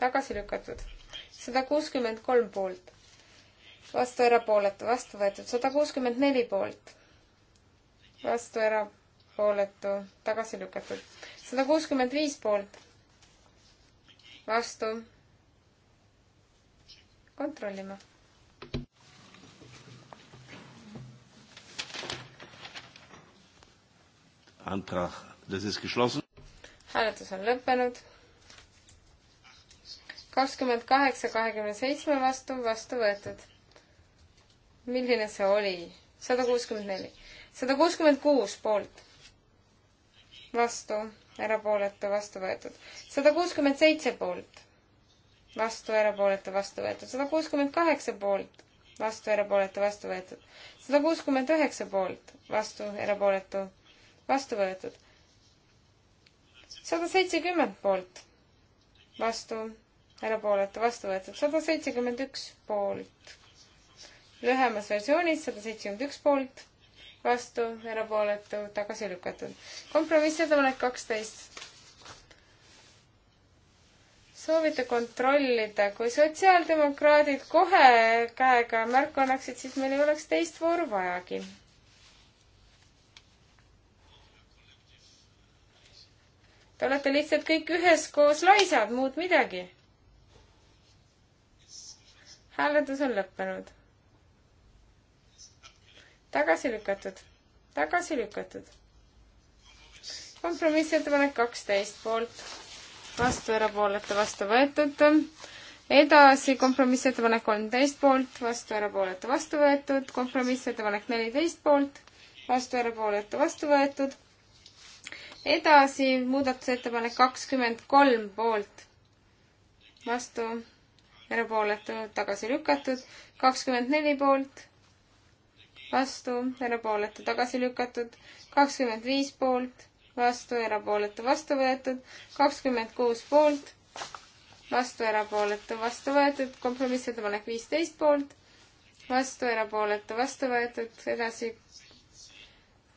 tagasi lükatud. sada kuuskümmend kolm poolt, vastu, erapooletu, vastu võetud. sada kuuskümmend neli poolt, vastu, erapooletu, tagasi lükatud. sada kuuskümmend viis poolt, vastu kontrollima Antrag, das ist geschlossen. hääletus on lõppenud. kakskümmend kaheksa, kahekümne seitsme vastu, vastu võetud. milline see oli? sada kuuskümmend neli. sada kuuskümmend kuus poolt. vastu, erapooletu, vastu võetud. sada kuuskümmend seitse poolt. vastu, erapooletu, vastu võetud. sada kuuskümmend kaheksa poolt vastu, erapooletu, vastu võetud. sada kuuskümmend üheksa poolt, vastu, erapooletu, vastu võetud. sada seitsekümmend poolt, vastu, erapooletu, vastu võetud. sada seitsekümmend üks poolt, lühemas versioonis sada seitsekümmend üks poolt, vastu, erapooletu, tagasi lükatud. kompromissettepanek kaksteist soovite kontrollida, kui sotsiaaldemokraadid kohe käega märku annaksid, siis meil ei oleks teist vooru vajagi Te olete lihtsalt kõik üheskoos laisad, muud midagi. hääletus on lõppenud. tagasi lükatud, tagasi lükatud. kompromissettepanek kaksteist poolt, vastu erapooletu, vastu võetud. edasi kompromissettepanek kolmteist poolt, vastu erapooletu, vastu võetud. kompromissettepanek neliteist poolt, vastu erapooletu, vastu võetud edasi muudatusettepanek kakskümmend kolm poolt, vastu, erapooletu, tagasi lükatud, kakskümmend neli poolt, vastu, erapooletu, tagasi lükatud, kakskümmend viis poolt, vastu, erapooletu, vastu võetud, kakskümmend kuus poolt, vastu, erapooletu, vastu võetud, kompromissettepanek viisteist poolt, vastu, erapooletu, vastu võetud, edasi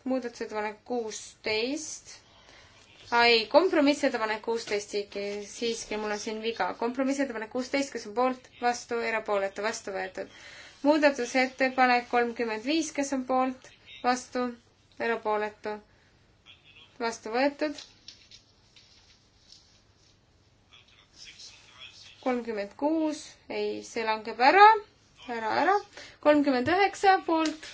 muudatusettepanek kuusteist ai, kompromissettepanek kuusteist siiski, siiski mul on siin viga. kompromissettepanek kuusteist, kes on poolt, vastu, erapooletu, vastu võetud. muudatusettepanek kolmkümmend viis, kes on poolt, vastu, erapooletu, vastu võetud. kolmkümmend kuus, ei, see langeb ära, ära, ära. kolmkümmend üheksa poolt,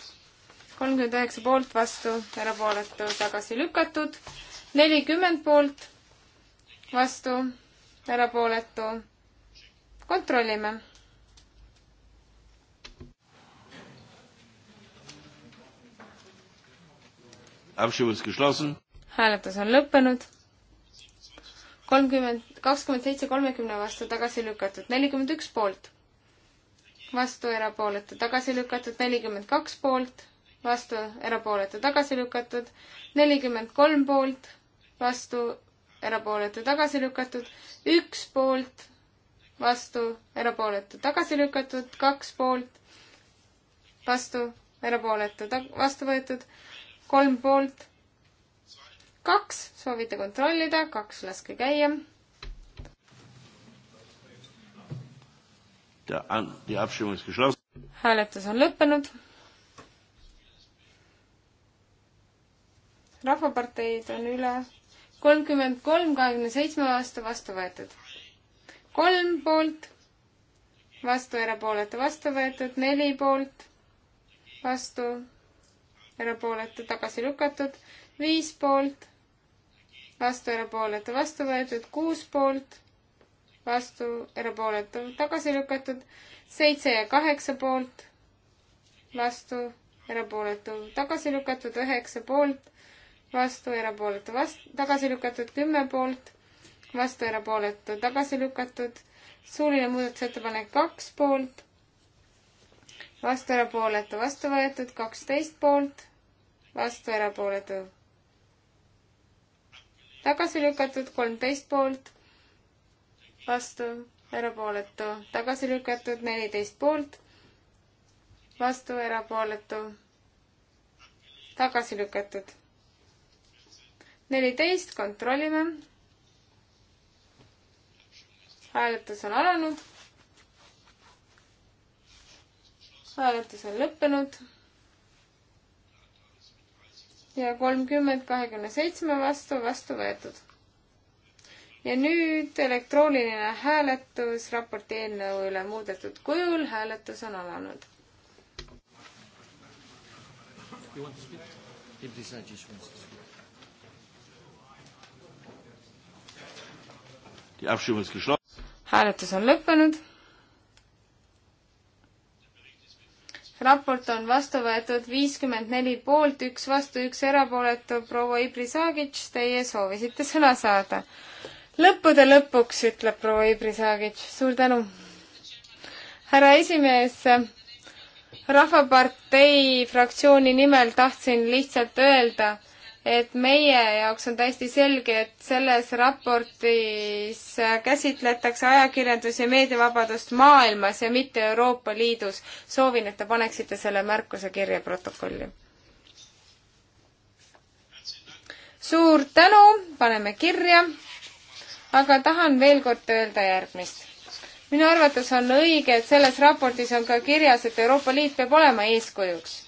kolmkümmend üheksa poolt, vastu, erapooletu, tagasi lükatud nelikümmend poolt, vastu, erapooletu. kontrollime hääletus on lõppenud. kolmkümmend, kakskümmend seitse kolmekümne vastu tagasi lükatud, nelikümmend üks poolt. vastu erapooletu tagasi lükatud, nelikümmend kaks poolt. vastu erapooletu tagasi lükatud, nelikümmend kolm poolt vastu, erapooletu, tagasi lükatud, üks poolt, vastu, erapooletu, tagasi lükatud, kaks poolt, vastu, erapooletu, vastu võetud, kolm poolt, kaks, soovite kontrollida, kaks laske käia. hääletus on lõppenud rahvaparteid on üle kolmkümmend kolm kahekümne seitsme vastu vastu võetud. kolm poolt, vastu erapooletu vastu võetud, neli poolt, vastu erapooletu tagasi lükatud, viis poolt, vastu erapooletu vastu võetud, kuus poolt, vastu erapooletu tagasi lükatud, seitse ja kaheksa poolt, vastu erapooletu tagasi lükatud, üheksa poolt vastu, erapooletu vastu, tagasi lükatud kümme poolt, vastu, erapooletu tagasi lükatud. suuline muudatusettepanek kaks poolt, vastu, erapooletu vastu võetud, kaksteist poolt, vastu, erapooletu tagasi lükatud, kolmteist poolt, vastu, erapooletu tagasi lükatud, neliteist poolt, vastu, erapooletu tagasi lükatud neliteist, kontrollime. hääletus on alanud. hääletus on lõppenud. ja kolmkümmend kahekümne seitsme vastu, vastu võetud. ja nüüd elektrooniline hääletus raporti eelnõu üle muudetud kujul, hääletus on alanud. You want to speak? If this I just want to speak. hääletus on lõppenud. raport on vastu võetud viiskümmend neli poolt, üks vastu, üks erapooletu. proua Ibri Saagitš, teie soovisite sõna saada. lõppude lõpuks, ütleb proua Ibri Saagitš. suur tänu. härra esimees, Rahvapartei fraktsiooni nimel tahtsin lihtsalt öelda, et meie jaoks on täiesti selge, et selles raportis käsitletakse ajakirjandus- ja meediavabadust maailmas ja mitte Euroopa Liidus. soovin, et te paneksite selle märkuse kirja protokolli. suur tänu, paneme kirja, aga tahan veel kord öelda järgmist minu arvates on õige, et selles raportis on ka kirjas, et Euroopa Liit peab olema eeskujuks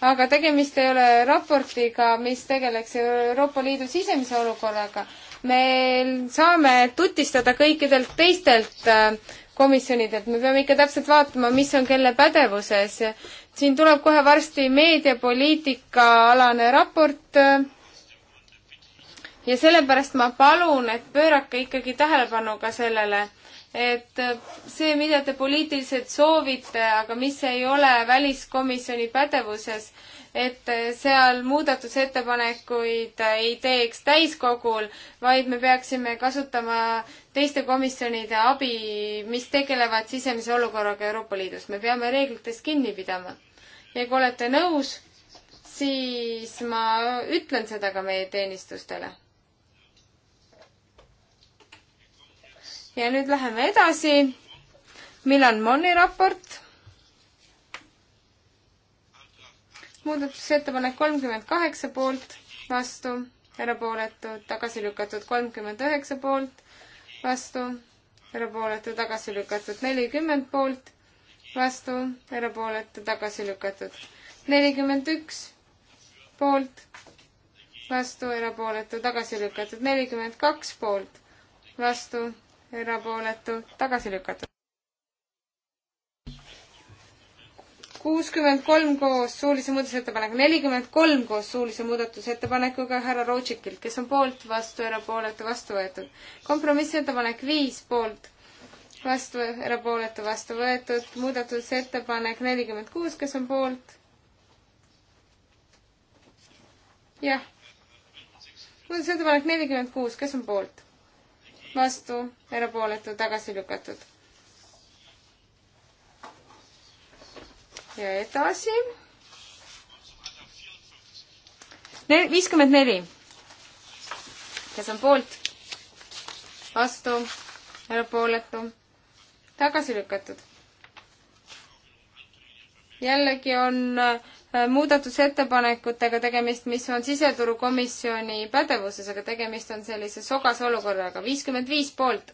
aga tegemist ei ole raportiga, mis tegeleks Euroopa Liidu sisemise olukorraga. me saame tutistada kõikidelt teistelt äh, komisjonidelt, me peame ikka täpselt vaatama, mis on kelle pädevuses. siin tuleb kohe varsti meediapoliitika alane raport. Äh, ja sellepärast ma palun, et pöörake ikkagi tähelepanu ka sellele et see, mida te poliitiliselt soovite, aga mis ei ole väliskomisjoni pädevuses, et seal muudatusettepanekuid ei teeks täiskogul, vaid me peaksime kasutama teiste komisjonide abi, mis tegelevad sisemise olukorraga Euroopa Liidus. me peame reeglitest kinni pidama. ja kui olete nõus, siis ma ütlen seda ka meie teenistustele ja nüüd läheme edasi. Milan Monni raport. muudatusettepanek kolmkümmend kaheksa poolt, vastu, erapooletu, tagasi lükatud kolmkümmend üheksa poolt, vastu, erapooletu, tagasi lükatud nelikümmend poolt, vastu, erapooletu, tagasi lükatud nelikümmend üks poolt, vastu, erapooletu, tagasi lükatud nelikümmend kaks poolt, vastu, erapooletu, tagasi lükatud. kuuskümmend kolm koos suulise muudatusettepanekuga, nelikümmend kolm koos suulise muudatusettepanekuga härra Rootšikilt, kes on poolt, vastu, erapooletu, vastu võetud. kompromissettepanek viis poolt, vastu, erapooletu, vastu võetud. muudatusettepanek nelikümmend kuus, kes on poolt? jah. muudatusettepanek nelikümmend kuus, kes on poolt? vastu, erapooletu, tagasi lükatud. ja edasi. viiskümmend neli. kes on poolt? vastu, erapooletu, tagasi lükatud. jällegi on äh, muudatusettepanekutega tegemist, mis on siseturukomisjoni pädevuses, aga tegemist on sellise sogase olukorraga. viiskümmend viis poolt,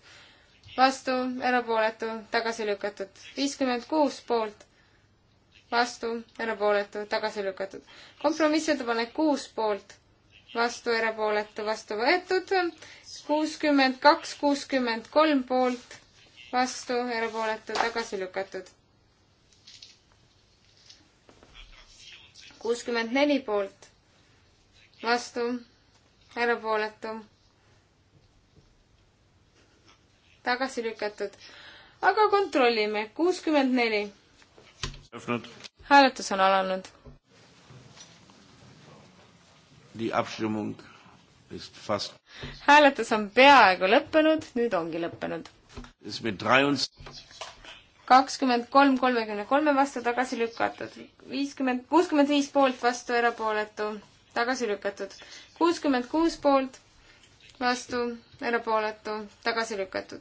vastu, erapooletu, tagasi lükatud. viiskümmend kuus poolt, vastu, erapooletu, tagasi lükatud. kompromissettepanek kuus poolt, vastu, erapooletu, vastu võetud. kuuskümmend kaks, kuuskümmend kolm poolt, vastu, erapooletu, tagasi lükatud kuuskümmend neli poolt, vastu, erapooletu, tagasi lükatud. aga kontrollime, kuuskümmend neli. hääletus on alanud. hääletus on peaaegu lõppenud, nüüd ongi lõppenud kakskümmend kolm kolmekümne kolme vastu tagasi lükatud. viiskümmend, kuuskümmend viis poolt vastu, erapooletu, tagasi lükatud. kuuskümmend kuus poolt vastu, erapooletu, tagasi lükatud.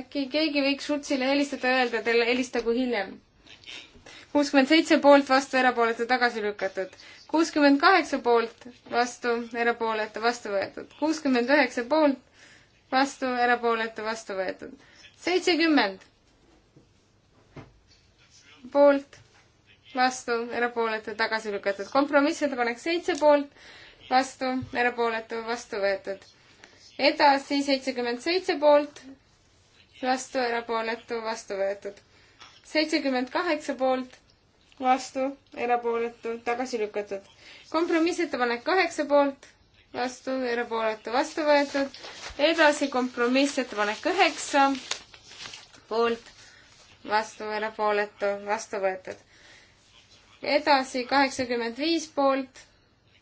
äkki keegi võiks Šutsile helistada ja öelda talle helistagu hiljem. kuuskümmend seitse poolt vastu, erapooletu, tagasi lükatud. kuuskümmend kaheksa poolt vastu, erapooletu, vastu võetud. kuuskümmend üheksa poolt vastu, erapooletu, vastu võetud seitsekümmend poolt, vastu, erapooletu, tagasi lükatud. kompromissettepanek seitse poolt, vastu, erapooletu, vastu võetud. edasi seitsekümmend seitse poolt, vastu, erapooletu, vastu võetud. seitsekümmend kaheksa poolt, vastu, erapooletu, tagasi lükatud. kompromissettepanek kaheksa poolt, vastu, erapooletu, vastu võetud. edasi kompromissettepanek üheksa poolt, vastu, erapooletu, vastu võetud. edasi kaheksakümmend viis poolt,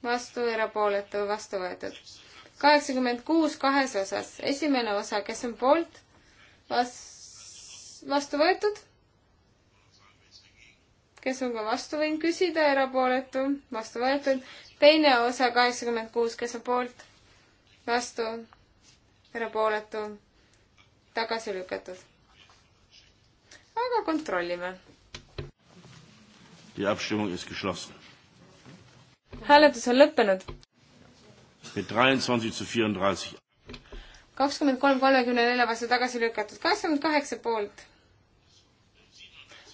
vastu, erapooletu, vastu võetud. kaheksakümmend kuus kahes osas, esimene osa, kes on poolt, vas-, vastu võetud kes on ka vastu, võin küsida, erapooletu, vastu võetud. teine osa kaheksakümmend kuus, kes on poolt, vastu, erapooletu, tagasi lükatud aga kontrollime. hääletus on lõppenud. kakskümmend kolm kolmekümne nelja vastu tagasi lükatud, kakskümmend kaheksa poolt.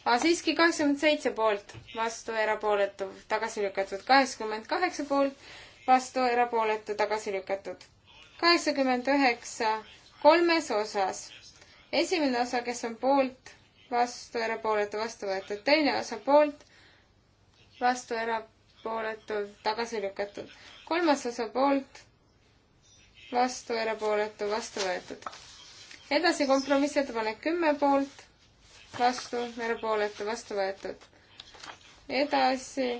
aga siiski kakskümmend seitse poolt, vastu erapooletu, tagasi lükatud, kaheksakümmend kaheksa poolt, vastu erapooletu, tagasi lükatud. kaheksakümmend üheksa kolmes osas. esimene osa, kes on poolt vastu, erapooletu, vastu võetud. teine osa poolt, vastu, erapooletu, tagasi lükatud. kolmas osa poolt, vastu, erapooletu, vastu võetud. edasi kompromissettepanek kümme poolt, vastu, erapooletu, vastu võetud. edasi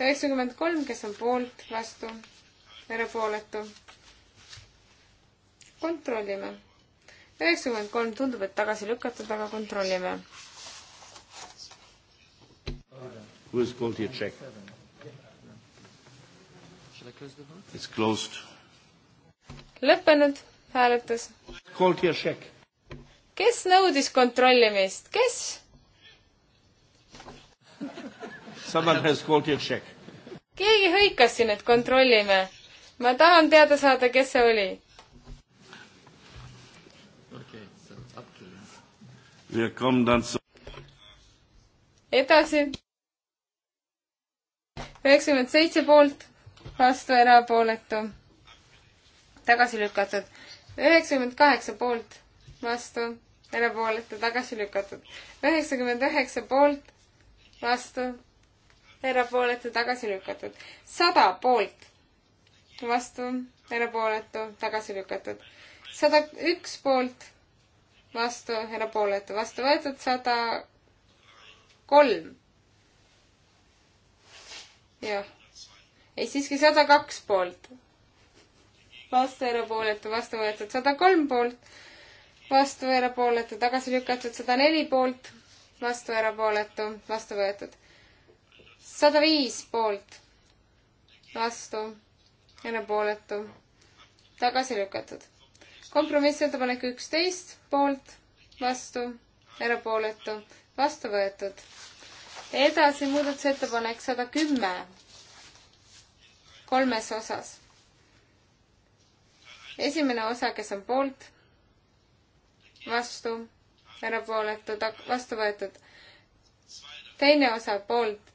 üheksakümmend kolm, kes on poolt, vastu, erapooletu. kontrollime üheksakümmend kolm tundub, et tagasi lükatud, aga kontrollime. Who has called you check? It's closed. lõppenud hääletus. Called you check? kes nõudis kontrollimist, kes? keegi hõikas siin, et kontrollime. ma tahan teada saada, kes see oli. edasi. üheksakümmend seitse poolt, vastu erapooletu, tagasi lükatud. üheksakümmend kaheksa poolt, vastu erapooletu, tagasi lükatud. üheksakümmend üheksa poolt, vastu erapooletu, tagasi lükatud. sada poolt, vastu erapooletu, tagasi lükatud. sada üks poolt vastu, erapooletu, vastu võetud sada kolm. jah, ei siiski sada kaks poolt. vastu, erapooletu, vastu võetud sada kolm poolt, vastu, erapooletu, tagasi lükatud sada neli poolt, vastu, erapooletu, vastu võetud sada viis poolt, vastu, erapooletu, tagasi lükatud kompromissettepanek üksteist, poolt, vastu, erapooletu, vastu võetud. edasi muudatusettepanek sada kümme, kolmes osas. esimene osa, kes on poolt, vastu, erapooletu, vastu võetud. teine osa, poolt,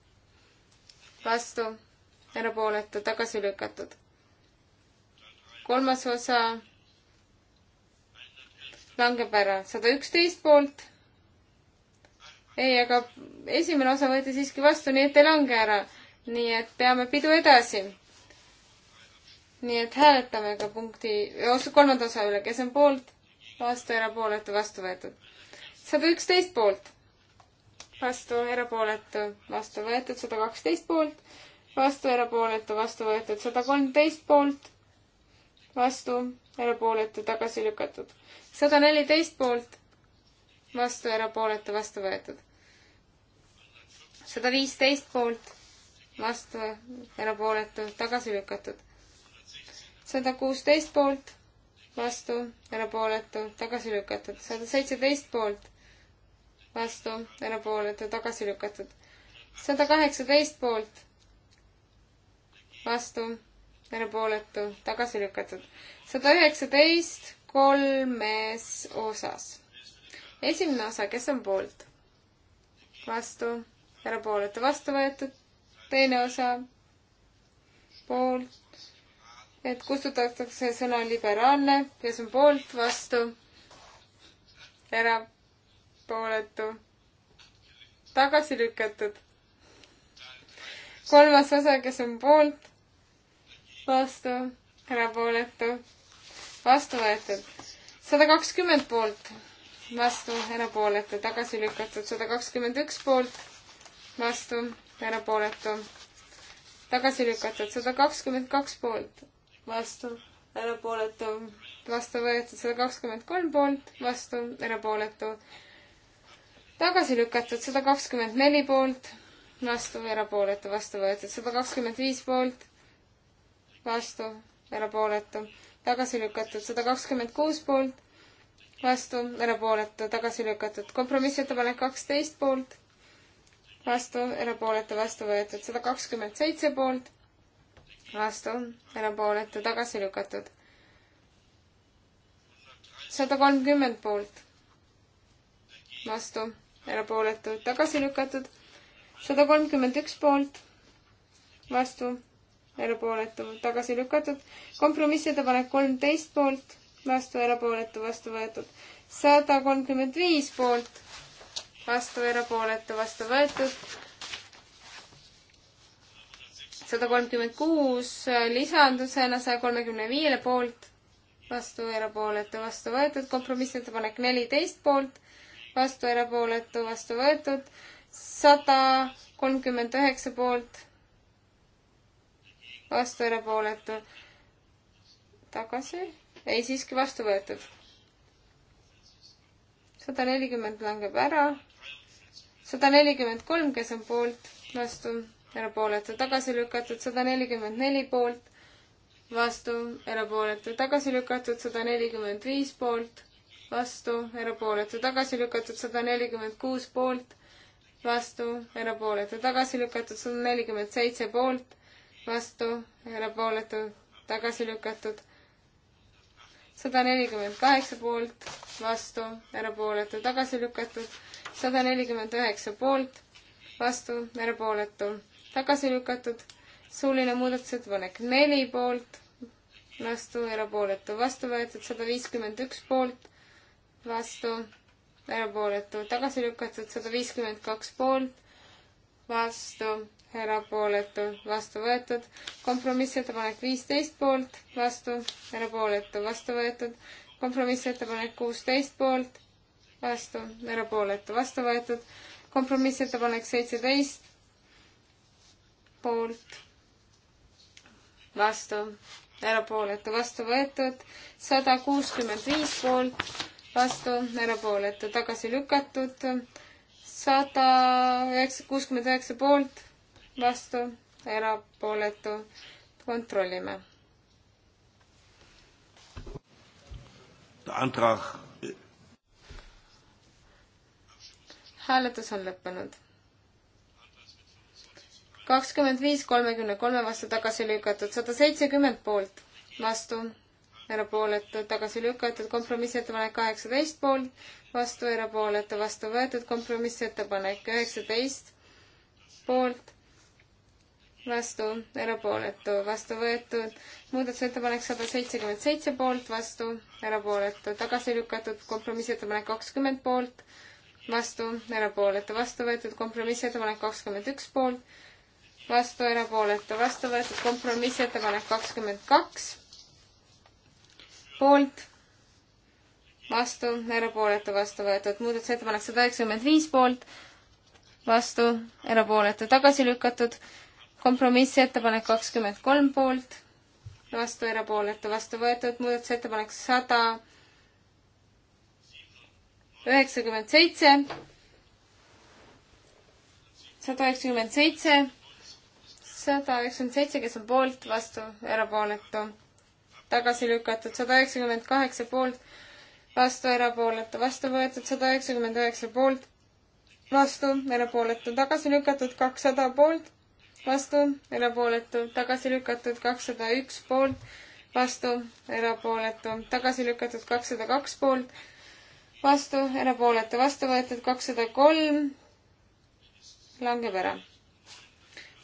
vastu, erapooletu, tagasi lükatud. kolmas osa langeb ära. sada üksteist poolt. ei, aga esimene osa võeti siiski vastu, nii et ei lange ära. nii et peame pidu edasi. nii et hääletame ka punkti, kolmanda osa üle, kes on poolt, vastu, erapooletu, vastu võetud. sada üksteist poolt, vastu, erapooletu, vastu võetud, sada kaksteist poolt, vastu, erapooletu, vastu võetud, sada kolmteist poolt vastu, erapooletu, tagasi lükatud. sada neliteist poolt, vastu, erapooletu, vastu võetud. sada viisteist poolt, vastu, erapooletu, tagasi lükatud. sada kuusteist poolt, vastu, erapooletu, tagasi lükatud. sada seitseteist poolt, vastu, erapooletu, tagasi lükatud. sada kaheksateist poolt, vastu erapooletu, tagasi lükatud. sada üheksateist kolmes osas. esimene osa, kes on poolt? vastu, erapooletu, vastu võetud. teine osa, poolt, et kustutatakse sõna liberaalne, kes on poolt, vastu, erapooletu, tagasi lükatud. kolmas osa, kes on poolt, vastu, erapooletu, vastu võetud. sada kakskümmend poolt, vastu, erapooletu, tagasi lükatud. sada kakskümmend üks poolt, vastu, erapooletu, tagasi lükatud. sada kakskümmend kaks poolt, vastu, erapooletu, vastu võetud. sada kakskümmend kolm poolt, vastu, erapooletu, tagasi lükatud. sada kakskümmend neli poolt vastu, erapooletu vastu võetud sada kakskümmend viis poolt, vastu, erapooletu, tagasi lükatud, sada kakskümmend kuus poolt, vastu, erapooletu, tagasi lükatud, kompromissettepanek kaksteist poolt, vastu, erapooletu, vastu võetud, sada kakskümmend seitse poolt, vastu, erapooletu, tagasi lükatud, sada kolmkümmend poolt, vastu, erapooletu, tagasi lükatud, sada kolmkümmend üks poolt, vastu erapooletu, tagasi lükatud. kompromissettepanek kolmteist poolt, vastu, erapooletu, vastu võetud. sada kolmkümmend viis poolt, vastu, erapooletu, vastu võetud. sada kolmkümmend kuus lisandusena saja kolmekümne viiele poolt, vastu, erapooletu, vastu võetud. kompromissettepanek neliteist poolt, vastu, erapooletu, vastu võetud. sada kolmkümmend üheksa poolt vastu erapooletu, tagasi, ei siiski vastu võetud. sada nelikümmend langeb ära, sada nelikümmend kolm, kes on poolt, vastu, erapooletu, tagasi lükatud, sada nelikümmend neli poolt, vastu, erapooletu, tagasi lükatud, sada nelikümmend viis poolt, vastu, erapooletu, tagasi lükatud, sada nelikümmend kuus poolt, vastu, erapooletu, tagasi lükatud, sada nelikümmend seitse poolt vastu, erapooletu, tagasi lükatud. sada nelikümmend kaheksa poolt, vastu, erapooletu, tagasi lükatud. sada nelikümmend üheksa poolt, vastu, erapooletu, tagasi lükatud. suuline muudatusettepanek neli poolt, vastu, erapooletu, vastu võetud. sada viiskümmend üks poolt, vastu, erapooletu, tagasi lükatud. sada viiskümmend kaks poolt, vastu erapooletu, vastu võetud. kompromissettepanek viisteist poolt, vastu, erapooletu, vastu võetud. kompromissettepanek kuusteist poolt, vastu, erapooletu, vastu võetud. kompromissettepanek seitseteist poolt, vastu, erapooletu, vastu võetud. sada kuuskümmend viis poolt, vastu, erapooletu, tagasi lükatud. sada üheksa, kuuskümmend üheksa poolt vastu, erapooletu, kontrollime. hääletus on lõppenud. kakskümmend viis kolmekümne kolme vastu tagasi lükatud, sada seitsekümmend poolt vastu, erapooletu tagasi lükatud, kompromissettepanek kaheksateist poolt, vastu erapooletu, vastu võetud, kompromissettepanek üheksateist poolt vastu, erapooletu, vastu võetud. muudatusettepanek sada seitsekümmend seitse poolt, vastu, erapooletu, tagasi lükatud. kompromissettepanek kakskümmend poolt, vastu, erapooletu, vastu võetud. kompromissettepanek kakskümmend üks poolt, vastu, erapooletu, vastu võetud. kompromissettepanek kakskümmend kaks poolt, vastu, erapooletu, vastu võetud. muudatusettepanek sada üheksakümmend viis poolt, vastu, erapooletu, tagasi lükatud kompromissettepanek kakskümmend kolm poolt, vastu erapooletu, vastu võetud, muudatusettepanek sada üheksakümmend seitse, sada üheksakümmend seitse, sada üheksakümmend seitse, kes on poolt, vastu, erapooletu, tagasi lükatud, sada üheksakümmend kaheksa poolt, vastu, erapooletu, vastu võetud, sada üheksakümmend üheksa poolt, vastu, erapooletu, tagasi lükatud, kakssada poolt vastu, erapooletu, tagasi lükatud kakssada üks poolt, vastu, erapooletu, tagasi lükatud kakssada kaks poolt, vastu, erapooletu, vastu võetud kakssada kolm, langeb ära.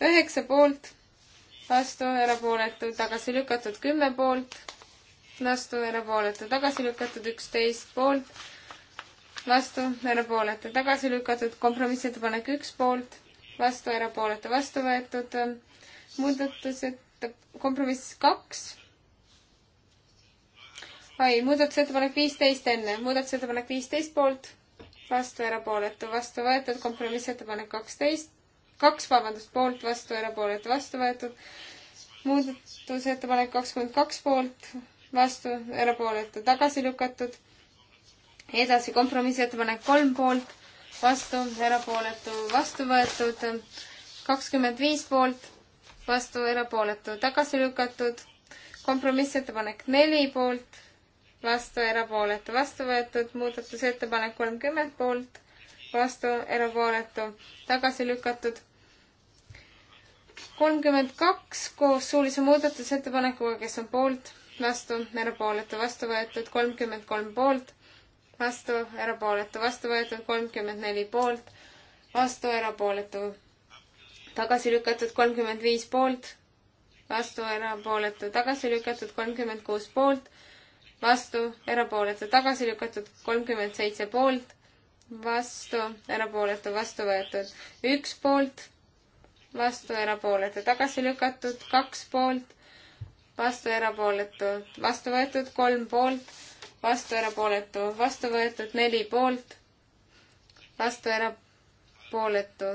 üheksa poolt, vastu, erapooletu, tagasi lükatud kümme poolt, vastu, erapooletu, tagasi lükatud üksteist poolt, vastu, erapooletu, tagasi lükatud kompromissettepanek üks poolt vastu, erapooletu, vastu võetud. muudatused, kompromiss kaks. ai, muudatusettepanek viisteist enne, muudatusettepanek viisteist poolt, vastu, erapooletu, vastu võetud, kompromissettepanek kaksteist, kaks, vabandust, poolt, vastu, erapooletu, vastu võetud. muudatusettepanek kakskümmend kaks poolt, vastu, erapooletu, tagasi lükatud. edasi kompromissettepanek kolm poolt vastu, erapooletu, vastu võetud, kakskümmend viis poolt, vastu, erapooletu, tagasi lükatud, kompromissettepanek neli poolt, vastu, erapooletu, vastu võetud, muudatusettepanek kolmkümmend poolt, vastu, erapooletu, tagasi lükatud, kolmkümmend kaks koos suulise muudatusettepanekuga, kes on poolt, vastu, erapooletu, vastu võetud, kolmkümmend kolm poolt vastu, erapooletu, vastu võetud kolmkümmend neli poolt, vastu, erapooletu, tagasi lükatud kolmkümmend viis poolt, vastu, erapooletu, tagasi lükatud kolmkümmend kuus poolt, vastu, erapooletu, tagasi lükatud kolmkümmend seitse poolt, vastu, erapooletu, vastu võetud üks poolt, vastu, erapooletu, tagasi lükatud kaks poolt, vastu, erapooletu, vastu võetud kolm poolt vastu, erapooletu, vastu võetud, neli poolt, vastu, erapooletu.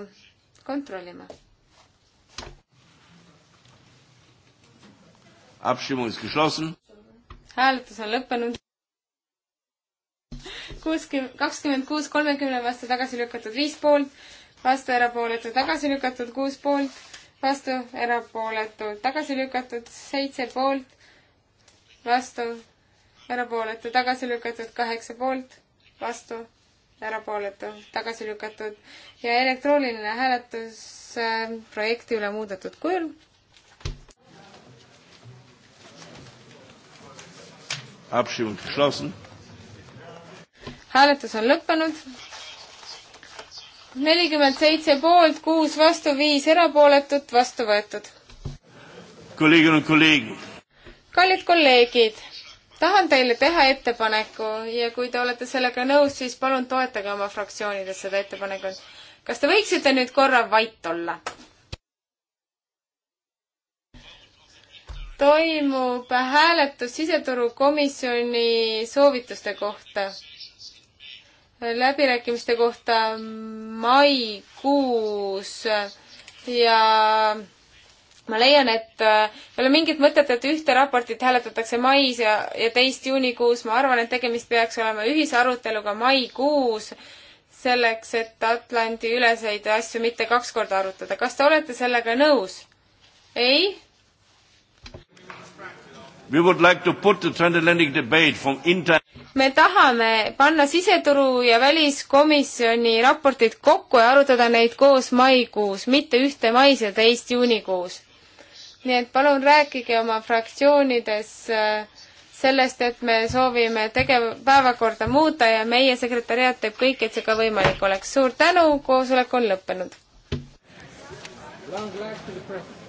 kontrollime. hääletus on lõppenud. kuuskümmend, kakskümmend kuus, kolmekümne vastu tagasi lükatud viis poolt, vastu erapooletu tagasi lükatud kuus poolt, vastu erapooletu tagasi lükatud seitse poolt, vastu erapooletu, tagasi lükatud kaheksa poolt, vastu, erapooletu, tagasi lükatud ja elektrooniline hääletus äh, projekti üle muudetud kujul. hääletus on lõppenud. nelikümmend seitse poolt, kuus vastu, viis erapooletut, vastu võetud. kolleegid, kallid kolleegid tahan teile teha ettepaneku ja kui te olete sellega nõus, siis palun toetage oma fraktsioonides seda ettepanekut. kas te võiksite nüüd korra vait olla? toimub hääletus siseturukomisjoni soovituste kohta, läbirääkimiste kohta maikuus ja ma leian, et äh, ei ole mingit mõtet, et ühte raportit hääletatakse mais ja, ja teist juunikuus, ma arvan, et tegemist peaks olema ühise aruteluga maikuus, selleks, et Atlandi-üleseid asju mitte kaks korda arutada. kas te olete sellega nõus? ei? We would like to put the transatlantic debate from inter- me tahame panna siseturu ja väliskomisjoni raportid kokku ja arutada neid koos maikuus, mitte ühte mais ja teist juunikuus nii et palun rääkige oma fraktsioonides äh, sellest, et me soovime tegev-, päevakorda muuta ja meie sekretäriaat teeb kõik, et see ka võimalik oleks. suur tänu, koosolek on lõppenud. Long life to the press.